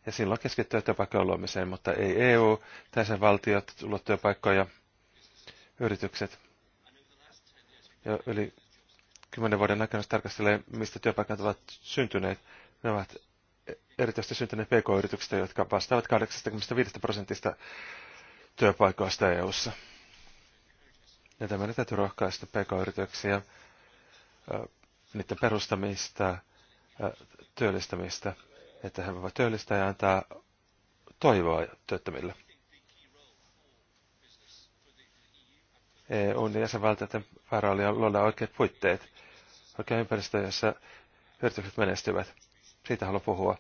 ja silloin keskittyä työpaikkojen luomiseen, mutta ei EU, tai sen valtiot, luo työpaikkoja, yritykset. Ja yli kymmenen vuoden aikana tarkastelee, mistä työpaikat ovat syntyneet. Ne ovat erityisesti syntyneet PK-yrityksistä, jotka vastaavat 85 prosentista työpaikoista EU-ssa. Ja tämä täytyy rohkaista pk-yrityksiä, niiden perustamista, työllistämistä, että he voivat työllistää ja antaa toivoa työttömille. EUn ja valtioiden varoilla ja luoda oikeat puitteet, oikea ympäristö, jossa yritykset menestyvät. Siitä haluan puhua.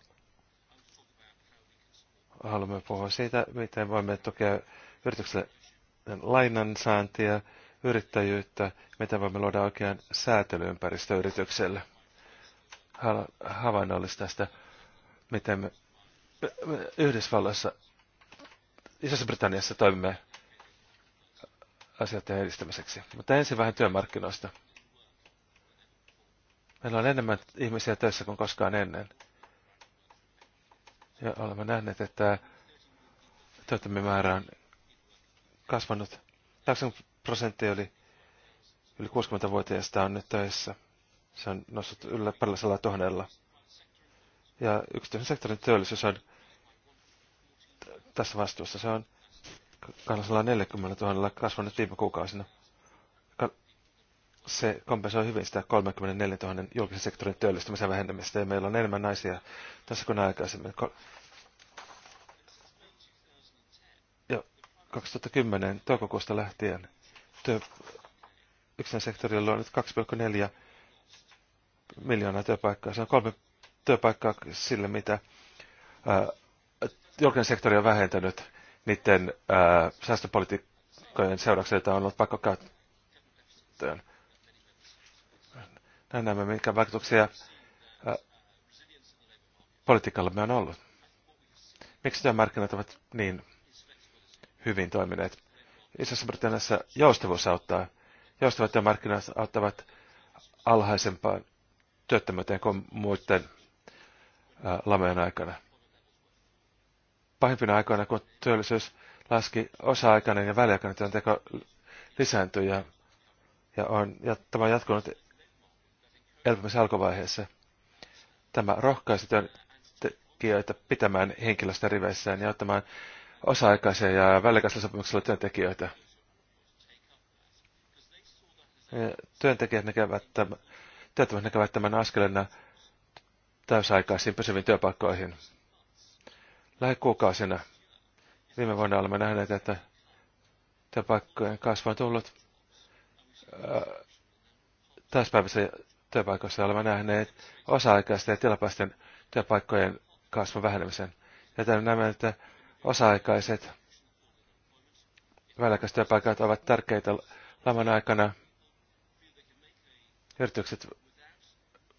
Haluamme puhua siitä, miten voimme tukea yritykselle lainansaantia, yrittäjyyttä, miten voimme luoda oikean säätelyympäristö yritykselle. Havainnollistaa sitä, miten me Yhdysvalloissa, Isossa Britanniassa toimimme asioiden edistämiseksi. Mutta ensin vähän työmarkkinoista. Meillä on enemmän ihmisiä töissä kuin koskaan ennen. Ja olemme nähneet, että työttömien määrä on kasvanut. 80 prosenttia oli yli 60-vuotiaista on nyt töissä. Se on noussut yllä parilla tuhannella. Ja yksityisen sektorin työllisyys on tässä vastuussa. Se on 240 000 kasvanut viime kuukausina. Se kompensoi hyvin sitä 34 000 julkisen sektorin työllistymisen vähentämistä. ja meillä on enemmän naisia tässä kuin aikaisemmin. 2010 toukokuusta lähtien työ, yksinen sektorilla on nyt 2,4 miljoonaa työpaikkaa. Se on kolme työpaikkaa sille, mitä ää, julkinen sektori on vähentänyt niiden säästöpolitiikkojen seurauksena, joita on ollut pakko käyttöön. Näin näemme, minkä vaikutuksia ää, politiikallamme on ollut. Miksi työmarkkinat ovat niin hyvin toimineet. Isossa Britanniassa joustavuus auttaa. Joustavat työmarkkinat auttavat alhaisempaan työttömyyteen kuin muiden lamojen aikana. Pahimpina aikoina, kun työllisyys laski, osa-aikainen ja väliaikainen työnteko lisääntyi ja, ja, on, ja tämä on jatkunut elpymisen alkuvaiheessa. Tämä rohkaisi työntekijöitä pitämään henkilöstä riveissään ja ottamaan osa-aikaisia ja väliaikaisella sopimuksella työntekijöitä. Ja työntekijät näkevät tämän, työttömät näkevät tämän askelena täysaikaisiin pysyviin työpaikkoihin. Lähikuukausina viime vuonna olemme nähneet, että työpaikkojen kasvu on tullut täyspäiväisissä työpaikoissa. Olemme nähneet osa-aikaisten ja tilapäisten työpaikkojen kasvun vähenemisen. Ja näemme, että osa-aikaiset työpaikat ovat tärkeitä laman aikana. Yritykset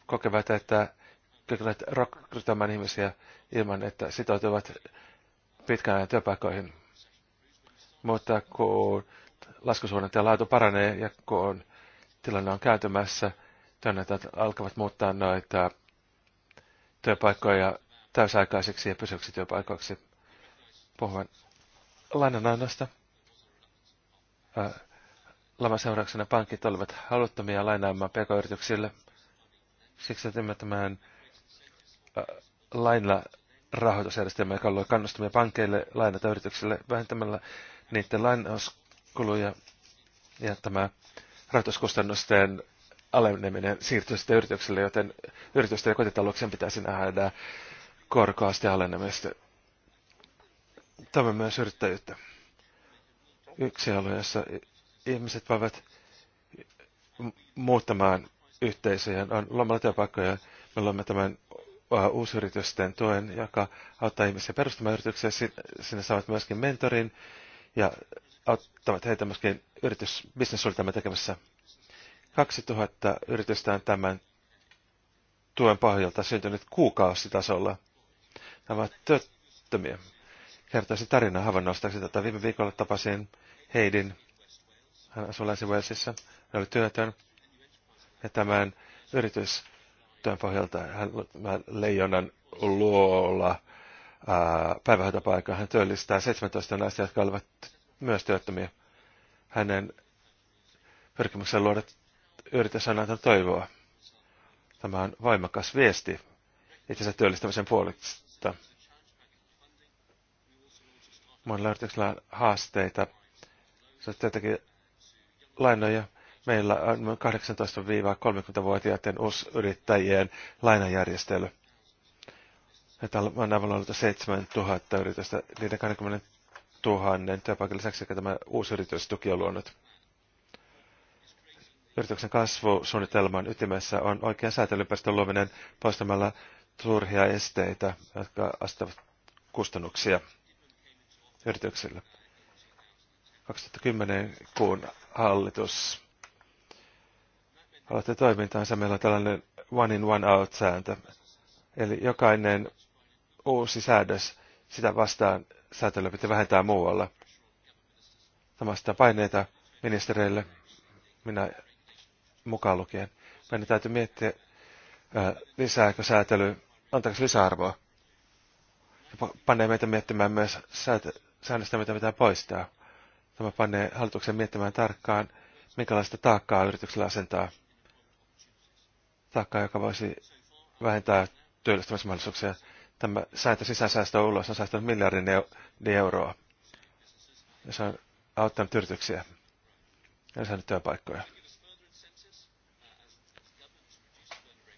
kokevat, että kykenevät rekrytoimaan ihmisiä ilman, että sitoutuvat pitkään ajan työpaikkoihin. Mutta kun laskusuunnitelma laatu paranee ja kun tilanne on kääntymässä, työnantajat alkavat muuttaa noita työpaikkoja täysaikaisiksi ja pysyviksi työpaikoiksi puhuvan lainanannosta. Laman seurauksena pankit olivat haluttomia lainaamaan pk-yrityksille. Siksi otimme tämän lainalla rahoitusjärjestelmä, joka luo kannustamia pankeille lainata yrityksille vähentämällä niiden lainauskuluja ja tämä rahoituskustannusten aleneminen siirtyy sitten yritykselle, joten yritysten ja kotitalouksien pitäisi nähdä korkoasti alenemista Tämä myös yrittäjyyttä. Yksi alue, jossa ihmiset voivat muuttamaan yhteisöjä, on luomalla työpaikkoja. Me luomme tämän uusyritysten tuen, joka auttaa ihmisiä perustamaan yrityksiä. Sinne saavat myöskin mentorin ja auttavat heitä myöskin yritysbisnessuunnitelman tekemässä. 2000 yritystä on tämän tuen pohjalta syntynyt kuukausitasolla. Nämä ovat työttömiä kertoisi havainnosta sitä, tätä. Viime viikolla tapasin Heidin, hän asui Länsi-Walesissa, hän oli työtön, ja tämän yritystyön pohjalta hän leijonan luola päivähoitopaikan. Hän työllistää 17 naista, jotka olivat myös työttömiä. Hänen pyrkimyksen luoda yritys on antanut toivoa. Tämä on voimakas viesti asiassa työllistämisen puolesta. Monilla yrityksillä on haasteita. Se on tietenkin lainoja. Meillä on 18-30-vuotiaiden yrittäjien lainajärjestely. Että on aivan ollut 7000 yritystä, niiden 20 000 työpaikan lisäksi, joka tämä uusi yritystuki on luonut. Yrityksen kasvusuunnitelman ytimessä on oikean säätelympäristön luominen poistamalla turhia esteitä, jotka astavat kustannuksia yrityksille. 2010 kuun hallitus aloitti toimintaansa. Meillä on tällainen one in one out sääntö. Eli jokainen uusi säädös sitä vastaan säätöllä pitää vähentää muualla. Samasta paineita ministereille, minä mukaan lukien. Meidän täytyy miettiä, lisääkö säätely, antaako lisäarvoa. panee meitä miettimään myös säätö, säännöstä, mitä pitää poistaa. Tämä panee hallituksen miettimään tarkkaan, minkälaista taakkaa yrityksellä asentaa. Taakkaa, joka voisi vähentää työllistämismahdollisuuksia. Tämä sääntö sisänsäästö ulos on säästänyt miljardin euroa. Ja se on auttanut yrityksiä ja lisännyt työpaikkoja.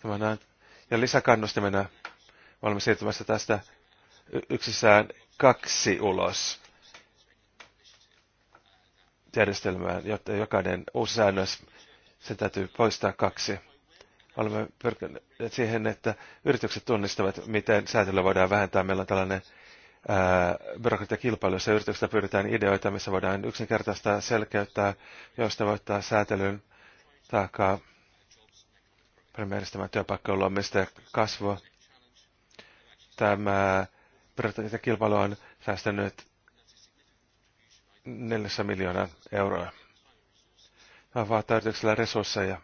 Tämä on, ja lisäkannustimena olemme siirtymässä tästä yksissään kaksi ulos järjestelmään, jotta jokainen uusi säännös, sen täytyy poistaa kaksi. Olemme pyrkineet siihen, että yritykset tunnistavat, miten säätelyä voidaan vähentää. Meillä on tällainen byrokratiakilpailu, jossa yrityksestä pyydetään ideoita, missä voidaan yksinkertaistaa, selkeyttää, joista voittaa säätelyn taakkaa primääristämään työpaikkojen luomista ja kasvua. Tämä ja kilpailu on säästänyt 4 miljoonaa euroa. Nämä vaatii täytyksellä resursseja.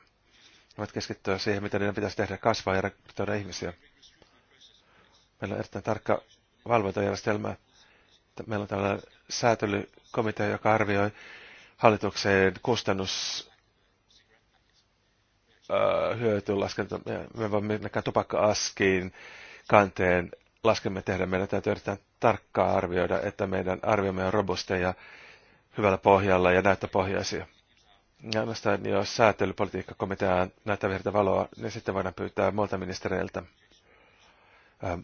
ovat keskittyä siihen, mitä niiden pitäisi tehdä kasvaa ja rekrytoida ihmisiä. Meillä on erittäin tarkka valvontajärjestelmä. Meillä on tällainen säätelykomitea, joka arvioi hallituksen kustannus hyötylaskentamia. Me voimme mennäkään tupakka-askiin kanteen laskemme tehdä, meidän täytyy erittäin tarkkaa arvioida, että meidän arviomme on robusteja hyvällä pohjalla ja näyttöpohjaisia. Ja ainoastaan niin jos säätelypolitiikkakomitea näyttää vihreitä valoa, niin sitten voidaan pyytää muilta ministereiltä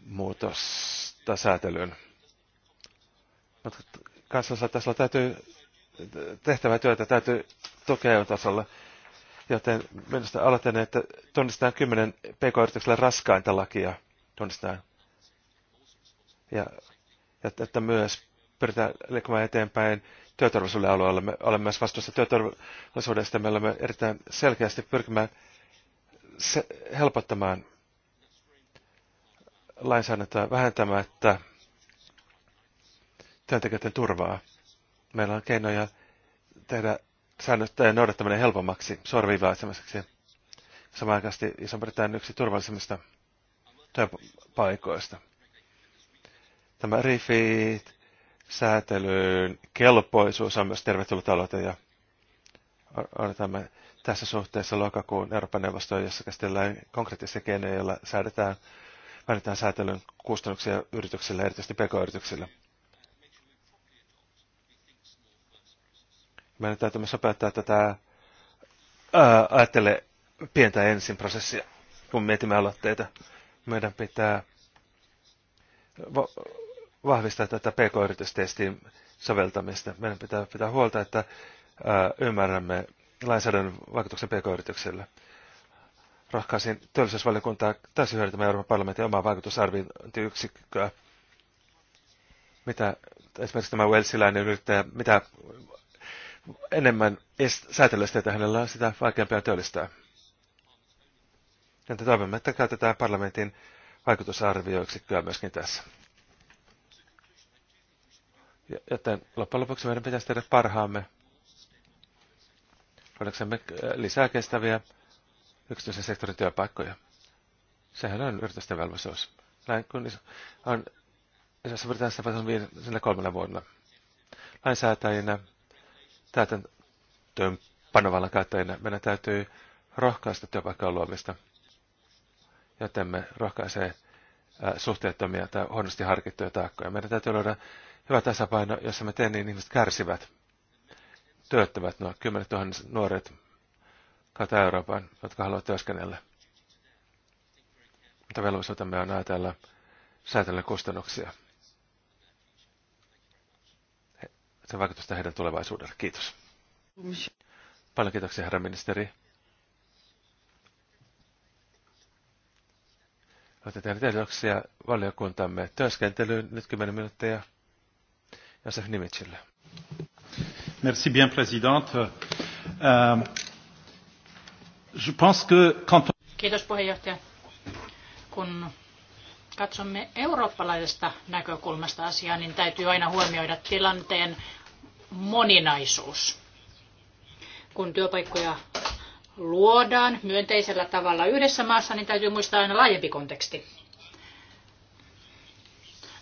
muutosta säätelyyn. Mutta kansallisella täytyy tehtävää työtä täytyy tukea tasolla. Joten minusta aloitan, että tunnistetaan kymmenen pk-yrityksellä raskainta lakia. Tunnistetaan ja että myös pyritään liikkumaan eteenpäin työturvallisuuden alueella. Me olemme myös vastuussa työturvallisuudesta. Me olemme erittäin selkeästi pyrkimään se, helpottamaan lainsäädäntöä vähentämättä työntekijöiden turvaa. Meillä on keinoja tehdä säännöstöjen noudattaminen helpommaksi, Samaan Samanaikaisesti iso yksi turvallisimmista työpaikoista. Tämä refit, säätelyyn kelpoisuus on myös tervetullut aloite ja odotamme tässä suhteessa lokakuun Euroopan neuvostoon, jossa käsitellään konkreettisia keinoja, joilla säädetään, vähennetään säätelyn kustannuksia yrityksille, erityisesti pk-yrityksille. Meidän täytyy myös opettaa tätä ajattele pientä ensin prosessia, kun mietimme aloitteita. Meidän pitää vahvistaa tätä pk-yritystestin soveltamista. Meidän pitää pitää huolta, että ymmärrämme lainsäädännön vaikutuksen pk yritykselle Rohkaisin työllisyysvaliokuntaa täysin hyödyntämään Euroopan parlamentin omaa vaikutusarviointiyksikköä. Mitä esimerkiksi tämä Welsiläinen yrittäjä, mitä enemmän säätelystä hänellä on, sitä vaikeampia työllistää. Joten toivomme, että käytetään parlamentin vaikutusarvioyksikköä myöskin tässä. Joten loppujen lopuksi meidän pitäisi tehdä parhaamme. Voidaanko äh, lisää kestäviä yksityisen sektorin työpaikkoja. Sehän on yritysten velvollisuus. Näin kun on isossa tapahtunut viidenä kolmella vuonna. Lainsäätäjinä, täytäntöön panovalla käyttäjinä meidän täytyy rohkaista työpaikkojen luomista, joten me rohkaisee suhteettomia tai huonosti harkittuja taakkoja. Meidän täytyy löydä hyvä tasapaino, jossa me teemme, niin ihmiset kärsivät, työttävät nuo kymmenet tuhannet nuoret kautta Euroopan, jotka haluavat työskennellä. Mutta velvollisuutemme on ajatella säätellä kustannuksia. Se vaikutusta heidän tulevaisuudelle. Kiitos. Paljon kiitoksia, herra ministeri. otetaan tehneet valiokuntamme työskentelyyn nyt 10 minuuttia Josef Nimitsille. Merci bien, president. Uh, je pense que quand Kiitos puheenjohtaja. Kun katsomme eurooppalaisesta näkökulmasta asiaa, niin täytyy aina huomioida tilanteen moninaisuus. Kun työpaikkoja luodaan myönteisellä tavalla yhdessä maassa, niin täytyy muistaa aina laajempi konteksti.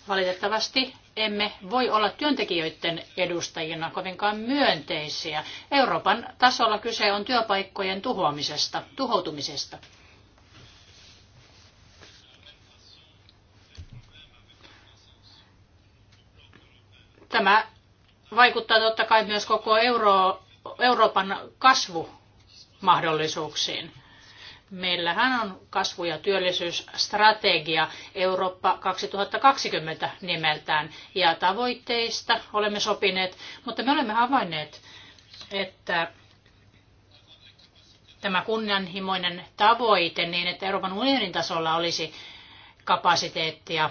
Valitettavasti emme voi olla työntekijöiden edustajina kovinkaan myönteisiä. Euroopan tasolla kyse on työpaikkojen tuhoamisesta, tuhoutumisesta. Tämä vaikuttaa totta kai myös koko Euro, Euroopan kasvu mahdollisuuksiin. Meillähän on kasvu- ja työllisyysstrategia Eurooppa 2020 nimeltään ja tavoitteista olemme sopineet, mutta me olemme havainneet, että tämä kunnianhimoinen tavoite niin, että Euroopan unionin tasolla olisi kapasiteettia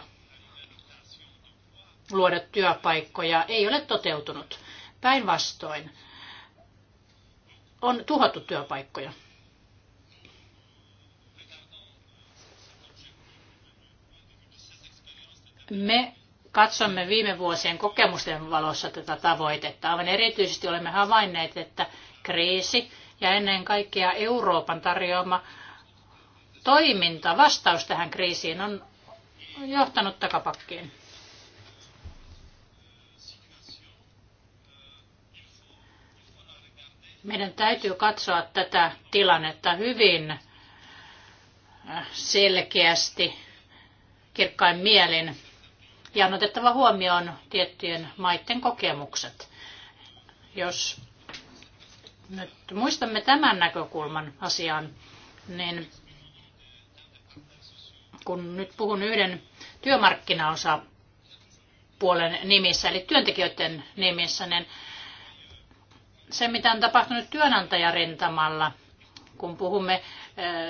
luoda työpaikkoja, ei ole toteutunut. Päinvastoin on tuhottu työpaikkoja. Me katsomme viime vuosien kokemusten valossa tätä tavoitetta. Aivan erityisesti olemme havainneet, että kriisi ja ennen kaikkea Euroopan tarjoama toiminta, vastaus tähän kriisiin on johtanut takapakkiin. Meidän täytyy katsoa tätä tilannetta hyvin äh, selkeästi, kirkkain mielin ja on otettava huomioon tiettyjen maiden kokemukset. Jos nyt muistamme tämän näkökulman asiaan, niin kun nyt puhun yhden työmarkkinaosapuolen nimissä, eli työntekijöiden nimissä, niin se, mitä on tapahtunut työnantajarintamalla, kun puhumme eh,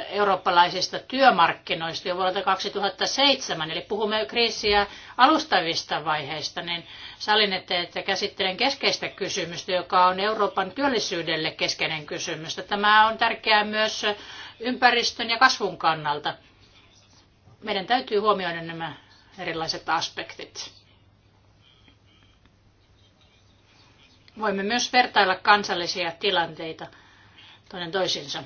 eurooppalaisista työmarkkinoista jo vuodelta 2007, eli puhumme kriisiä alustavista vaiheista, niin sallin, että käsittelen keskeistä kysymystä, joka on Euroopan työllisyydelle keskeinen kysymys. Tämä on tärkeää myös ympäristön ja kasvun kannalta. Meidän täytyy huomioida nämä erilaiset aspektit. Voimme myös vertailla kansallisia tilanteita toinen toisinsa.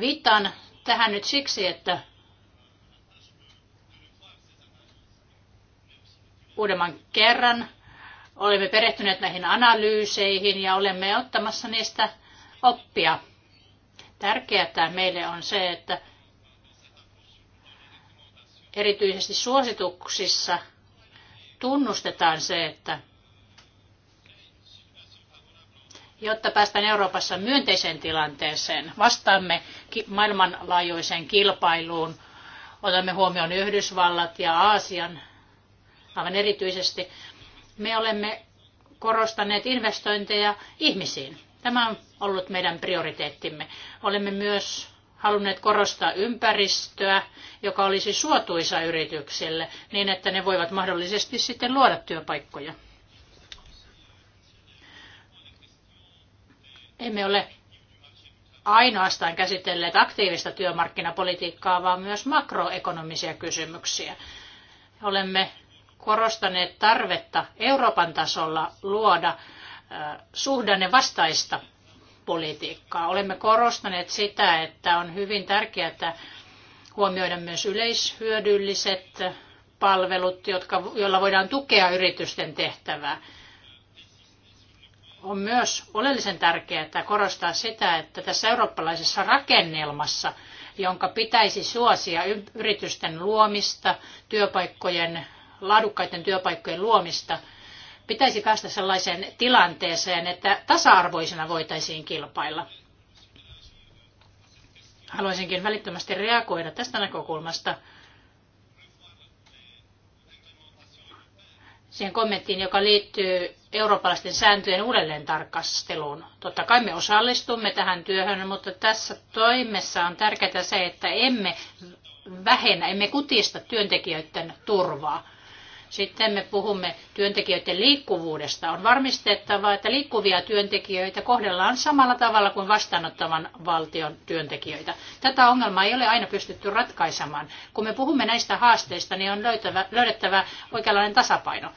Viittaan tähän nyt siksi, että uudemman kerran olemme perehtyneet näihin analyyseihin ja olemme ottamassa niistä oppia. Tärkeää meille on se, että erityisesti suosituksissa – tunnustetaan se, että jotta päästään Euroopassa myönteiseen tilanteeseen, vastaamme maailmanlaajuiseen kilpailuun, otamme huomioon Yhdysvallat ja Aasian aivan erityisesti. Me olemme korostaneet investointeja ihmisiin. Tämä on ollut meidän prioriteettimme. Olemme myös halunneet korostaa ympäristöä, joka olisi suotuisa yrityksille, niin että ne voivat mahdollisesti sitten luoda työpaikkoja. Emme ole ainoastaan käsitelleet aktiivista työmarkkinapolitiikkaa, vaan myös makroekonomisia kysymyksiä. Olemme korostaneet tarvetta Euroopan tasolla luoda äh, suhdanne vastaista politiikkaa. Olemme korostaneet sitä, että on hyvin tärkeää huomioida myös yleishyödylliset palvelut, jotka, joilla voidaan tukea yritysten tehtävää. On myös oleellisen tärkeää korostaa sitä, että tässä eurooppalaisessa rakennelmassa, jonka pitäisi suosia yritysten luomista, työpaikkojen, laadukkaiden työpaikkojen luomista – Pitäisi päästä sellaiseen tilanteeseen, että tasa-arvoisena voitaisiin kilpailla. Haluaisinkin välittömästi reagoida tästä näkökulmasta siihen kommenttiin, joka liittyy eurooppalaisten sääntöjen uudelleen tarkasteluun. Totta kai me osallistumme tähän työhön, mutta tässä toimessa on tärkeää se, että emme vähennä, emme kutista työntekijöiden turvaa. Sitten me puhumme työntekijöiden liikkuvuudesta. On varmistettava, että liikkuvia työntekijöitä kohdellaan samalla tavalla kuin vastaanottavan valtion työntekijöitä. Tätä ongelmaa ei ole aina pystytty ratkaisemaan. Kun me puhumme näistä haasteista, niin on löytävä, löydettävä oikeanlainen tasapaino.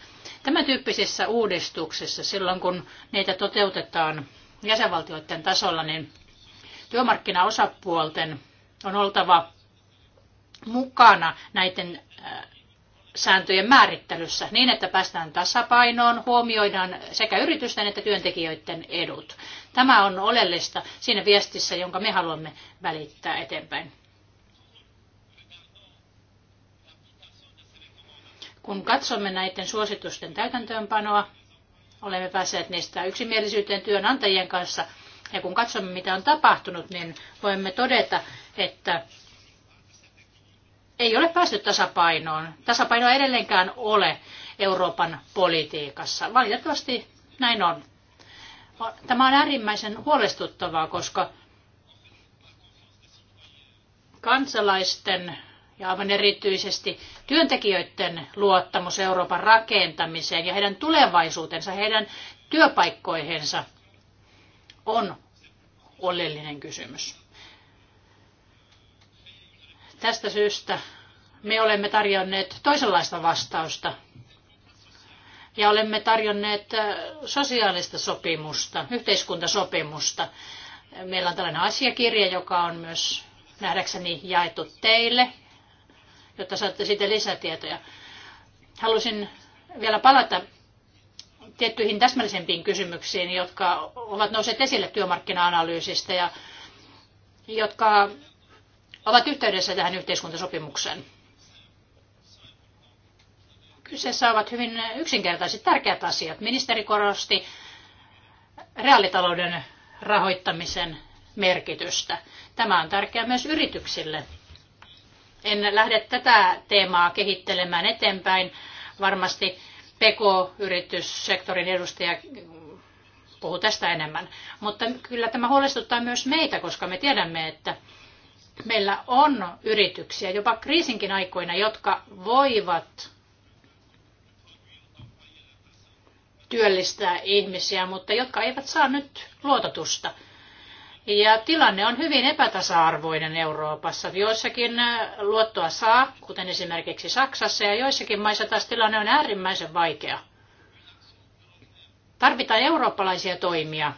Tämän tyyppisissä uudistuksissa, silloin kun niitä toteutetaan jäsenvaltioiden tasolla, niin työmarkkinaosapuolten on oltava mukana näiden äh, sääntöjen määrittelyssä niin, että päästään tasapainoon, huomioidaan sekä yritysten että työntekijöiden edut. Tämä on oleellista siinä viestissä, jonka me haluamme välittää eteenpäin. Kun katsomme näiden suositusten täytäntöönpanoa, olemme päässeet niistä yksimielisyyteen työnantajien kanssa. Ja kun katsomme, mitä on tapahtunut, niin voimme todeta, että ei ole päästy tasapainoon. Tasapainoa edelleenkään ole Euroopan politiikassa. Valitettavasti näin on. Tämä on äärimmäisen huolestuttavaa, koska kansalaisten ja aivan erityisesti työntekijöiden luottamus Euroopan rakentamiseen ja heidän tulevaisuutensa, heidän työpaikkoihinsa on oleellinen kysymys. Tästä syystä me olemme tarjonneet toisenlaista vastausta ja olemme tarjonneet äh, sosiaalista sopimusta, yhteiskuntasopimusta. Meillä on tällainen asiakirja, joka on myös nähdäkseni jaettu teille, jotta saatte siitä lisätietoja. Halusin vielä palata tiettyihin täsmällisempiin kysymyksiin, jotka ovat nousseet esille työmarkkina-analyysistä ja jotka ovat yhteydessä tähän yhteiskuntasopimukseen. Kyseessä ovat hyvin yksinkertaiset tärkeät asiat. Ministeri korosti reaalitalouden rahoittamisen merkitystä. Tämä on tärkeää myös yrityksille. En lähde tätä teemaa kehittelemään eteenpäin. Varmasti PK-yrityssektorin edustaja puhuu tästä enemmän. Mutta kyllä tämä huolestuttaa myös meitä, koska me tiedämme, että meillä on yrityksiä jopa kriisinkin aikoina, jotka voivat työllistää ihmisiä, mutta jotka eivät saa nyt luototusta. Ja tilanne on hyvin epätasa-arvoinen Euroopassa. Joissakin luottoa saa, kuten esimerkiksi Saksassa, ja joissakin maissa taas tilanne on äärimmäisen vaikea. Tarvitaan eurooppalaisia toimia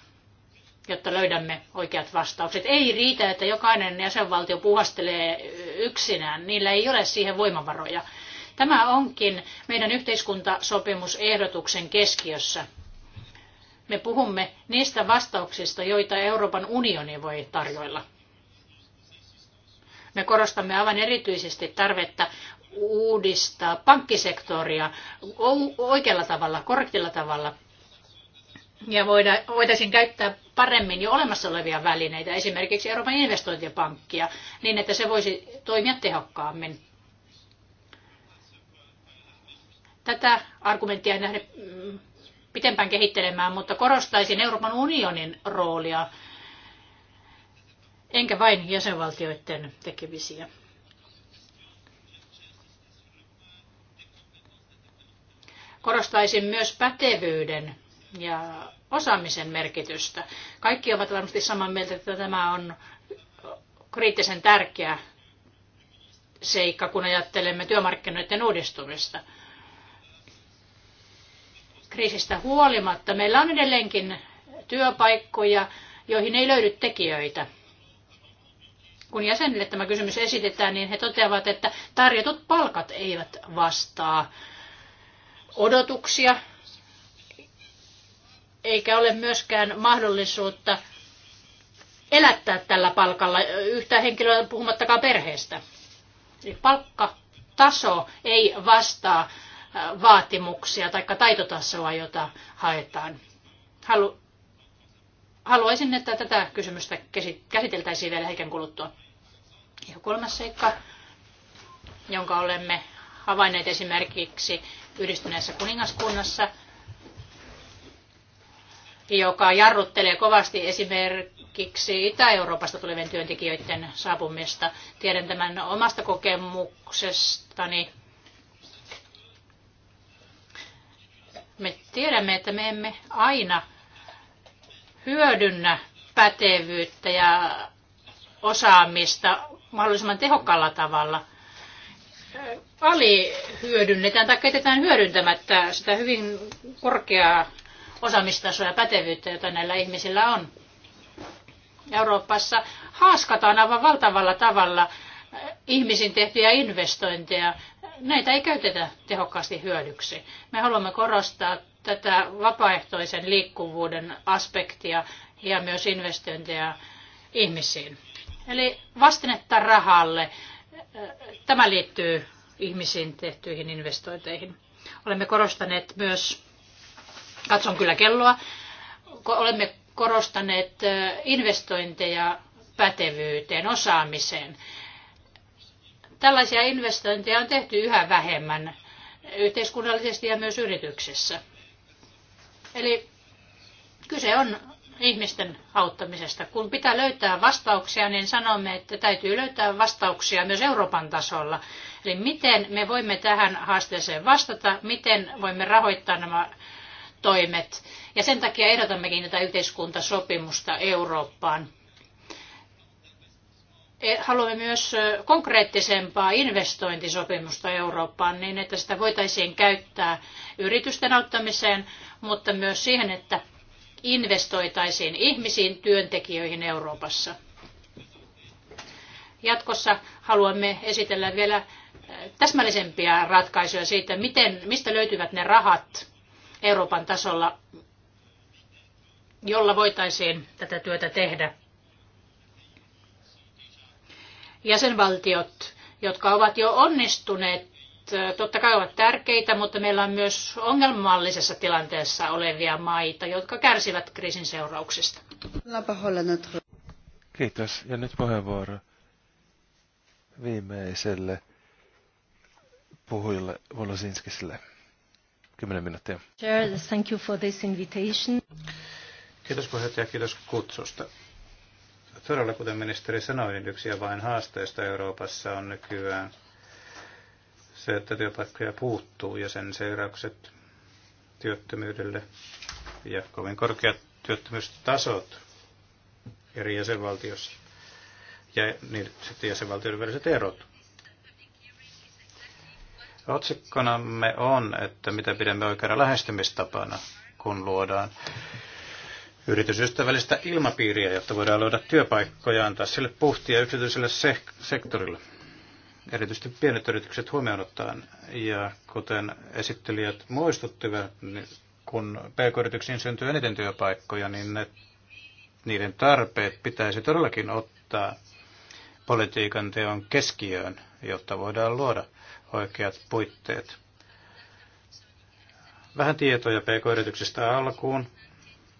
jotta löydämme oikeat vastaukset. Ei riitä, että jokainen jäsenvaltio puhastelee yksinään. Niillä ei ole siihen voimavaroja. Tämä onkin meidän yhteiskuntasopimusehdotuksen keskiössä. Me puhumme niistä vastauksista, joita Euroopan unioni voi tarjoilla. Me korostamme aivan erityisesti tarvetta uudistaa pankkisektoria oikealla tavalla, korrektilla tavalla – ja voida, voitaisiin käyttää paremmin jo olemassa olevia välineitä, esimerkiksi Euroopan investointipankkia, niin että se voisi toimia tehokkaammin. Tätä argumenttia en lähde mm, pitempään kehittelemään, mutta korostaisin Euroopan unionin roolia, enkä vain jäsenvaltioiden tekemisiä. Korostaisin myös pätevyyden ja osaamisen merkitystä. Kaikki ovat varmasti samaa mieltä, että tämä on kriittisen tärkeä seikka, kun ajattelemme työmarkkinoiden uudistumista. Kriisistä huolimatta meillä on edelleenkin työpaikkoja, joihin ei löydy tekijöitä. Kun jäsenille tämä kysymys esitetään, niin he toteavat, että tarjotut palkat eivät vastaa odotuksia eikä ole myöskään mahdollisuutta elättää tällä palkalla yhtä henkilöä puhumattakaan perheestä. Eli palkkataso ei vastaa vaatimuksia tai taitotasoa, jota haetaan. Halu- Haluaisin, että tätä kysymystä käsiteltäisiin vielä hetken kuluttua. Ja kolmas seikka, jonka olemme havainneet esimerkiksi yhdistyneessä kuningaskunnassa – joka jarruttelee kovasti esimerkiksi Itä-Euroopasta tulevien työntekijöiden saapumista. Tiedän tämän omasta kokemuksestani. Me tiedämme, että me emme aina hyödynnä pätevyyttä ja osaamista mahdollisimman tehokkaalla tavalla – hyödynnetään tai jätetään hyödyntämättä sitä hyvin korkeaa osaamistaso ja pätevyyttä, jota näillä ihmisillä on. Euroopassa haaskataan aivan valtavalla tavalla eh, ihmisiin tehtyjä investointeja. Näitä ei käytetä tehokkaasti hyödyksi. Me haluamme korostaa tätä vapaaehtoisen liikkuvuuden aspektia ja myös investointeja ihmisiin. Eli vastinetta rahalle. Tämä liittyy ihmisiin tehtyihin investointeihin. Olemme korostaneet myös Katson kyllä kelloa. Olemme korostaneet investointeja pätevyyteen, osaamiseen. Tällaisia investointeja on tehty yhä vähemmän yhteiskunnallisesti ja myös yrityksissä. Eli kyse on ihmisten auttamisesta. Kun pitää löytää vastauksia, niin sanomme, että täytyy löytää vastauksia myös Euroopan tasolla. Eli miten me voimme tähän haasteeseen vastata, miten voimme rahoittaa nämä toimet. Ja sen takia ehdotammekin tätä yhteiskuntasopimusta Eurooppaan. E, haluamme myös konkreettisempaa investointisopimusta Eurooppaan niin, että sitä voitaisiin käyttää yritysten auttamiseen, mutta myös siihen, että investoitaisiin ihmisiin, työntekijöihin Euroopassa. Jatkossa haluamme esitellä vielä täsmällisempiä ratkaisuja siitä, miten, mistä löytyvät ne rahat, Euroopan tasolla, jolla voitaisiin tätä työtä tehdä. Jäsenvaltiot, jotka ovat jo onnistuneet, totta kai ovat tärkeitä, mutta meillä on myös ongelmallisessa tilanteessa olevia maita, jotka kärsivät kriisin seurauksista. Kiitos. Ja nyt puheenvuoro viimeiselle puhujalle Volosinskiselle. 10 minuuttia. Chair, thank you for this invitation. Kiitos puheenjohtaja, kiitos kutsusta. Todella, kuten ministeri sanoi, niin yksi ja vain haasteista Euroopassa on nykyään se, että työpaikkoja puuttuu ja sen seuraukset työttömyydelle ja kovin korkeat työttömyystasot eri jäsenvaltiossa ja niin, sitten jäsenvaltioiden väliset erot. Otsikkonamme on, että mitä pidämme oikeana lähestymistapana, kun luodaan yritysystävällistä ilmapiiriä, jotta voidaan luoda työpaikkoja antaa sille puhtia yksityiselle se- sektorille. Erityisesti pienet yritykset huomioon ottaen. Ja kuten esittelijät muistuttivat, niin kun pk-yrityksiin syntyy eniten työpaikkoja, niin ne, niiden tarpeet pitäisi todellakin ottaa politiikan teon keskiöön, jotta voidaan luoda oikeat puitteet. Vähän tietoja pk-yrityksistä alkuun,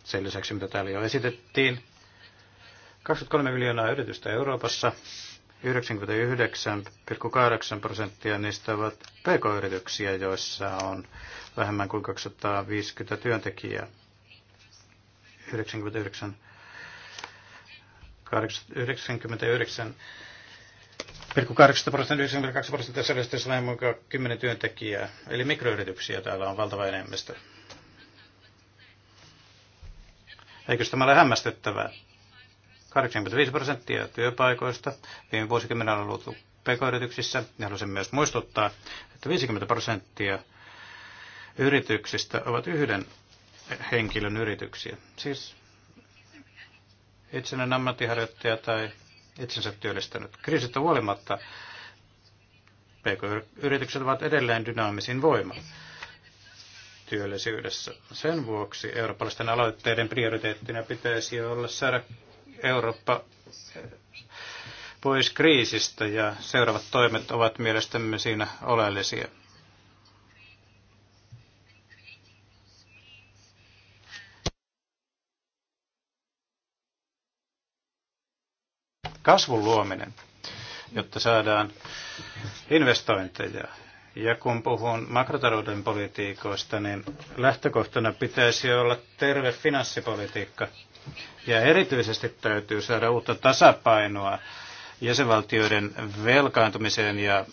sen lisäksi mitä täällä jo esitettiin. 23 miljoonaa yritystä Euroopassa, 99,8 prosenttia niistä ovat pk-yrityksiä, joissa on vähemmän kuin 250 työntekijää. 99, 99 0,8 prosenttia, 92 prosenttia selvästi vähemmän muka 10 työntekijää. Eli mikroyrityksiä täällä on valtava enemmistö. Eikö tämä ole hämmästyttävää? 85 prosenttia työpaikoista viime vuosikymmenen on ollut pk-yrityksissä. Ja haluaisin myös muistuttaa, että 50 prosenttia yrityksistä ovat yhden henkilön yrityksiä. Siis itsenäinen ammattiharjoittaja tai itsensä työllistänyt. Kriisistä huolimatta PK-yritykset ovat edelleen dynaamisin voima työllisyydessä. Sen vuoksi eurooppalaisten aloitteiden prioriteettina pitäisi olla saada Eurooppa pois kriisistä ja seuraavat toimet ovat mielestämme siinä oleellisia. kasvun luominen, jotta saadaan investointeja. Ja kun puhun makrotalouden politiikoista, niin lähtökohtana pitäisi olla terve finanssipolitiikka. Ja erityisesti täytyy saada uutta tasapainoa jäsenvaltioiden velkaantumiseen ja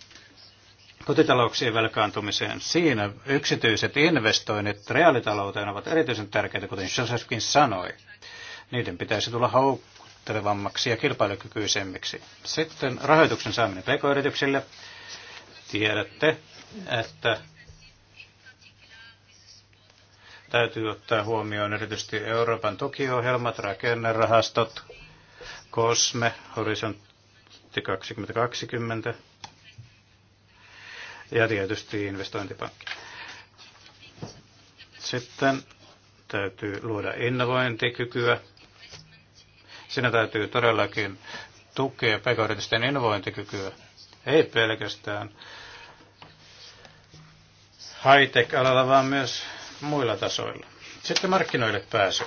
kotitalouksien velkaantumiseen. Siinä yksityiset investoinnit reaalitalouteen ovat erityisen tärkeitä, kuten Josefkin sanoi. Niiden pitäisi tulla houkuttelevammaksi ja kilpailukykyisemmiksi. Sitten rahoituksen saaminen pk-yrityksille. Tiedätte, että täytyy ottaa huomioon erityisesti Euroopan tukiohjelmat, rakennerahastot, COSME, Horisontti 2020 ja tietysti investointipankki. Sitten täytyy luoda innovointikykyä Siinä täytyy todellakin tukea pk innovointikykyä, ei pelkästään high-tech-alalla, vaan myös muilla tasoilla. Sitten markkinoille pääsy.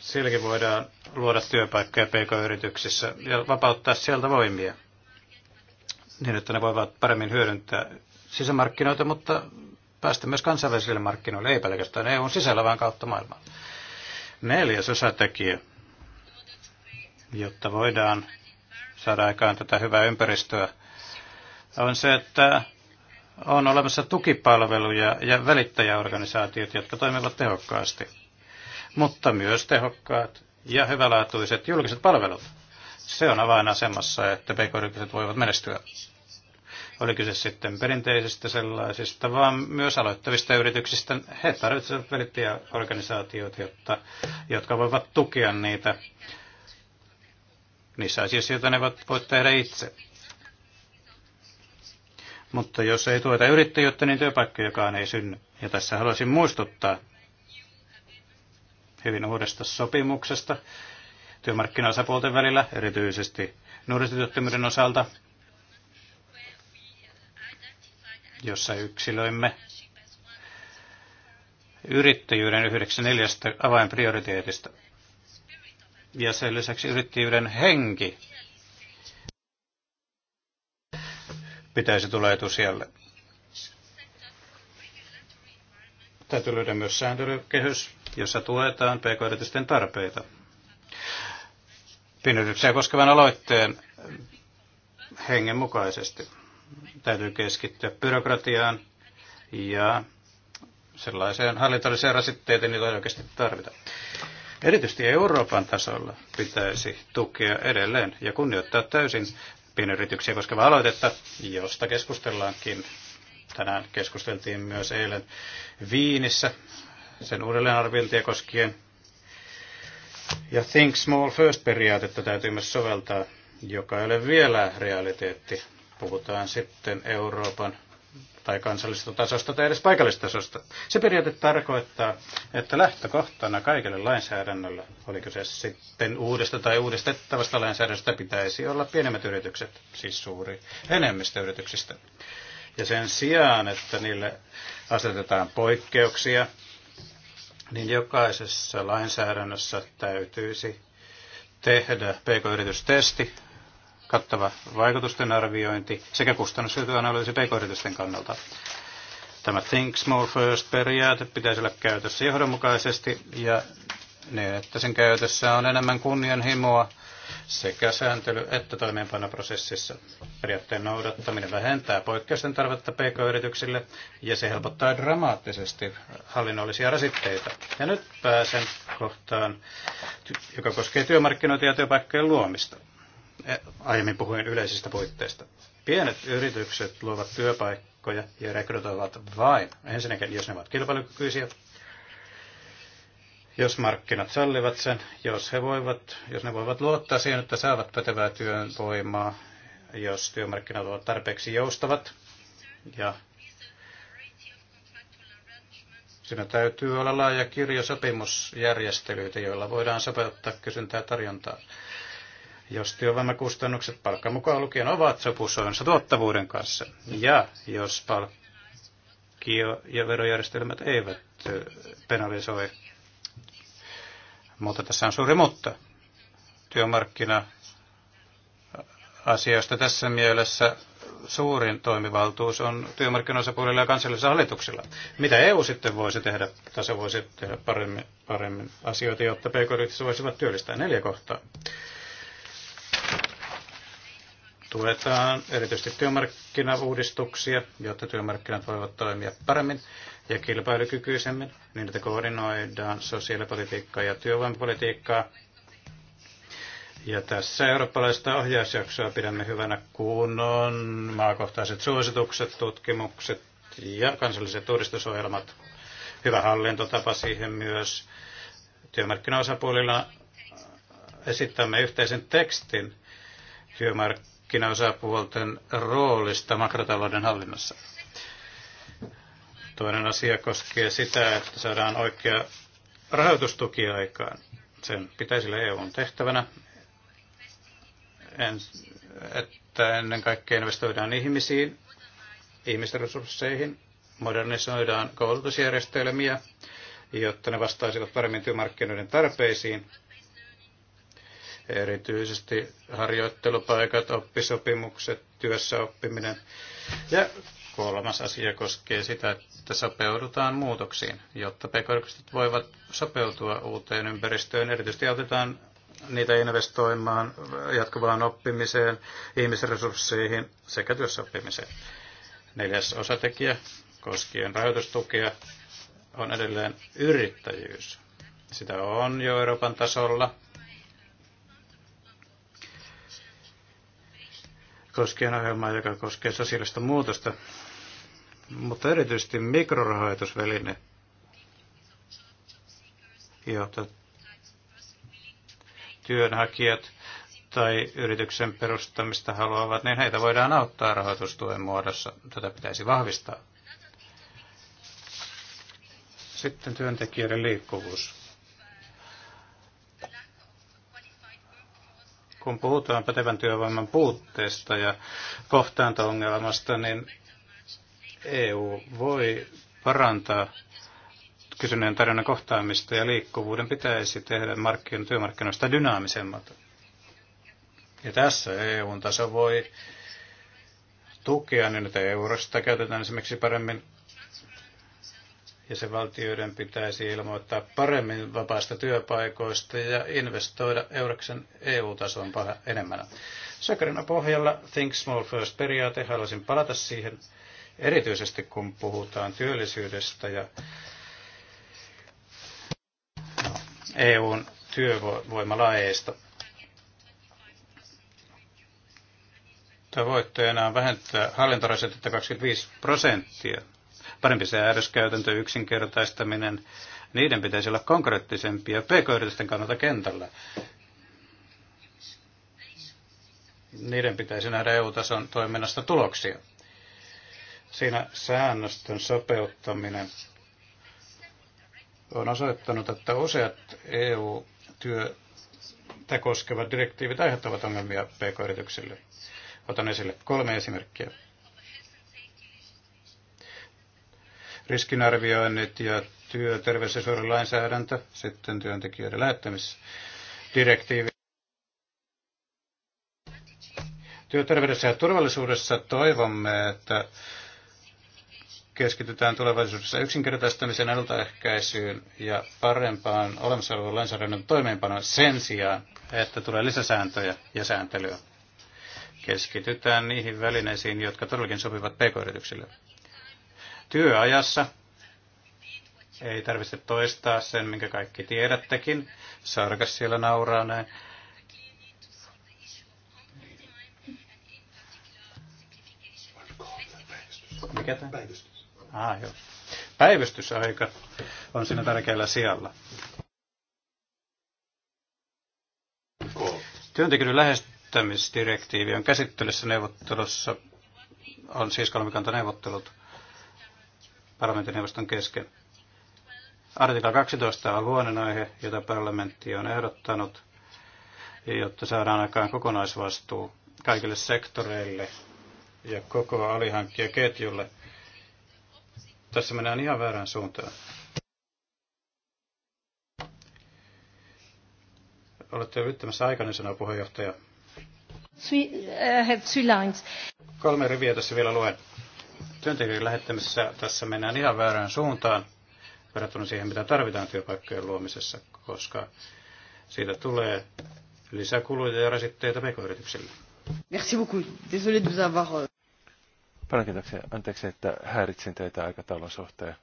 Sielläkin voidaan luoda työpaikkoja pk-yrityksissä ja vapauttaa sieltä voimia niin, että ne voivat paremmin hyödyntää sisämarkkinoita, mutta päästä myös kansainvälisille markkinoille, ei pelkästään EUn sisällä, vaan kautta maailmaa. Neljäs osatekijä, jotta voidaan saada aikaan tätä hyvää ympäristöä, on se, että on olemassa tukipalveluja ja välittäjäorganisaatiot, jotka toimivat tehokkaasti, mutta myös tehokkaat ja hyvälaatuiset julkiset palvelut. Se on avainasemassa, että pk voivat menestyä. Oli kyse sitten perinteisistä sellaisista, vaan myös aloittavista yrityksistä. He tarvitsevat välittäjä organisaatioita, jotta, jotka voivat tukea niitä niissä asioissa, joita ne voivat tehdä itse. Mutta jos ei tueta yrittäjyyttä, niin työpaikkojakaan ei synny. Ja tässä haluaisin muistuttaa hyvin uudesta sopimuksesta työmarkkinaosapuolten välillä, erityisesti nuorisotyöttömyyden osalta. jossa yksilöimme yrittäjyyden yhdeksi neljästä avainprioriteetista. Ja sen lisäksi yrittäjyyden henki pitäisi tulla etusijalle. Täytyy löydä myös sääntelykehys, jossa tuetaan pk-yritysten tarpeita. Pienyrityksiä koskevan aloitteen hengen mukaisesti. Täytyy keskittyä byrokratiaan ja sellaiseen hallinnolliseen rasitteeseen, niitä oikeasti tarvita. Erityisesti Euroopan tasolla pitäisi tukea edelleen ja kunnioittaa täysin pienyrityksiä koskevaa aloitetta, josta keskustellaankin. Tänään keskusteltiin myös eilen Viinissä sen uudelleenarviointia koskien. Ja Think Small First-periaatetta täytyy myös soveltaa, joka ei ole vielä realiteetti puhutaan sitten Euroopan tai kansallisesta tasosta tai edes paikallistasosta. Se periaate tarkoittaa, että lähtökohtana kaikelle lainsäädännölle, oliko se sitten uudesta tai uudestettavasta lainsäädännöstä, pitäisi olla pienemmät yritykset, siis suuri enemmistö yrityksistä. Ja sen sijaan, että niille asetetaan poikkeuksia, niin jokaisessa lainsäädännössä täytyisi tehdä pk-yritystesti kattava vaikutusten arviointi sekä kustannushyötyanalyysi pk-yritysten kannalta. Tämä Think Small First-periaate pitäisi olla käytössä johdonmukaisesti ja niin, että sen käytössä on enemmän kunnianhimoa sekä sääntely- että toimeenpanoprosessissa. Periaatteen noudattaminen vähentää poikkeusten tarvetta pk-yrityksille ja se helpottaa dramaattisesti hallinnollisia rasitteita. Ja nyt pääsen kohtaan, joka koskee työmarkkinoita ja työpaikkojen luomista. Eh, aiemmin puhuin yleisistä puitteista. Pienet yritykset luovat työpaikkoja ja rekrytoivat vain, ensinnäkin jos ne ovat kilpailukykyisiä, jos markkinat sallivat sen, jos, he voivat, jos ne voivat luottaa siihen, että saavat pätevää työvoimaa, jos työmarkkinat ovat tarpeeksi joustavat ja Siinä täytyy olla laaja kirjo sopimusjärjestelyitä, joilla voidaan sopeuttaa kysyntää tarjontaa jos työvoimakustannukset palkka mukaan lukien ovat sopusoinnissa tuottavuuden kanssa, ja jos palkkio- ja verojärjestelmät eivät penalisoi. Mutta tässä on suuri mutta. Työmarkkina asioista tässä mielessä suurin toimivaltuus on työmarkkinoisapuolilla ja kansallisilla hallituksilla. Mitä EU sitten voisi tehdä, tai se voisi tehdä paremmin, paremmin asioita, jotta pk voisivat työllistää neljä kohtaa tuetaan erityisesti työmarkkinauudistuksia, jotta työmarkkinat voivat toimia paremmin ja kilpailukykyisemmin, niin että koordinoidaan sosiaalipolitiikkaa ja työvoimapolitiikkaa. Ja tässä eurooppalaista ohjausjaksoa pidämme hyvänä, kunnon maakohtaiset suositukset, tutkimukset ja kansalliset uudistusohjelmat. Hyvä hallintotapa siihen myös. Työmarkkinaosapuolilla esittämme yhteisen tekstin työmark- markkinaosapuolten roolista makrotalouden hallinnassa. Toinen asia koskee sitä, että saadaan oikea rahoitustuki aikaan. Sen pitäisi olla EUn tehtävänä, en, että ennen kaikkea investoidaan ihmisiin, resursseihin, modernisoidaan koulutusjärjestelmiä, jotta ne vastaisivat paremmin työmarkkinoiden tarpeisiin erityisesti harjoittelupaikat, oppisopimukset, työssäoppiminen. Ja kolmas asia koskee sitä, että sopeudutaan muutoksiin, jotta pk voivat sopeutua uuteen ympäristöön. Erityisesti autetaan niitä investoimaan jatkuvaan oppimiseen, ihmisresursseihin sekä työssäoppimiseen. Neljäs osatekijä koskien rahoitustukea on edelleen yrittäjyys. Sitä on jo Euroopan tasolla koskien ohjelmaa, joka koskee sosiaalista muutosta, mutta erityisesti mikrorahoitusväline, jota työnhakijat tai yrityksen perustamista haluavat, niin heitä voidaan auttaa rahoitustuen muodossa. Tätä pitäisi vahvistaa. Sitten työntekijöiden liikkuvuus. kun puhutaan pätevän työvoiman puutteesta ja kohtaanto-ongelmasta, niin EU voi parantaa kysynnän tarjonnan kohtaamista ja liikkuvuuden pitäisi tehdä markkino- työmarkkinoista dynaamisemmat. Ja tässä EUn taso voi tukea niin, että eurosta käytetään esimerkiksi paremmin jäsenvaltioiden pitäisi ilmoittaa paremmin vapaista työpaikoista ja investoida Euroksen EU-tason enemmän. Sokerina pohjalla Think Small First periaate, haluaisin palata siihen erityisesti kun puhutaan työllisyydestä ja EUn työvoimalaeista. Tavoitteena on vähentää hallintorasitetta 25 prosenttia parempi säädöskäytäntö, yksinkertaistaminen, niiden pitäisi olla konkreettisempia pk-yritysten kannalta kentällä. Niiden pitäisi nähdä EU-tason toiminnasta tuloksia. Siinä säännöstön sopeuttaminen on osoittanut, että useat EU-työtä koskevat direktiivit aiheuttavat ongelmia pk-yrityksille. Otan esille kolme esimerkkiä. riskinarvioinnit ja työ, terveys- ja suojelulainsäädäntö, sitten työntekijöiden lähettämisdirektiivi. Työterveydessä ja turvallisuudessa toivomme, että keskitytään tulevaisuudessa yksinkertaistamisen ennaltaehkäisyyn ja parempaan olemassa olevan lainsäädännön toimeenpanoon sen sijaan, että tulee lisäsääntöjä ja sääntelyä. Keskitytään niihin välineisiin, jotka todellakin sopivat pk-yrityksille työajassa. Ei tarvitse toistaa sen, minkä kaikki tiedättekin. Sarkas siellä nauraa näin. Mikä tämä? Päivystys. Ah, joo. Päivystysaika on siinä tärkeällä sijalla. Työntekijöiden lähestymisdirektiivi on käsittelyssä neuvottelussa, on siis kolmikantaneuvottelut parlamentin kesken. Artikla 12 on aihe, jota parlamentti on ehdottanut, jotta saadaan aikaan kokonaisvastuu kaikille sektoreille ja koko alihankkijaketjulle. Tässä mennään ihan väärään suuntaan. Olette yrittämässä aikani sanoa puheenjohtaja. Uh, Kolme riviä tässä vielä luen työntekijöiden lähettämisessä tässä mennään ihan väärään suuntaan verrattuna siihen, mitä tarvitaan työpaikkojen luomisessa, koska siitä tulee lisäkuluja ja rasitteita pk-yrityksille. Merci beaucoup. Désolé de vous avoir... Euh, Paljon kiitoksia. Anteeksi, että häiritsin teitä aikataulun suhteen,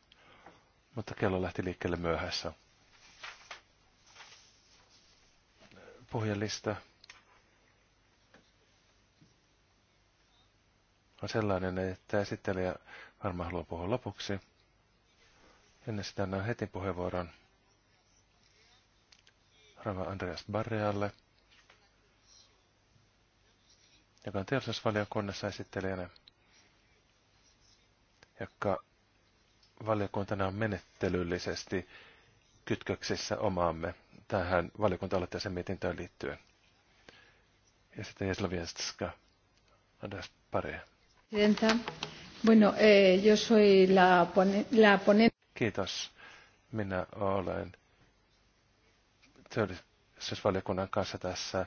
mutta kello lähti liikkeelle myöhässä. Puhujalista. lista. on sellainen, että esittelijä varmaan haluaa puhua lopuksi. Ennen sitä annan heti puheenvuoron Rava Andreas Barrealle, joka on teollisuusvaliokunnassa esittelijänä, joka valiokuntana on menettelyllisesti kytköksissä omaamme tähän valiokunta-aloitteeseen mietintöön liittyen. Ja sitten Jesla Andreas Parea. Bueno, eh, yo soy la, pone, la ponente. Kiitos. Minä olen työllisyysvaliokunnan kanssa tässä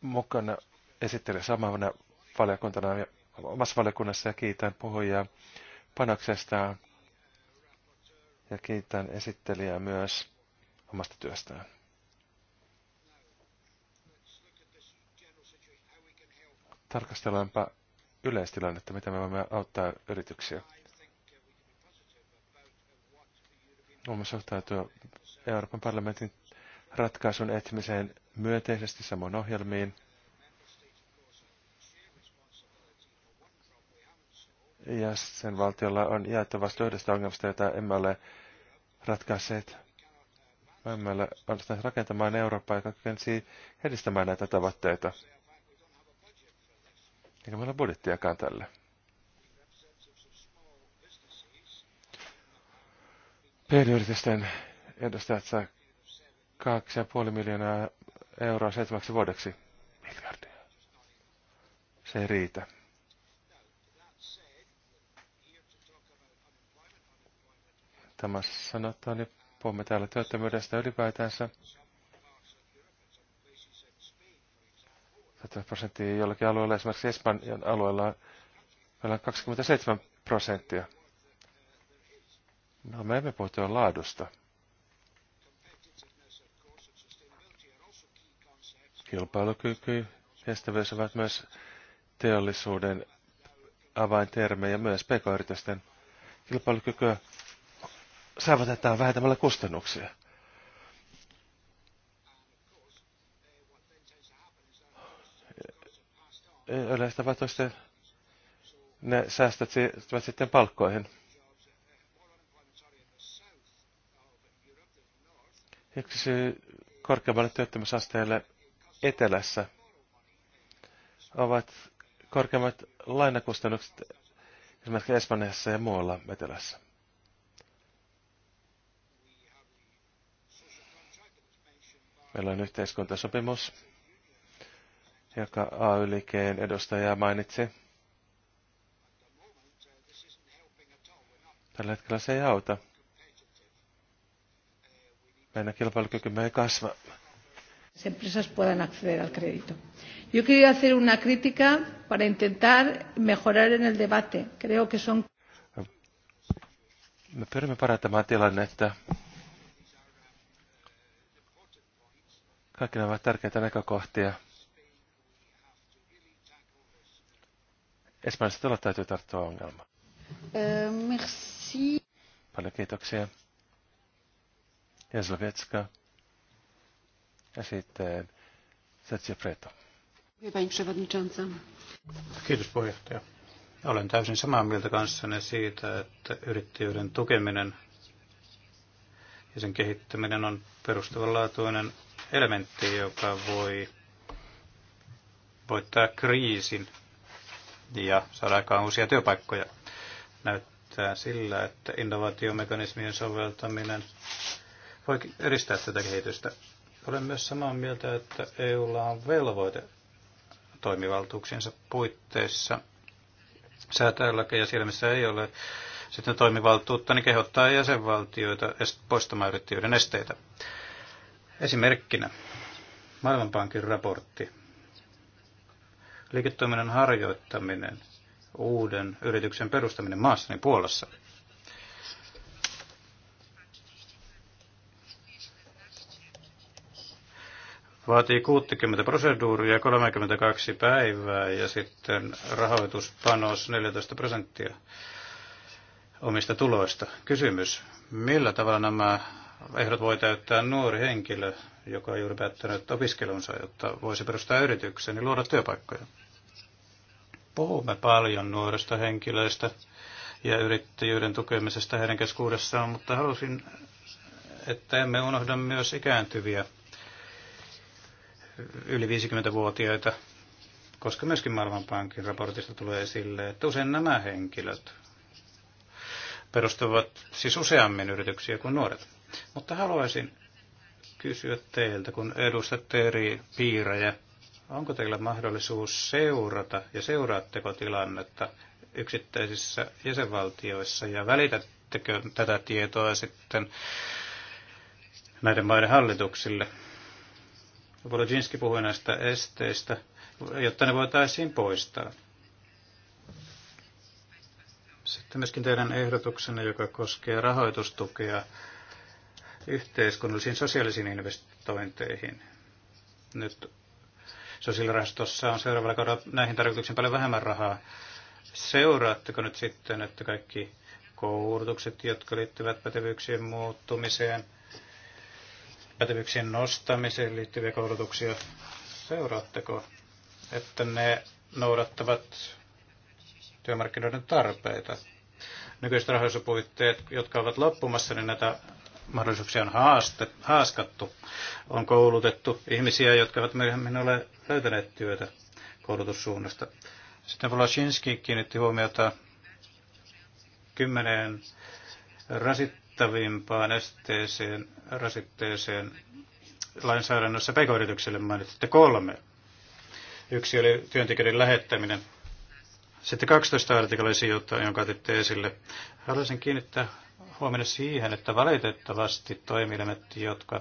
mukana esittelen samana valiokuntana ja omassa valiokunnassa ja kiitän puhujaa panoksesta ja kiitän esittelijää myös omasta työstään. tarkastellaanpa yleistilannetta, mitä me voimme auttaa yrityksiä. Voimme suhtautua Euroopan parlamentin ratkaisun etsimiseen myönteisesti samoin ohjelmiin. Ja sen valtiolla on jaettu vasta yhdestä ongelmasta, jota emme ole ratkaisseet. emme ole rakentamaan Eurooppaa, joka kykensi edistämään näitä tavoitteita. Eikä meillä budjettiakaan tälle. Pienyritysten edustajat saa 2,5 miljoonaa euroa seitsemäksi vuodeksi. Miljardia. Se ei riitä. Tämä sanotaan, niin puhumme täällä työttömyydestä ylipäätänsä. 17 prosenttia jollakin alueella, esimerkiksi Espanjan alueella on 27 prosenttia. No me emme puhu laadusta. Kilpailukyky, kestävyys ovat myös teollisuuden avaintermejä, myös pk-yritysten kilpailukykyä saavutetaan vähentämällä kustannuksia. yleistä vatosten ne säästöt siirtyvät sitten palkkoihin. Yksi syy korkeammalle työttömyysasteelle etelässä ovat korkeammat lainakustannukset esimerkiksi Espanjassa ja muualla etelässä. Meillä on yhteiskuntasopimus, joka ay edustaja mainitsi. Tällä hetkellä se ei auta. Meidän kilpailukykymme ei kasva. Las empresas puedan acceder al crédito. Yo quería hacer una crítica para intentar mejorar en el debate. Creo que son... Me pyrimme parantamaan tilannetta. Kaikki nämä ovat tärkeitä näkökohtia. Ensimmäisestä tällä täytyy tarttua ongelma. Merci. Paljon kiitoksia. Jasla Vetska. Ja sitten Setsia Preto. Kiitos puheenjohtaja. Olen täysin samaa mieltä kanssanne siitä, että yrittäjyyden tukeminen ja sen kehittäminen on perustavanlaatuinen elementti, joka voi voittaa kriisin – ja saada aikaan uusia työpaikkoja. Näyttää sillä, että innovaatiomekanismien soveltaminen voi edistää tätä kehitystä. Olen myös samaa mieltä, että EUlla on velvoite toimivaltuuksiensa puitteissa säätää ja siellä, missä ei ole sitten toimivaltuutta, niin kehottaa jäsenvaltioita poistamaan yrittäjyyden esteitä. Esimerkkinä Maailmanpankin raportti liiketoiminnan harjoittaminen, uuden yrityksen perustaminen maassa niin Puolassa. Vaatii 60 proseduuria, 32 päivää ja sitten rahoituspanos 14 prosenttia omista tuloista. Kysymys, millä tavalla nämä ehdot voi täyttää nuori henkilö, joka on juuri päättänyt opiskelunsa, jotta voisi perustaa yrityksen ja luoda työpaikkoja? Puhumme paljon nuorista henkilöistä ja yrittäjyyden tukemisesta heidän keskuudessaan, mutta halusin, että emme unohda myös ikääntyviä yli 50-vuotiaita, koska myöskin Maailmanpankin raportista tulee esille, että usein nämä henkilöt perustuvat siis useammin yrityksiä kuin nuoret. Mutta haluaisin kysyä teiltä, kun edustatte eri piirejä, Onko teillä mahdollisuus seurata ja seuraatteko tilannetta yksittäisissä jäsenvaltioissa ja välitättekö tätä tietoa sitten näiden maiden hallituksille? Volodzinski puhui näistä esteistä, jotta ne voitaisiin poistaa. Sitten myöskin teidän ehdotuksenne, joka koskee rahoitustukea yhteiskunnallisiin sosiaalisiin investointeihin. Nyt sosiaalirahastossa on seuraavalla kaudella näihin tarkoituksiin paljon vähemmän rahaa. Seuraatteko nyt sitten, että kaikki koulutukset, jotka liittyvät pätevyyksien muuttumiseen, pätevyyksien nostamiseen liittyviä koulutuksia, seuraatteko, että ne noudattavat työmarkkinoiden tarpeita? Nykyiset rahoituspuitteet, jotka ovat loppumassa, niin näitä mahdollisuuksia on haaste, haaskattu. On koulutettu ihmisiä, jotka ovat myöhemmin ole löytäneet työtä koulutussuunnasta. Sitten Volashinski kiinnitti huomiota kymmeneen rasittavimpaan esteeseen, rasitteeseen lainsäädännössä pk-yritykselle mainitsitte kolme. Yksi oli työntekijöiden lähettäminen. Sitten 12 artikla jonka otitte esille. Haluaisin kiinnittää huomioida siihen, että valitettavasti toimilemet, jotka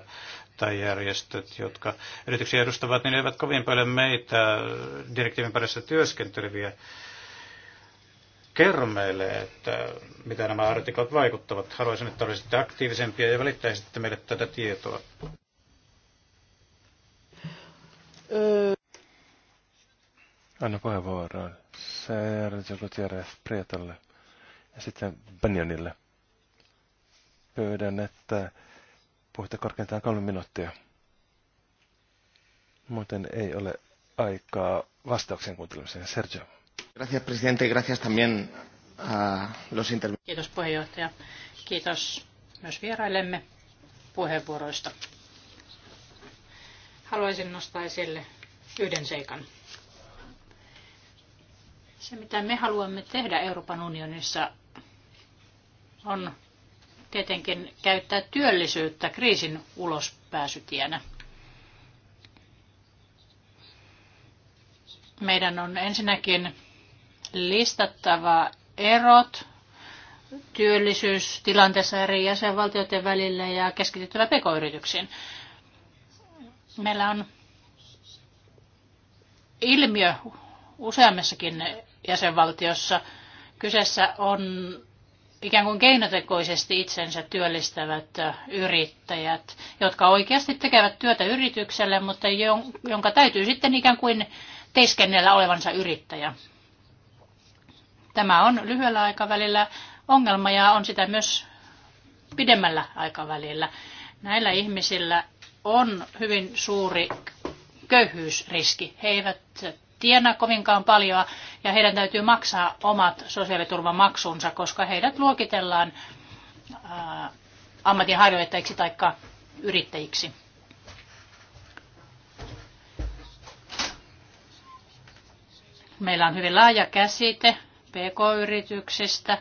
tai järjestöt, jotka yrityksiä edustavat, niin eivät kovin paljon meitä direktiivin parissa työskenteleviä kerro meille, että mitä nämä artiklat vaikuttavat. Haluaisin, että olisitte aktiivisempia ja välittäisitte meille tätä tietoa. Öö. Anna puheenvuoroon Sergio Gutierrez Prietalle ja sitten Benjonille pyydän, että puhutte korkeintaan kolme minuuttia. Muuten ei ole aikaa vastauksen kuuntelemiseen. Sergio. Gracias, presidente. Gracias también a los inter... Kiitos puheenjohtaja. Kiitos myös vierailemme puheenvuoroista. Haluaisin nostaa esille yhden seikan. Se, mitä me haluamme tehdä Euroopan unionissa, on tietenkin käyttää työllisyyttä kriisin ulospääsytienä. Meidän on ensinnäkin listattava erot työllisyystilanteessa eri jäsenvaltioiden välillä ja keskityttävä pekoyrityksiin. Meillä on ilmiö useammassakin jäsenvaltiossa. Kyseessä on ikään kuin keinotekoisesti itsensä työllistävät yrittäjät, jotka oikeasti tekevät työtä yritykselle, mutta jonka täytyy sitten ikään kuin teiskennellä olevansa yrittäjä. Tämä on lyhyellä aikavälillä ongelma ja on sitä myös pidemmällä aikavälillä. Näillä ihmisillä on hyvin suuri köyhyysriski. He eivät tienaa kovinkaan paljon ja heidän täytyy maksaa omat sosiaaliturvamaksunsa, koska heidät luokitellaan ammatinharjoittajiksi tai yrittäjiksi. Meillä on hyvin laaja käsite pk-yrityksistä,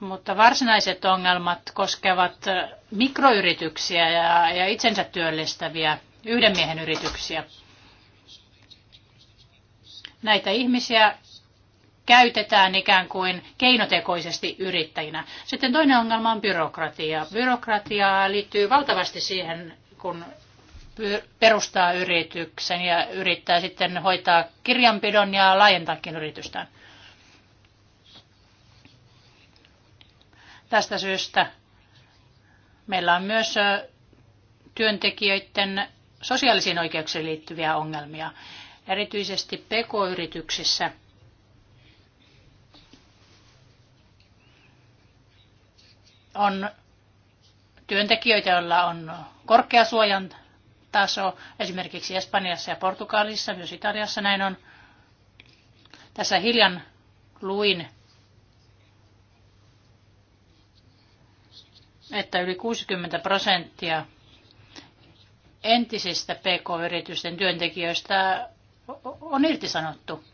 mutta varsinaiset ongelmat koskevat mikroyrityksiä ja, ja itsensä työllistäviä yhden miehen yrityksiä näitä ihmisiä käytetään ikään kuin keinotekoisesti yrittäjinä. Sitten toinen ongelma on byrokratia. Byrokratia liittyy valtavasti siihen, kun perustaa yrityksen ja yrittää sitten hoitaa kirjanpidon ja laajentaakin yritystään. Tästä syystä meillä on myös työntekijöiden sosiaalisiin oikeuksiin liittyviä ongelmia erityisesti pk-yrityksissä on työntekijöitä, joilla on korkea suojan taso, esimerkiksi Espanjassa ja Portugalissa, myös Italiassa näin on. Tässä hiljan luin, että yli 60 prosenttia entisistä pk-yritysten työntekijöistä on irtisanottu.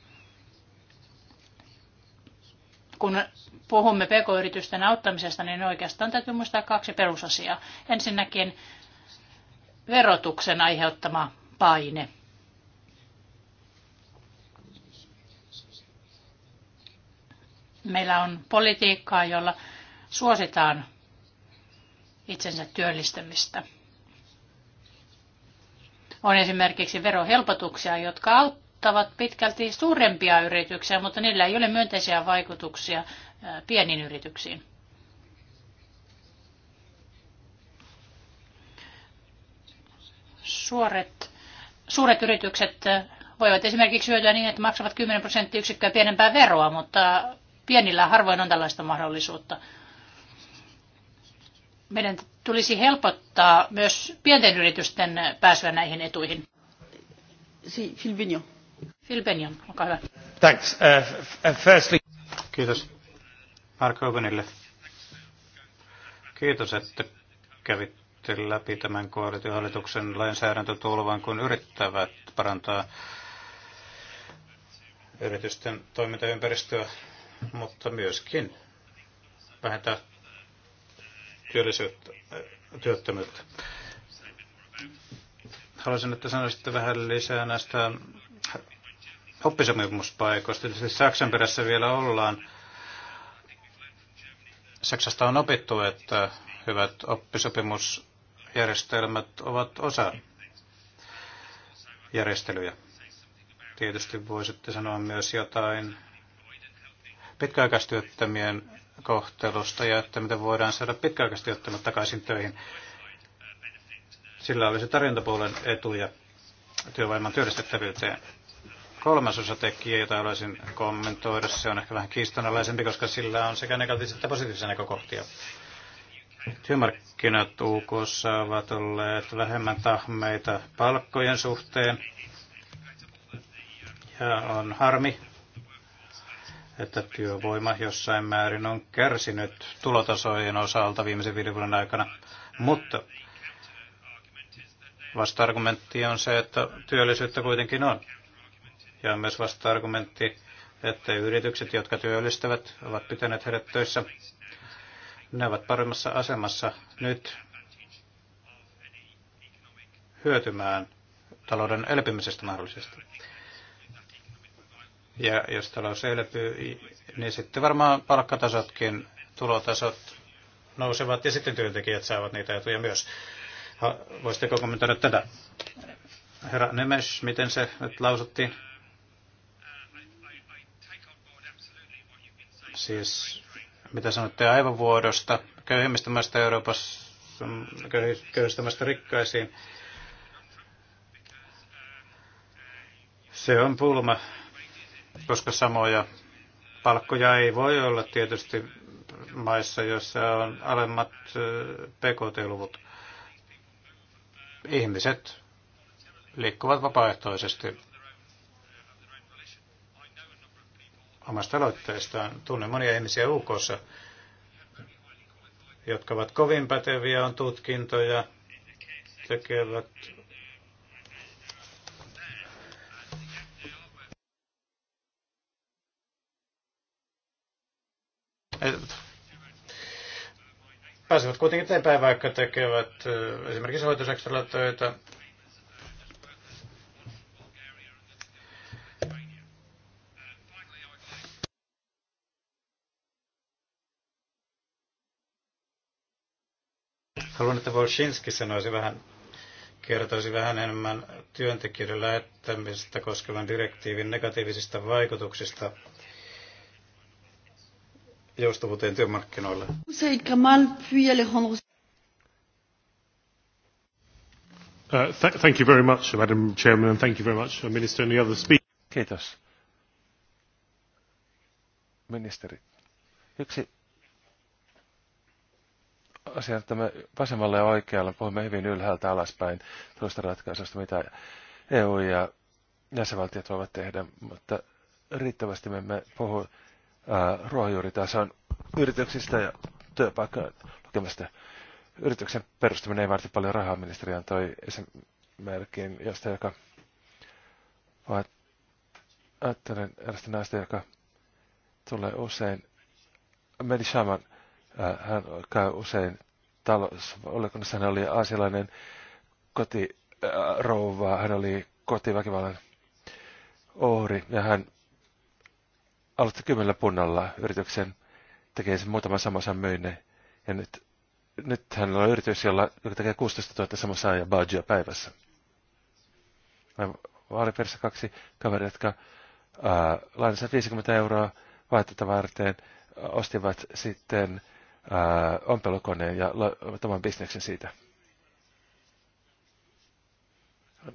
Kun puhumme pk-yritysten auttamisesta, niin oikeastaan täytyy muistaa kaksi perusasiaa. Ensinnäkin verotuksen aiheuttama paine. Meillä on politiikkaa, jolla suositaan itsensä työllistämistä. On esimerkiksi verohelpotuksia, jotka auttavat pitkälti suurempia yrityksiä, mutta niillä ei ole myönteisiä vaikutuksia pieniin yrityksiin. Suoret, suuret yritykset voivat esimerkiksi hyötyä niin, että maksavat 10 prosenttiyksikköä pienempää veroa, mutta pienillä harvoin on tällaista mahdollisuutta. Meidän tulisi helpottaa myös pienten yritysten pääsyä näihin etuihin. Si, Phil Benyon. olkaa hyvä. Thanks. Uh, uh firstly... Kiitos Mark Ovenille. Kiitos, että kävitte läpi tämän koalitiohallituksen lainsäädäntötulvan, kun yrittävät parantaa yritysten toimintaympäristöä, mutta myöskin vähentää työllisyyttä, työttömyyttä. Haluaisin, että sanoisitte vähän lisää näistä oppisopimuspaikoista. Tietysti siis Saksan perässä vielä ollaan. Saksasta on opittu, että hyvät oppisopimusjärjestelmät ovat osa järjestelyjä. Tietysti voisitte sanoa myös jotain pitkäaikaistyöttömien kohtelusta ja että miten voidaan saada pitkäaikaisesti ottanut takaisin töihin. Sillä olisi tarjontapuolen etuja työvoiman työllistettävyyteen. Kolmas tekijä, jota haluaisin kommentoida, se on ehkä vähän kiistanalaisempi, koska sillä on sekä negatiivisia että positiivisia näkökohtia. Työmarkkinat UK ovat olleet vähemmän tahmeita palkkojen suhteen. Ja on harmi, että työvoima jossain määrin on kärsinyt tulotasojen osalta viimeisen viiden vuoden aikana. Mutta vasta-argumentti on se, että työllisyyttä kuitenkin on. Ja on myös vasta-argumentti, että yritykset, jotka työllistävät, ovat pitäneet heidät töissä. Ne ovat paremmassa asemassa nyt hyötymään talouden elpymisestä mahdollisesti. Ja jos talous elpyy, niin sitten varmaan palkkatasotkin, tulotasot nousevat ja sitten työntekijät saavat niitä etuja myös. Voisitteko kommentoida tätä? Herra Nemes, miten se nyt lausuttiin? Siis mitä sanotte vuodosta, köyhimmistä maista Euroopassa, köyhistä maista rikkaisiin. Se on pulma koska samoja palkkoja ei voi olla tietysti maissa, joissa on alemmat PKT-luvut. Ihmiset liikkuvat vapaaehtoisesti omasta aloitteestaan. Tunnen monia ihmisiä uk jotka ovat kovin päteviä, on tutkintoja, tekevät pääsevät kuitenkin eteenpäin, vaikka tekevät esimerkiksi hoitosektorilla töitä. Haluan, että Volshinski sanoisi vähän, kertoisi vähän enemmän työntekijöiden lähettämistä koskevan direktiivin negatiivisista vaikutuksista joustavuuteen työmarkkinoille. Uh, thank you very much, Madam Chairman, and thank you very much, uh, Minister, and the other speakers. Kiitos. Ministeri. Yksi asia, että me vasemmalla ja oikealla puhumme hyvin ylhäältä alaspäin tuosta ratkaisusta, mitä EU ja jäsenvaltiot voivat tehdä, mutta riittävästi me emme puhu ruohonjuuritason yrityksistä ja työpaikkojen lukemasta. Yrityksen perustaminen ei vaati paljon rahaa. Ministeri antoi esimerkin josta, joka ajattelen erästä naista, joka tulee usein, Medi Shaman, hän käy usein talossa. hän oli aasialainen kotirouva, hän oli kotiväkivallan ohri ja hän aloitti kymmenellä punnalla yrityksen, tekee sen muutaman samansa myynne. Ja nyt, nyt hänellä on yritys, jolla, joka tekee 16 000 samosaa ja badgia päivässä. perässä kaksi kaveria, jotka lainasivat 50 euroa vaatteita varten, ostivat sitten ää, ompelukoneen ja tämän bisneksen siitä.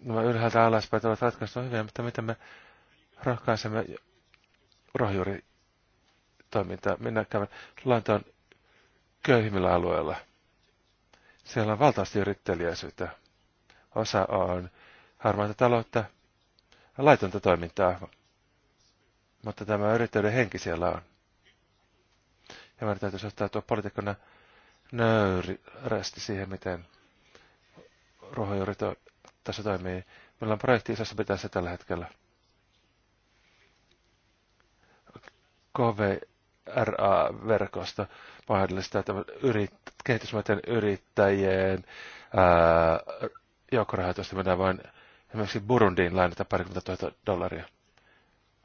Nämä no, ylhäältä alaspäin ovat ratkaisut hyviä, mutta miten me rohkaisemme toimintaa. Minä kävin Lantoon köyhimmillä alueilla. Siellä on valtavasti yrittäjäisyyttä. Osa on harmaata taloutta ja laitonta toimintaa, mutta tämä yrittäjyyden henki siellä on. Ja meidän täytyy tuo poliitikkona nöyrästi siihen, miten tässä toimii. Meillä on projekti isossa pitäisi tällä hetkellä. KVRA-verkosto mahdollistaa tämän yrit, kehitysmaiden yrittäjien joukkorahoitusta. Mennään vain, esimerkiksi Burundiin lainata parikymmentä tuhatta dollaria.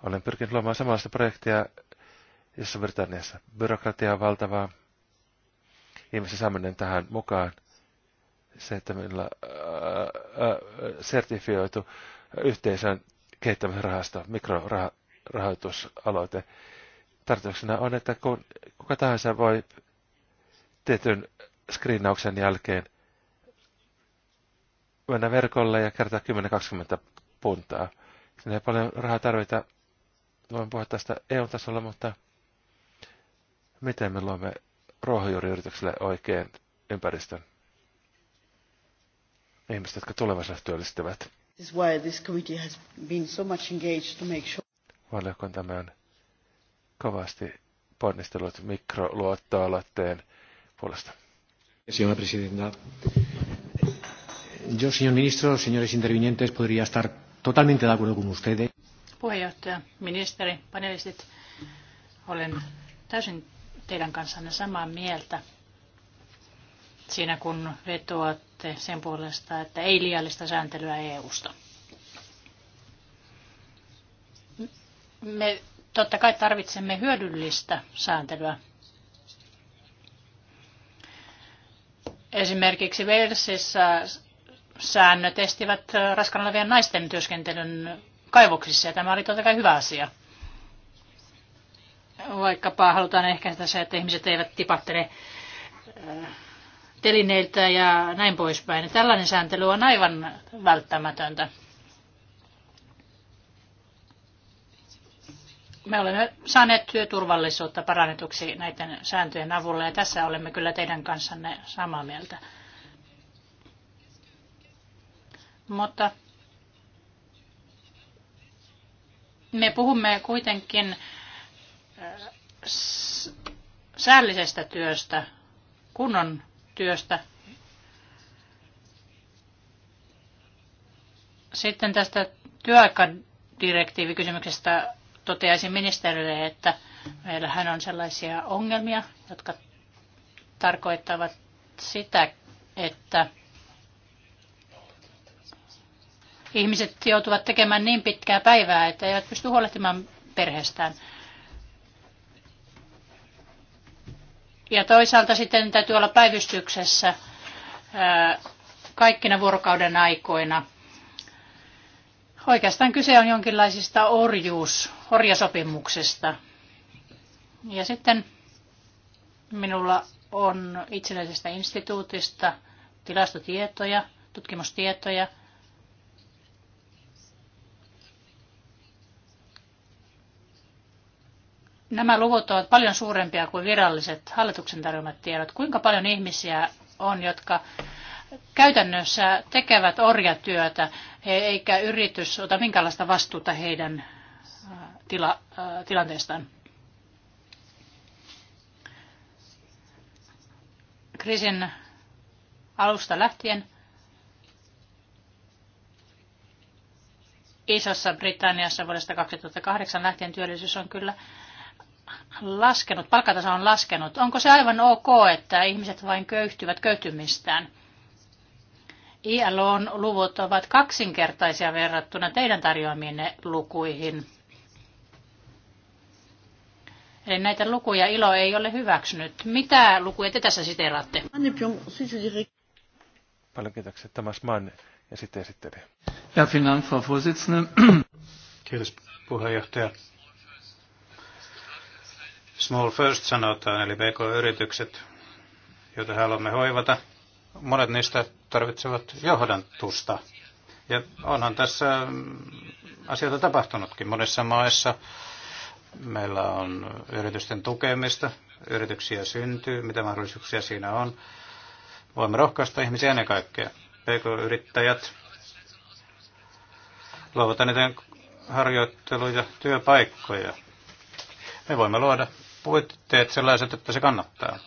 Olen pyrkinyt luomaan samanlaista projektia jossa Britanniassa. Byrokratia on valtavaa. Ihmisen saaminen tähän mukaan. Se, että meillä sertifioitu yhteisön kehittämisrahasto, mikrorahoitusaloite, tarkoituksena on, että kun kuka tahansa voi tietyn screenauksen jälkeen mennä verkolle ja kertaa 10-20 puntaa. Sinne ei paljon rahaa tarvita. Voin puhua tästä EU-tasolla, mutta miten me luomme ruohonjuuriyritykselle oikein ympäristön? Ihmiset, jotka tulevaisuudessa työllistävät. Valiokuntamme on kovasti ponnistelut mikroluottoaloitteen puolesta. Señora presidenta, yo, señor ministro, señores intervinientes, podría estar totalmente de acuerdo con ustedes. Puheenjohtaja, ministeri, panelistit, olen täysin teidän kanssanne samaa mieltä siinä, kun vetoatte sen puolesta, että ei liiallista sääntelyä EU-sta. Me Totta kai tarvitsemme hyödyllistä sääntelyä. Esimerkiksi Walesissa säännöt estivät raskaana olevien naisten työskentelyn kaivoksissa ja tämä oli totta kai hyvä asia. Vaikkapa halutaan ehkäistä se, että ihmiset eivät tipahtele äh, telineiltä ja näin poispäin. Tällainen sääntely on aivan välttämätöntä. me olemme saaneet työturvallisuutta parannetuksi näiden sääntöjen avulla ja tässä olemme kyllä teidän kanssanne samaa mieltä. Mutta me puhumme kuitenkin säällisestä työstä, kunnon työstä. Sitten tästä työaikadirektiivikysymyksestä toteaisin ministerille, että meillähän on sellaisia ongelmia, jotka tarkoittavat sitä, että ihmiset joutuvat tekemään niin pitkää päivää, että eivät pysty huolehtimaan perheestään. Ja toisaalta sitten täytyy olla päivystyksessä kaikkina vuorokauden aikoina. Oikeastaan kyse on jonkinlaisista orjuus, orjasopimuksesta. Ja sitten minulla on itsenäisestä instituutista tilastotietoja, tutkimustietoja. Nämä luvut ovat paljon suurempia kuin viralliset hallituksen tarjoamat tiedot. Kuinka paljon ihmisiä on, jotka käytännössä tekevät orjatyötä, e- eikä yritys ota minkäänlaista vastuuta heidän tila, tilanteestaan. Kriisin alusta lähtien Isossa Britanniassa vuodesta 2008 lähtien työllisyys on kyllä laskenut, palkkataso on laskenut. Onko se aivan ok, että ihmiset vain köyhtyvät köytymistään? ILOn luvut ovat kaksinkertaisia verrattuna teidän tarjoamiinne lukuihin. Eli näitä lukuja ILO ei ole hyväksynyt. Mitä lukuja te tässä siteeraatte? Paljon kiitoksia. Thomas Mann ja sitten esitteli. Ja Kiitos puheenjohtaja. Small first sanotaan, eli PK-yritykset, joita haluamme hoivata – Monet niistä tarvitsevat johdantusta. Ja onhan tässä mm, asioita tapahtunutkin. Monissa maissa meillä on yritysten tukemista, yrityksiä syntyy, mitä mahdollisuuksia siinä on. Voimme rohkaista ihmisiä ennen kaikkea. PK-yrittäjät luovat eniten harjoitteluja, työpaikkoja. Me voimme luoda puitteet sellaiset, että se kannattaa.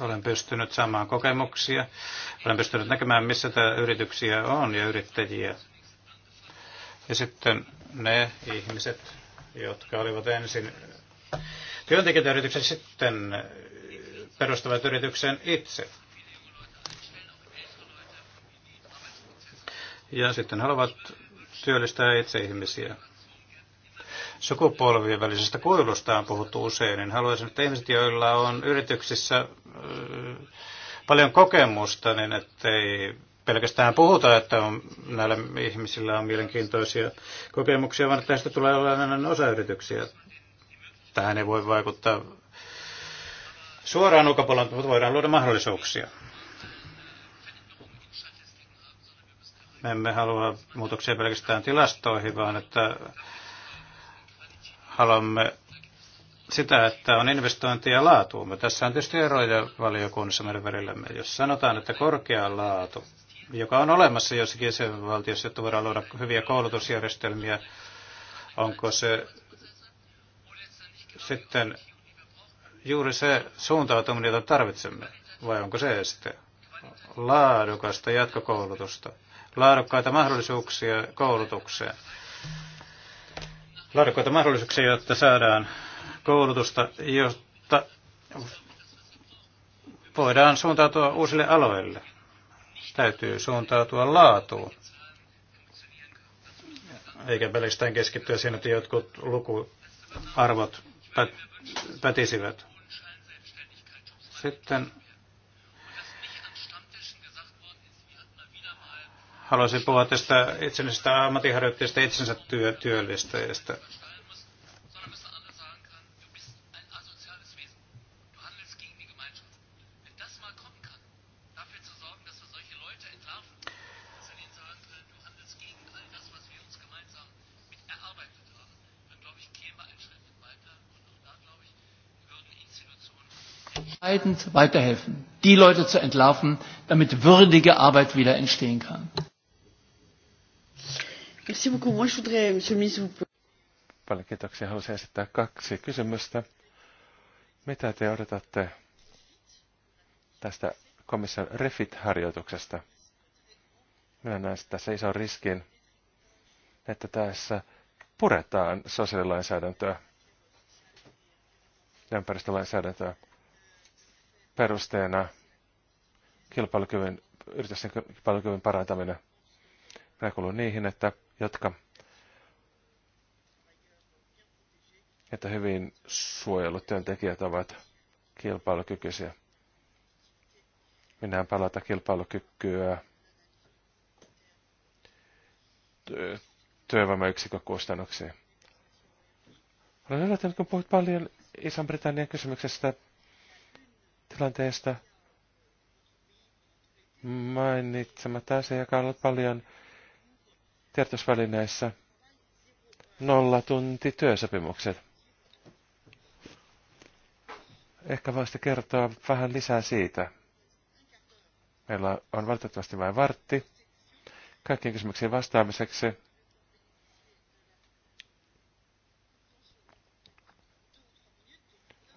Olen pystynyt saamaan kokemuksia. Olen pystynyt näkemään, missä tämä yrityksiä on ja yrittäjiä. Ja sitten ne ihmiset, jotka olivat ensin työntekijät yrityksen, sitten perustavat yrityksen itse. Ja sitten haluavat työllistää itse ihmisiä sukupolvien välisestä kuilusta on puhuttu usein, niin haluaisin, että ihmiset, joilla on yrityksissä paljon kokemusta, niin ettei pelkästään puhuta, että on, näillä ihmisillä on mielenkiintoisia kokemuksia, vaan että tästä tulee olennainen osa yrityksiä. Tähän ei voi vaikuttaa suoraan ulkopuolella, mutta voidaan luoda mahdollisuuksia. Me emme halua muutoksia pelkästään tilastoihin, vaan että haluamme sitä, että on investointia laatuun. Me Tässä on tietysti eroja valiokunnassa meidän verillämme. Jos sanotaan, että korkea laatu, joka on olemassa jossakin jäsenvaltiossa, että voidaan luoda hyviä koulutusjärjestelmiä, onko se sitten juuri se suuntautuminen, jota tarvitsemme, vai onko se este? Laadukasta jatkokoulutusta, laadukkaita mahdollisuuksia koulutukseen laadukkaita mahdollisuuksia, jotta saadaan koulutusta, jotta voidaan suuntautua uusille aloille. Täytyy suuntautua laatuun, eikä pelkästään keskittyä siihen, että jotkut lukuarvot pätisivät. Sitten Haluaisin puhua tästä itsenäisestä ammatinharjoittajasta itsensä työ, työllistäjästä. weiterhelfen, die Leute zu entlarven, damit würdige Arbeit wieder entstehen kann. Merci beaucoup. Moi, je voudrais, monsieur Paljon kiitoksia. Haluaisin esittää kaksi kysymystä. Mitä te odotatte tästä komission REFIT-harjoituksesta? Minä näen tässä ison riskin, että tässä puretaan sosiaalilainsäädäntöä ja ympäristölainsäädäntöä perusteena kilpailukyvyn, yritysten kilpailukyvyn parantaminen. Minä kuulun niihin, että jotka että hyvin suojellut työntekijät ovat kilpailukykyisiä. Minä palata kilpailukykyä työvoimayksikkökustannuksiin. Olen yllättynyt, kun puhut paljon Iso-Britannian kysymyksestä tilanteesta mainitsematta asia, joka on ollut paljon kertosvälineissä nolla tunti työsopimukset. Ehkä voisitte kertoa vähän lisää siitä. Meillä on valitettavasti vain vartti. Kaikkiin kysymyksiin vastaamiseksi.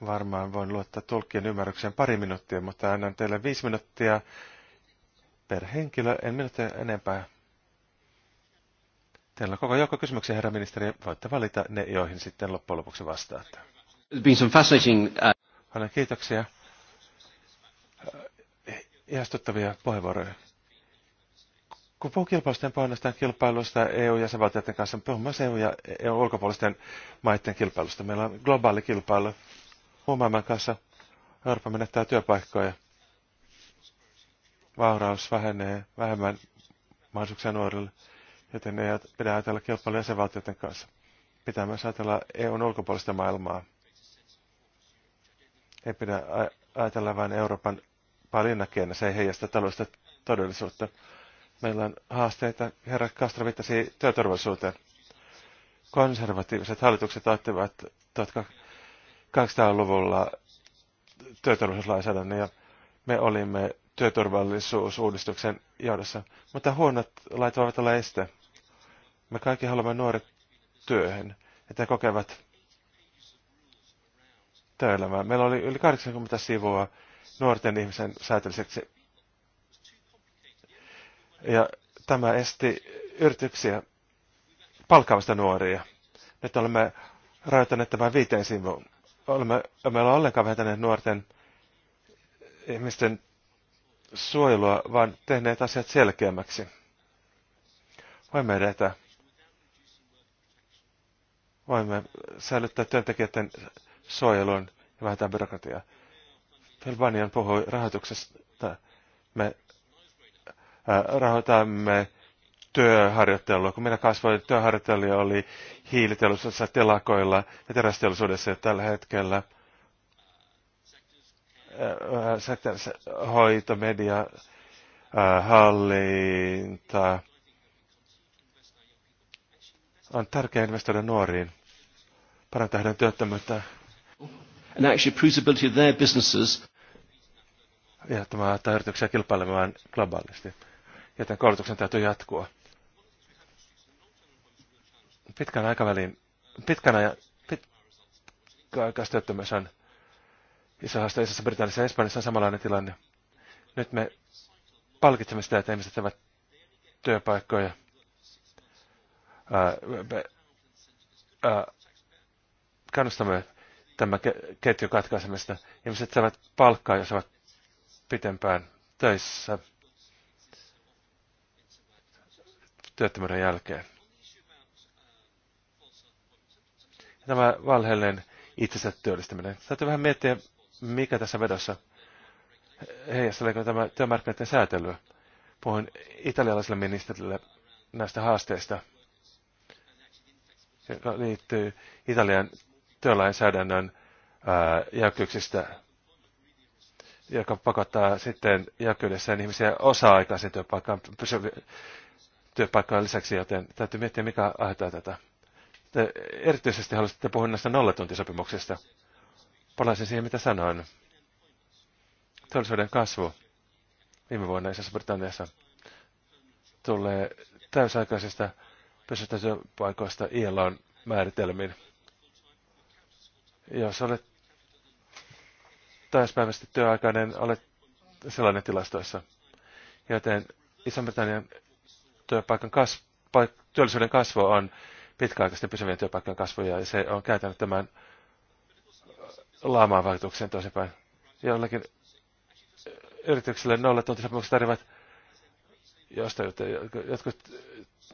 Varmaan voin luottaa tulkkien ymmärrykseen pari minuuttia, mutta annan teille viisi minuuttia per henkilö, en minuuttia enempää. Teillä on koko joukko kysymyksiä, herra ministeri. Voitte valita ne, joihin sitten loppujen lopuksi vastaatte. Anna uh, kiitoksia. Äh, ihastuttavia puheenvuoroja. Kun puhun kilpailusten painosta kilpailusta EU-jäsenvaltioiden kanssa, puhun myös EU- ja EU-ulkopuolisten maiden kilpailusta. Meillä on globaali kilpailu. Muun maailman kanssa Eurooppa menettää työpaikkoja. Vauraus vähenee vähemmän mahdollisuuksia nuorille joten ei pidä ajatella kilpailla jäsenvaltioiden kanssa. Pitää myös ajatella EUn ulkopuolista maailmaa. Ei pidä ajatella vain Euroopan palinnakienä, se ei heijasta taloudellista todellisuutta. Meillä on haasteita, herra Castro viittasi työturvallisuuteen. Konservatiiviset hallitukset ottivat 1800-luvulla työturvallisuuslainsäädännön ja me olimme työturvallisuusuudistuksen johdossa, mutta huonot lait voivat olla este. Me kaikki haluamme nuoret työhön, että he kokevat työelämää. Meillä oli yli 80 sivua nuorten ihmisen säätelliseksi. Ja tämä esti yrityksiä palkkaamasta nuoria. Nyt olemme rajoittaneet tämän viiteen sivuun. Olemme, meillä on ollenkaan vähentäneet nuorten ihmisten suojelua, vaan tehneet asiat selkeämmäksi. Voimme edetä voimme säilyttää työntekijöiden suojelun ja vähentää byrokratiaa. Pelbanian puhui rahoituksesta. Me äh, rahoitamme työharjoittelua. Kun minä kasvoin, työharjoittelija oli hiiliteollisuudessa, telakoilla ja terästeollisuudessa ja tällä hetkellä äh, äh, sektorissa hoito, media, hallinta, on tärkeää investoida nuoriin, parantaa heidän työttömyyttä. And actually improves of their businesses. Ja tämä auttaa yrityksiä kilpailemaan globaalisti. Joten koulutuksen täytyy jatkua. Pitkän aikavälin, pitkän ajan, pitkäaikaistyöttömyys on iso haaste. Isossa Britannissa ja Espanjassa on samanlainen tilanne. Nyt me palkitsemme sitä, että ihmiset työpaikkoja – ää, kannustamme tämä ketjun katkaisemista. Ihmiset saavat palkkaa, jos ovat pitempään töissä työttömyyden jälkeen. Ja tämä valheellinen itsensä työllistäminen. Täytyy vähän miettiä, mikä tässä vedossa heijasteleeko tämä työmarkkinoiden säätelyä. Puhuin italialaiselle ministerille näistä haasteista – joka liittyy Italian työlainsäädännön jäykkyyksistä, joka pakottaa sitten jäykkyydessään ihmisiä osa-aikaisen työpaikkaan pysyviä työpaikkaan lisäksi, joten täytyy miettiä, mikä aiheuttaa tätä. Te erityisesti halusitte puhua näistä nollatuntisopimuksista. Palaisin siihen, mitä sanoin. Teollisuuden kasvu viime vuonna Isossa Britanniassa tulee täysaikaisista pysytä paikoista ILOn määritelmiin. Jos olet täyspäiväisesti työaikainen, niin olet sellainen tilastoissa. Joten Iso-Britannian työpaikan paik- työllisyyden kasvu on pitkäaikaisten pysyvien työpaikkojen kasvuja, ja se on kääntänyt tämän laamaan vaikutuksen toisinpäin. Jollakin yrityksille nollatuntisopimukset tarjoavat jostain, jotkut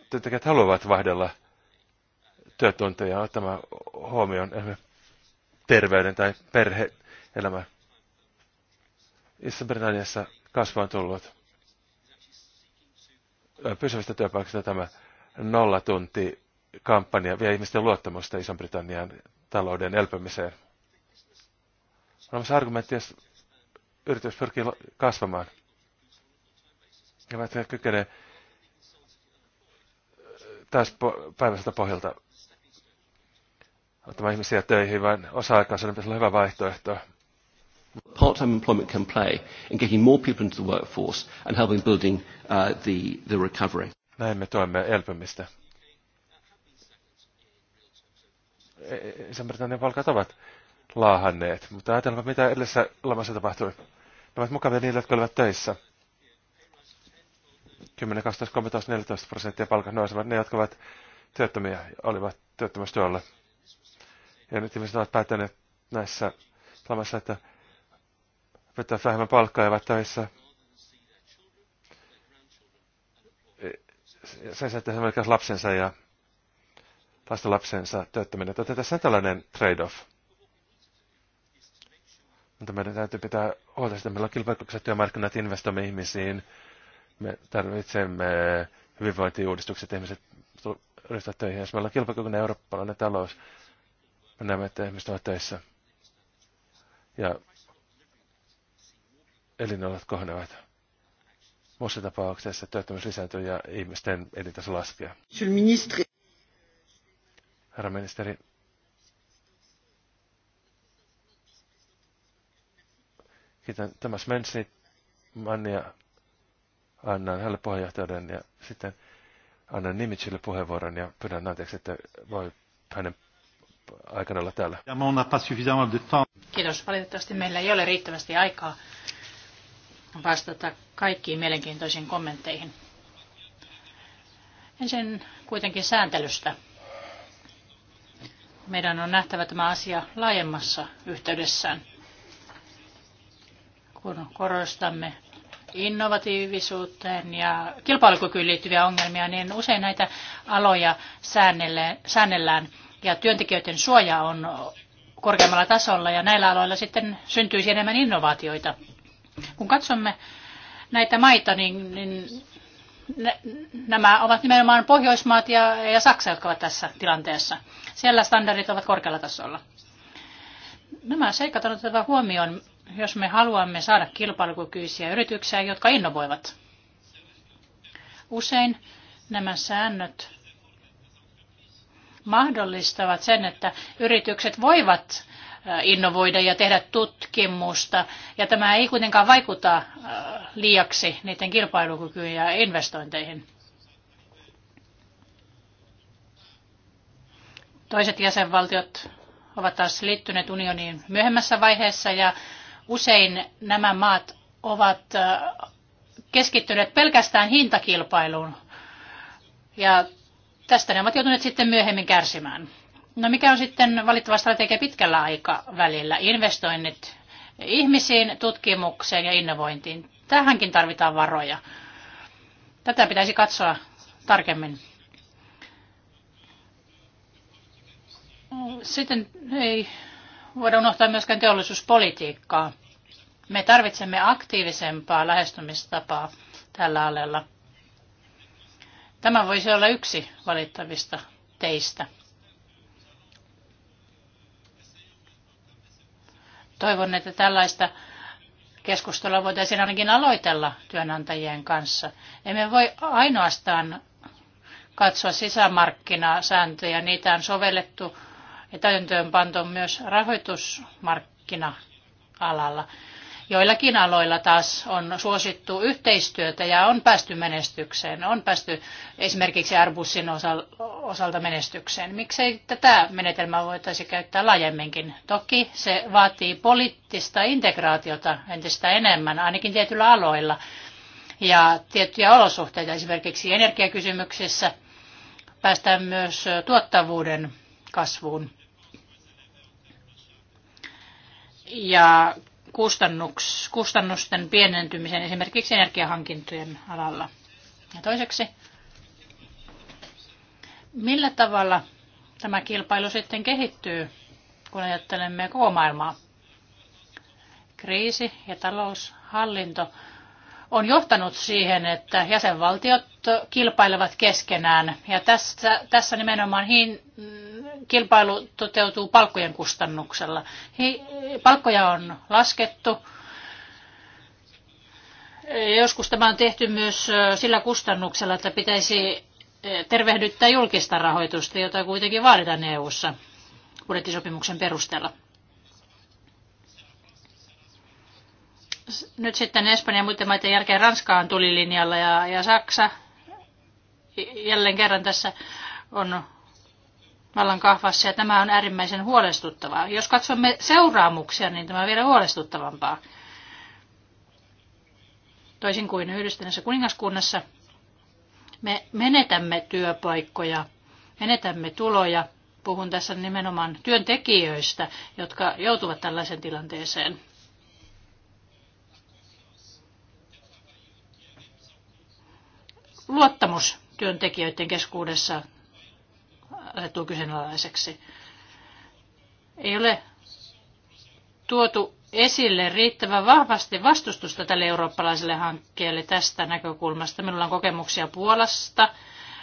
työntekijät haluavat vaihdella työtunteja ottamaan huomioon terveyden tai perhe-elämä. Iso-Britanniassa kasvu on tullut pysyvästä työpaikasta tämä nollatunti kampanja vie ihmisten luottamusta Iso-Britannian talouden elpymiseen. On olemassa argumentti, jos yritys pyrkii kasvamaan. Ja mä kykenee taas po- päivästä pohjalta ottamaan ihmisiä töihin, vaan osa-aikansa niin pitäisi olla hyvä vaihtoehto. Part-time employment can play in getting more people into the workforce and helping building uh, the, the recovery. Näin me toimme elpymistä. E-, e-, isän britannian palkat ovat laahanneet, mutta ajatellaan, mitä edellisessä lomassa tapahtui. Ne ovat mukavia niille, jotka olivat töissä. 10, 12, 13, 14 prosenttia palkat nousevat. Ne, jotka ovat työttömiä, olivat työttömyystyöllä. Ja nyt ihmiset ovat päättäneet näissä lamassa, että vetää vähemmän palkkaa ja ovat töissä. Sen sijaan, että he melkein lapsensa ja lasten lapsensa työttöminen. Joten tässä on tällainen trade-off. Mutta meidän täytyy pitää huolta sitä, että meillä on kilpailukykyiset työmarkkinat investoimme ihmisiin, me tarvitsemme hyvinvointiuudistukset, ihmiset ryhtyvät töihin. Jos meillä on kilpailukykyinen eurooppalainen talous, me näemme, että ihmiset ovat töissä. Ja elinolot kohnevat. Muussa tapauksessa työttömyys lisääntyy ja ihmisten elintaso laskee. Herra ministeri, kiitän Thomas Mansnit, Mannia annan hänelle puheenjohtajuuden ja sitten annan Nimitsille puheenvuoron ja pyydän anteeksi, että voi hänen aikana olla täällä. Kiitos. Valitettavasti meillä ei ole riittävästi aikaa vastata kaikkiin mielenkiintoisiin kommentteihin. Ensin kuitenkin sääntelystä. Meidän on nähtävä tämä asia laajemmassa yhteydessään, kun korostamme innovatiivisuuteen ja kilpailukykyyn liittyviä ongelmia, niin usein näitä aloja säännellään ja työntekijöiden suoja on korkeammalla tasolla ja näillä aloilla sitten syntyisi enemmän innovaatioita. Kun katsomme näitä maita, niin, niin nämä ovat nimenomaan Pohjoismaat ja, ja Saksa, jotka ovat tässä tilanteessa. Siellä standardit ovat korkealla tasolla. Nämä seikat on otettava huomioon jos me haluamme saada kilpailukykyisiä yrityksiä, jotka innovoivat. Usein nämä säännöt mahdollistavat sen, että yritykset voivat äh, innovoida ja tehdä tutkimusta, ja tämä ei kuitenkaan vaikuta äh, liiaksi niiden kilpailukykyyn ja investointeihin. Toiset jäsenvaltiot ovat taas liittyneet unioniin myöhemmässä vaiheessa ja Usein nämä maat ovat keskittyneet pelkästään hintakilpailuun ja tästä ne ovat joutuneet sitten myöhemmin kärsimään. No mikä on sitten valittava strategia pitkällä aikavälillä? Investoinnit ihmisiin, tutkimukseen ja innovointiin. Tähänkin tarvitaan varoja. Tätä pitäisi katsoa tarkemmin. Sitten ei voida unohtaa myöskään teollisuuspolitiikkaa. Me tarvitsemme aktiivisempaa lähestymistapaa tällä alalla. Tämä voisi olla yksi valittavista teistä. Toivon, että tällaista keskustelua voitaisiin ainakin aloitella työnantajien kanssa. Emme voi ainoastaan katsoa sisämarkkinasääntöjä, niitä on sovellettu ja täytäntöönpanto myös rahoitusmarkkina-alalla. Joillakin aloilla taas on suosittu yhteistyötä ja on päästy menestykseen. On päästy esimerkiksi arbussin osalta menestykseen. Miksei tätä menetelmää voitaisi käyttää laajemminkin? Toki se vaatii poliittista integraatiota entistä enemmän, ainakin tietyillä aloilla. Ja tiettyjä olosuhteita esimerkiksi energiakysymyksissä päästään myös tuottavuuden kasvuun. ja kustannuks, kustannusten pienentymisen esimerkiksi energiahankintojen alalla. Ja toiseksi, millä tavalla tämä kilpailu sitten kehittyy, kun ajattelemme koko maailmaa? Kriisi ja taloushallinto on johtanut siihen, että jäsenvaltiot kilpailevat keskenään. Ja tässä, tässä nimenomaan hin, kilpailu toteutuu palkkojen kustannuksella. Palkkoja on laskettu. Joskus tämä on tehty myös sillä kustannuksella, että pitäisi tervehdyttää julkista rahoitusta, jota kuitenkin vaaditaan EU-ssa budjettisopimuksen perusteella. Nyt sitten Espanjan ja muiden maiden jälkeen Ranska on tulilinjalla ja, ja Saksa jälleen kerran tässä on vallankahvassa ja tämä on äärimmäisen huolestuttavaa. Jos katsomme seuraamuksia, niin tämä on vielä huolestuttavampaa. Toisin kuin yhdistyneessä kuningaskunnassa, me menetämme työpaikkoja, menetämme tuloja. Puhun tässä nimenomaan työntekijöistä, jotka joutuvat tällaisen tilanteeseen. Luottamus työntekijöiden keskuudessa asettuu kyseenalaiseksi. Ei ole tuotu esille riittävän vahvasti vastustusta tälle eurooppalaiselle hankkeelle tästä näkökulmasta. Minulla on kokemuksia Puolasta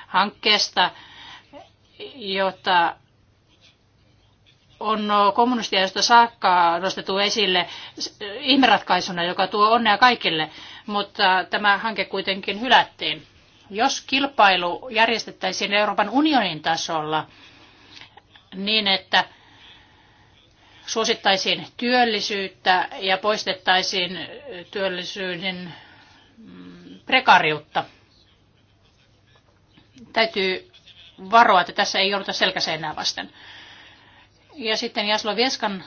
hankkeesta, jota on kommunistijärjestö saakka nostettu esille ihmeratkaisuna, joka tuo onnea kaikille, mutta tämä hanke kuitenkin hylättiin. Jos kilpailu järjestettäisiin Euroopan unionin tasolla niin, että suosittaisiin työllisyyttä ja poistettaisiin työllisyyden mm, prekariutta. Täytyy varoa, että tässä ei jouduta selkäseinää vasten. Ja sitten Jaslo Vieskan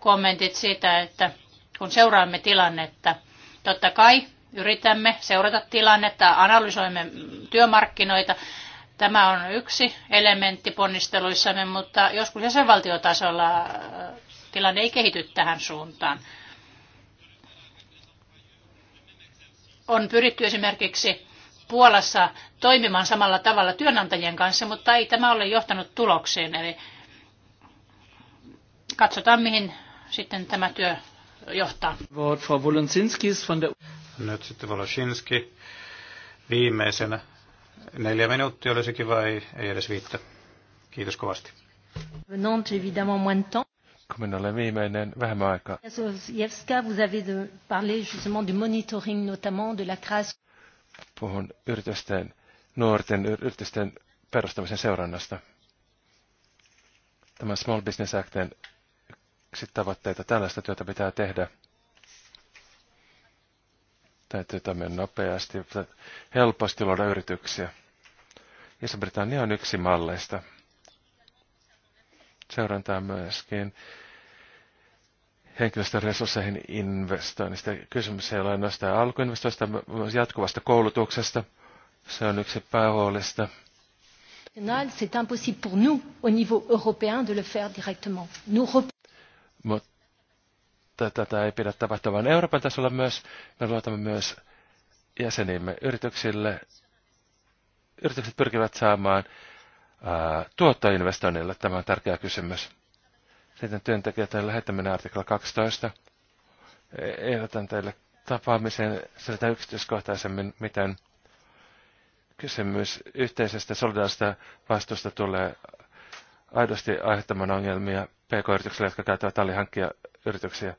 kommentit siitä, että kun seuraamme tilannetta, totta kai yritämme seurata tilannetta, analysoimme työmarkkinoita. Tämä on yksi elementti ponnisteluissamme, mutta joskus jäsenvaltiotasolla äh, tilanne ei kehity tähän suuntaan. On pyritty esimerkiksi Puolassa toimimaan samalla tavalla työnantajien kanssa, mutta ei tämä ole johtanut tulokseen. Eli katsotaan, mihin sitten tämä työ johtaa. Nyt sitten Voloshinski viimeisenä. Neljä minuuttia olisikin vai ei edes viittä? Kiitos kovasti. moins de temps. Kun minä olen viimeinen, vähemmän aikaa. Jevska, vous avez de parlé justement du monitoring, notamment de la création. Puhun yritysten, nuorten yritysten perustamisen seurannasta. Tämän Small Business Actin sit tavoitteita tällaista työtä pitää tehdä – Täytyy toimia nopeasti, helposti luoda yrityksiä. Iso-Britannia on yksi malleista. Seurantaa myöskin henkilöstöresursseihin investoinnista. Kysymys ei ole ainoastaan alkuinvestoista, vaan jatkuvasta koulutuksesta. Se on yksi päähuolista. C'est impossible pour nous, au niveau européen, de le faire directement. Nous... Mutta tätä ei pidä tapahtua, vaan Euroopan tasolla myös me luotamme myös jäsenimme yrityksille. Yritykset pyrkivät saamaan tuottoinvestoinnille. Tämä on tärkeä kysymys. Sitten työntekijöiden lähettäminen artikla 12. Ehdotan teille tapaamisen selitä yksityiskohtaisemmin, miten kysymys yhteisestä solidaarista vastuusta tulee aidosti aiheuttamaan ongelmia pk-yrityksille, jotka käyttävät alihankkia yrityksiä.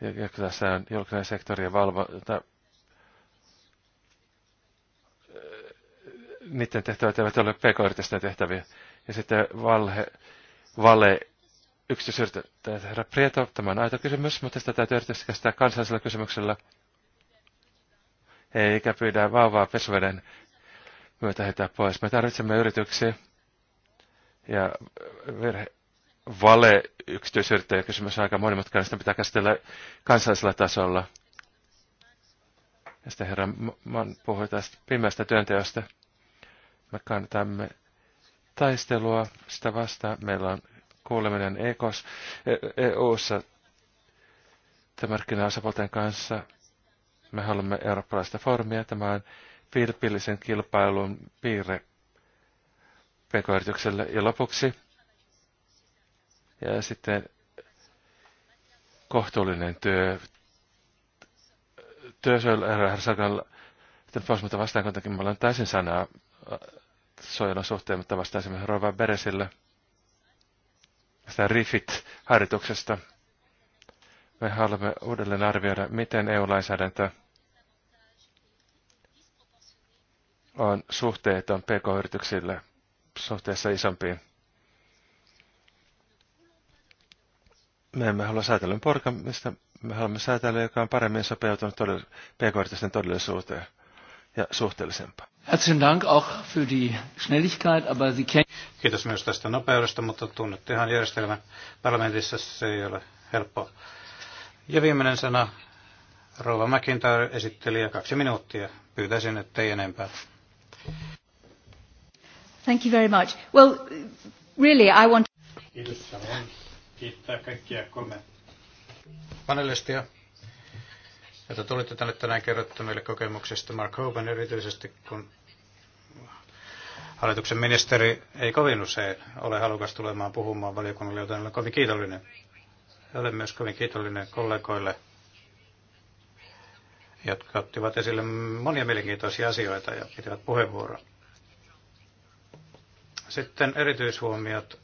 Ja, ja tässä on julkinen sektori ja valvonta. Eh, niiden tehtävät eivät ole pk-yritysten tehtäviä. Ja sitten valhe, vale yksityisyrittäjät. Herra Prieto, tämä on aito kysymys, mutta sitä täytyy erityisesti käsittää kansallisella kysymyksellä. Eikä pyydä vauvaa pesuveden myötä heitä pois. Me tarvitsemme yrityksiä. Ja äh, virhe, vale yksityisyrittäjä kysymys on aika monimutkainen, sitä pitää käsitellä kansallisella tasolla. Ja sitten herra mä puhuin tästä pimeästä työnteosta. Me kannatamme taistelua sitä vastaan. Meillä on kuuleminen EKOS, EU-ssa e työmarkkinaosapuolten kanssa. Me haluamme eurooppalaista formia. Tämä on vilpillisen kilpailun piirre pk-yritykselle. Ja lopuksi ja sitten kohtuullinen työ. Työsuojeluhersakan Fosmata vastaan kuitenkin me ollaan täysin sanaa äh, suojelun suhteen, mutta esimerkiksi Rova Beresille sitä RIFIT-harjoituksesta. Me haluamme uudelleen arvioida, miten EU-lainsäädäntö on suhteeton pk-yrityksille – suhteessa isompiin. Me emme halua säätelyn porkamista, me haluamme säätelyä, joka on paremmin sopeutunut todell- pk todellisuuteen ja suhteellisempaa. Herzlichen Dank auch für die Schnelligkeit, aber Sie kennen... Kiitos myös tästä nopeudesta, mutta ihan järjestelmä parlamentissa, se ei ole helppoa. Ja viimeinen sana, Rova McIntyre esittelijä, kaksi minuuttia. Pyytäisin, ei enempää. Thank you very much. Well, really, I want... Kiitos samoin. Kiittää kaikkia kolme panelistia, että tulitte tänne tänään kerrottu meille kokemuksesta Mark Hoban erityisesti, kun hallituksen ministeri ei kovin usein ole halukas tulemaan puhumaan valiokunnalle, joten olen kovin kiitollinen. Olen myös kovin kiitollinen kollegoille, jotka ottivat esille monia mielenkiintoisia asioita ja pitivät puheenvuoroa. Sitten erityishuomiot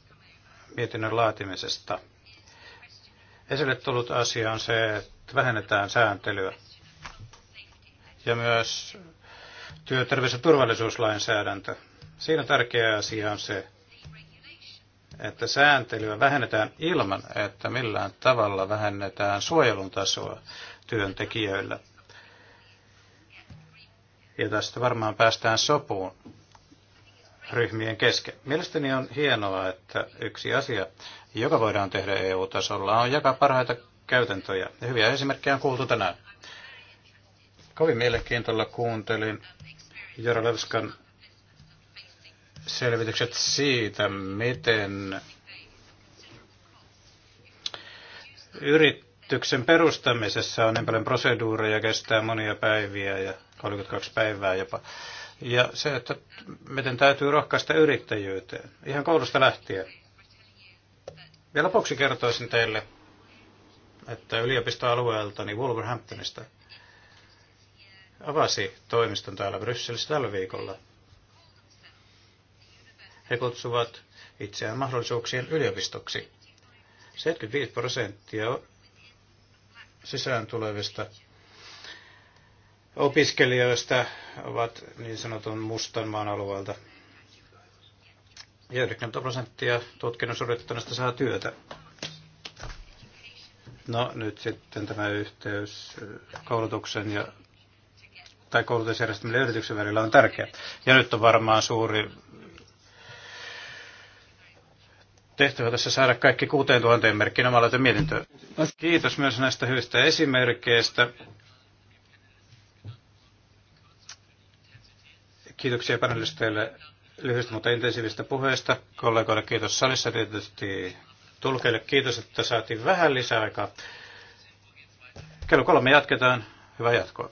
mietinnön laatimisesta. Esille tullut asia on se, että vähennetään sääntelyä ja myös työterveys- ja turvallisuuslainsäädäntö. Siinä tärkeä asia on se, että sääntelyä vähennetään ilman, että millään tavalla vähennetään suojelun tasoa työntekijöillä. Ja tästä varmaan päästään sopuun ryhmien kesken. Mielestäni on hienoa, että yksi asia, joka voidaan tehdä EU-tasolla, on jakaa parhaita käytäntöjä. Ja hyviä esimerkkejä on kuultu tänään. Kovin mielenkiintoilla kuuntelin Joralevskan selvitykset siitä, miten yrityksen perustamisessa on niin paljon proseduureja, kestää monia päiviä ja 32 päivää jopa. Ja se, että miten täytyy rohkaista yrittäjyyteen, ihan koulusta lähtien. Ja lopuksi kertoisin teille, että niin Wolverhamptonista avasi toimiston täällä Brysselissä tällä viikolla. He kutsuvat itseään mahdollisuuksien yliopistoksi. 75 prosenttia sisään tulevista opiskelijoista ovat niin sanotun mustan maan alueelta. Ja 90 prosenttia tutkinnon suorittaneista saa työtä. No nyt sitten tämä yhteys eh, koulutuksen ja tai koulutusjärjestelmän yrityksen välillä on tärkeä. Ja nyt on varmaan suuri tehtävä tässä saada kaikki 6000 merkkiin omalla mietintöön. Kiitos myös näistä hyvistä esimerkkeistä. Kiitoksia panelisteille lyhyistä, mutta intensiivistä puheesta. Kollegoille kiitos salissa tietysti tulkeille. Kiitos, että saatiin vähän lisäaikaa. Kello kolme jatketaan. Hyvää jatkoa.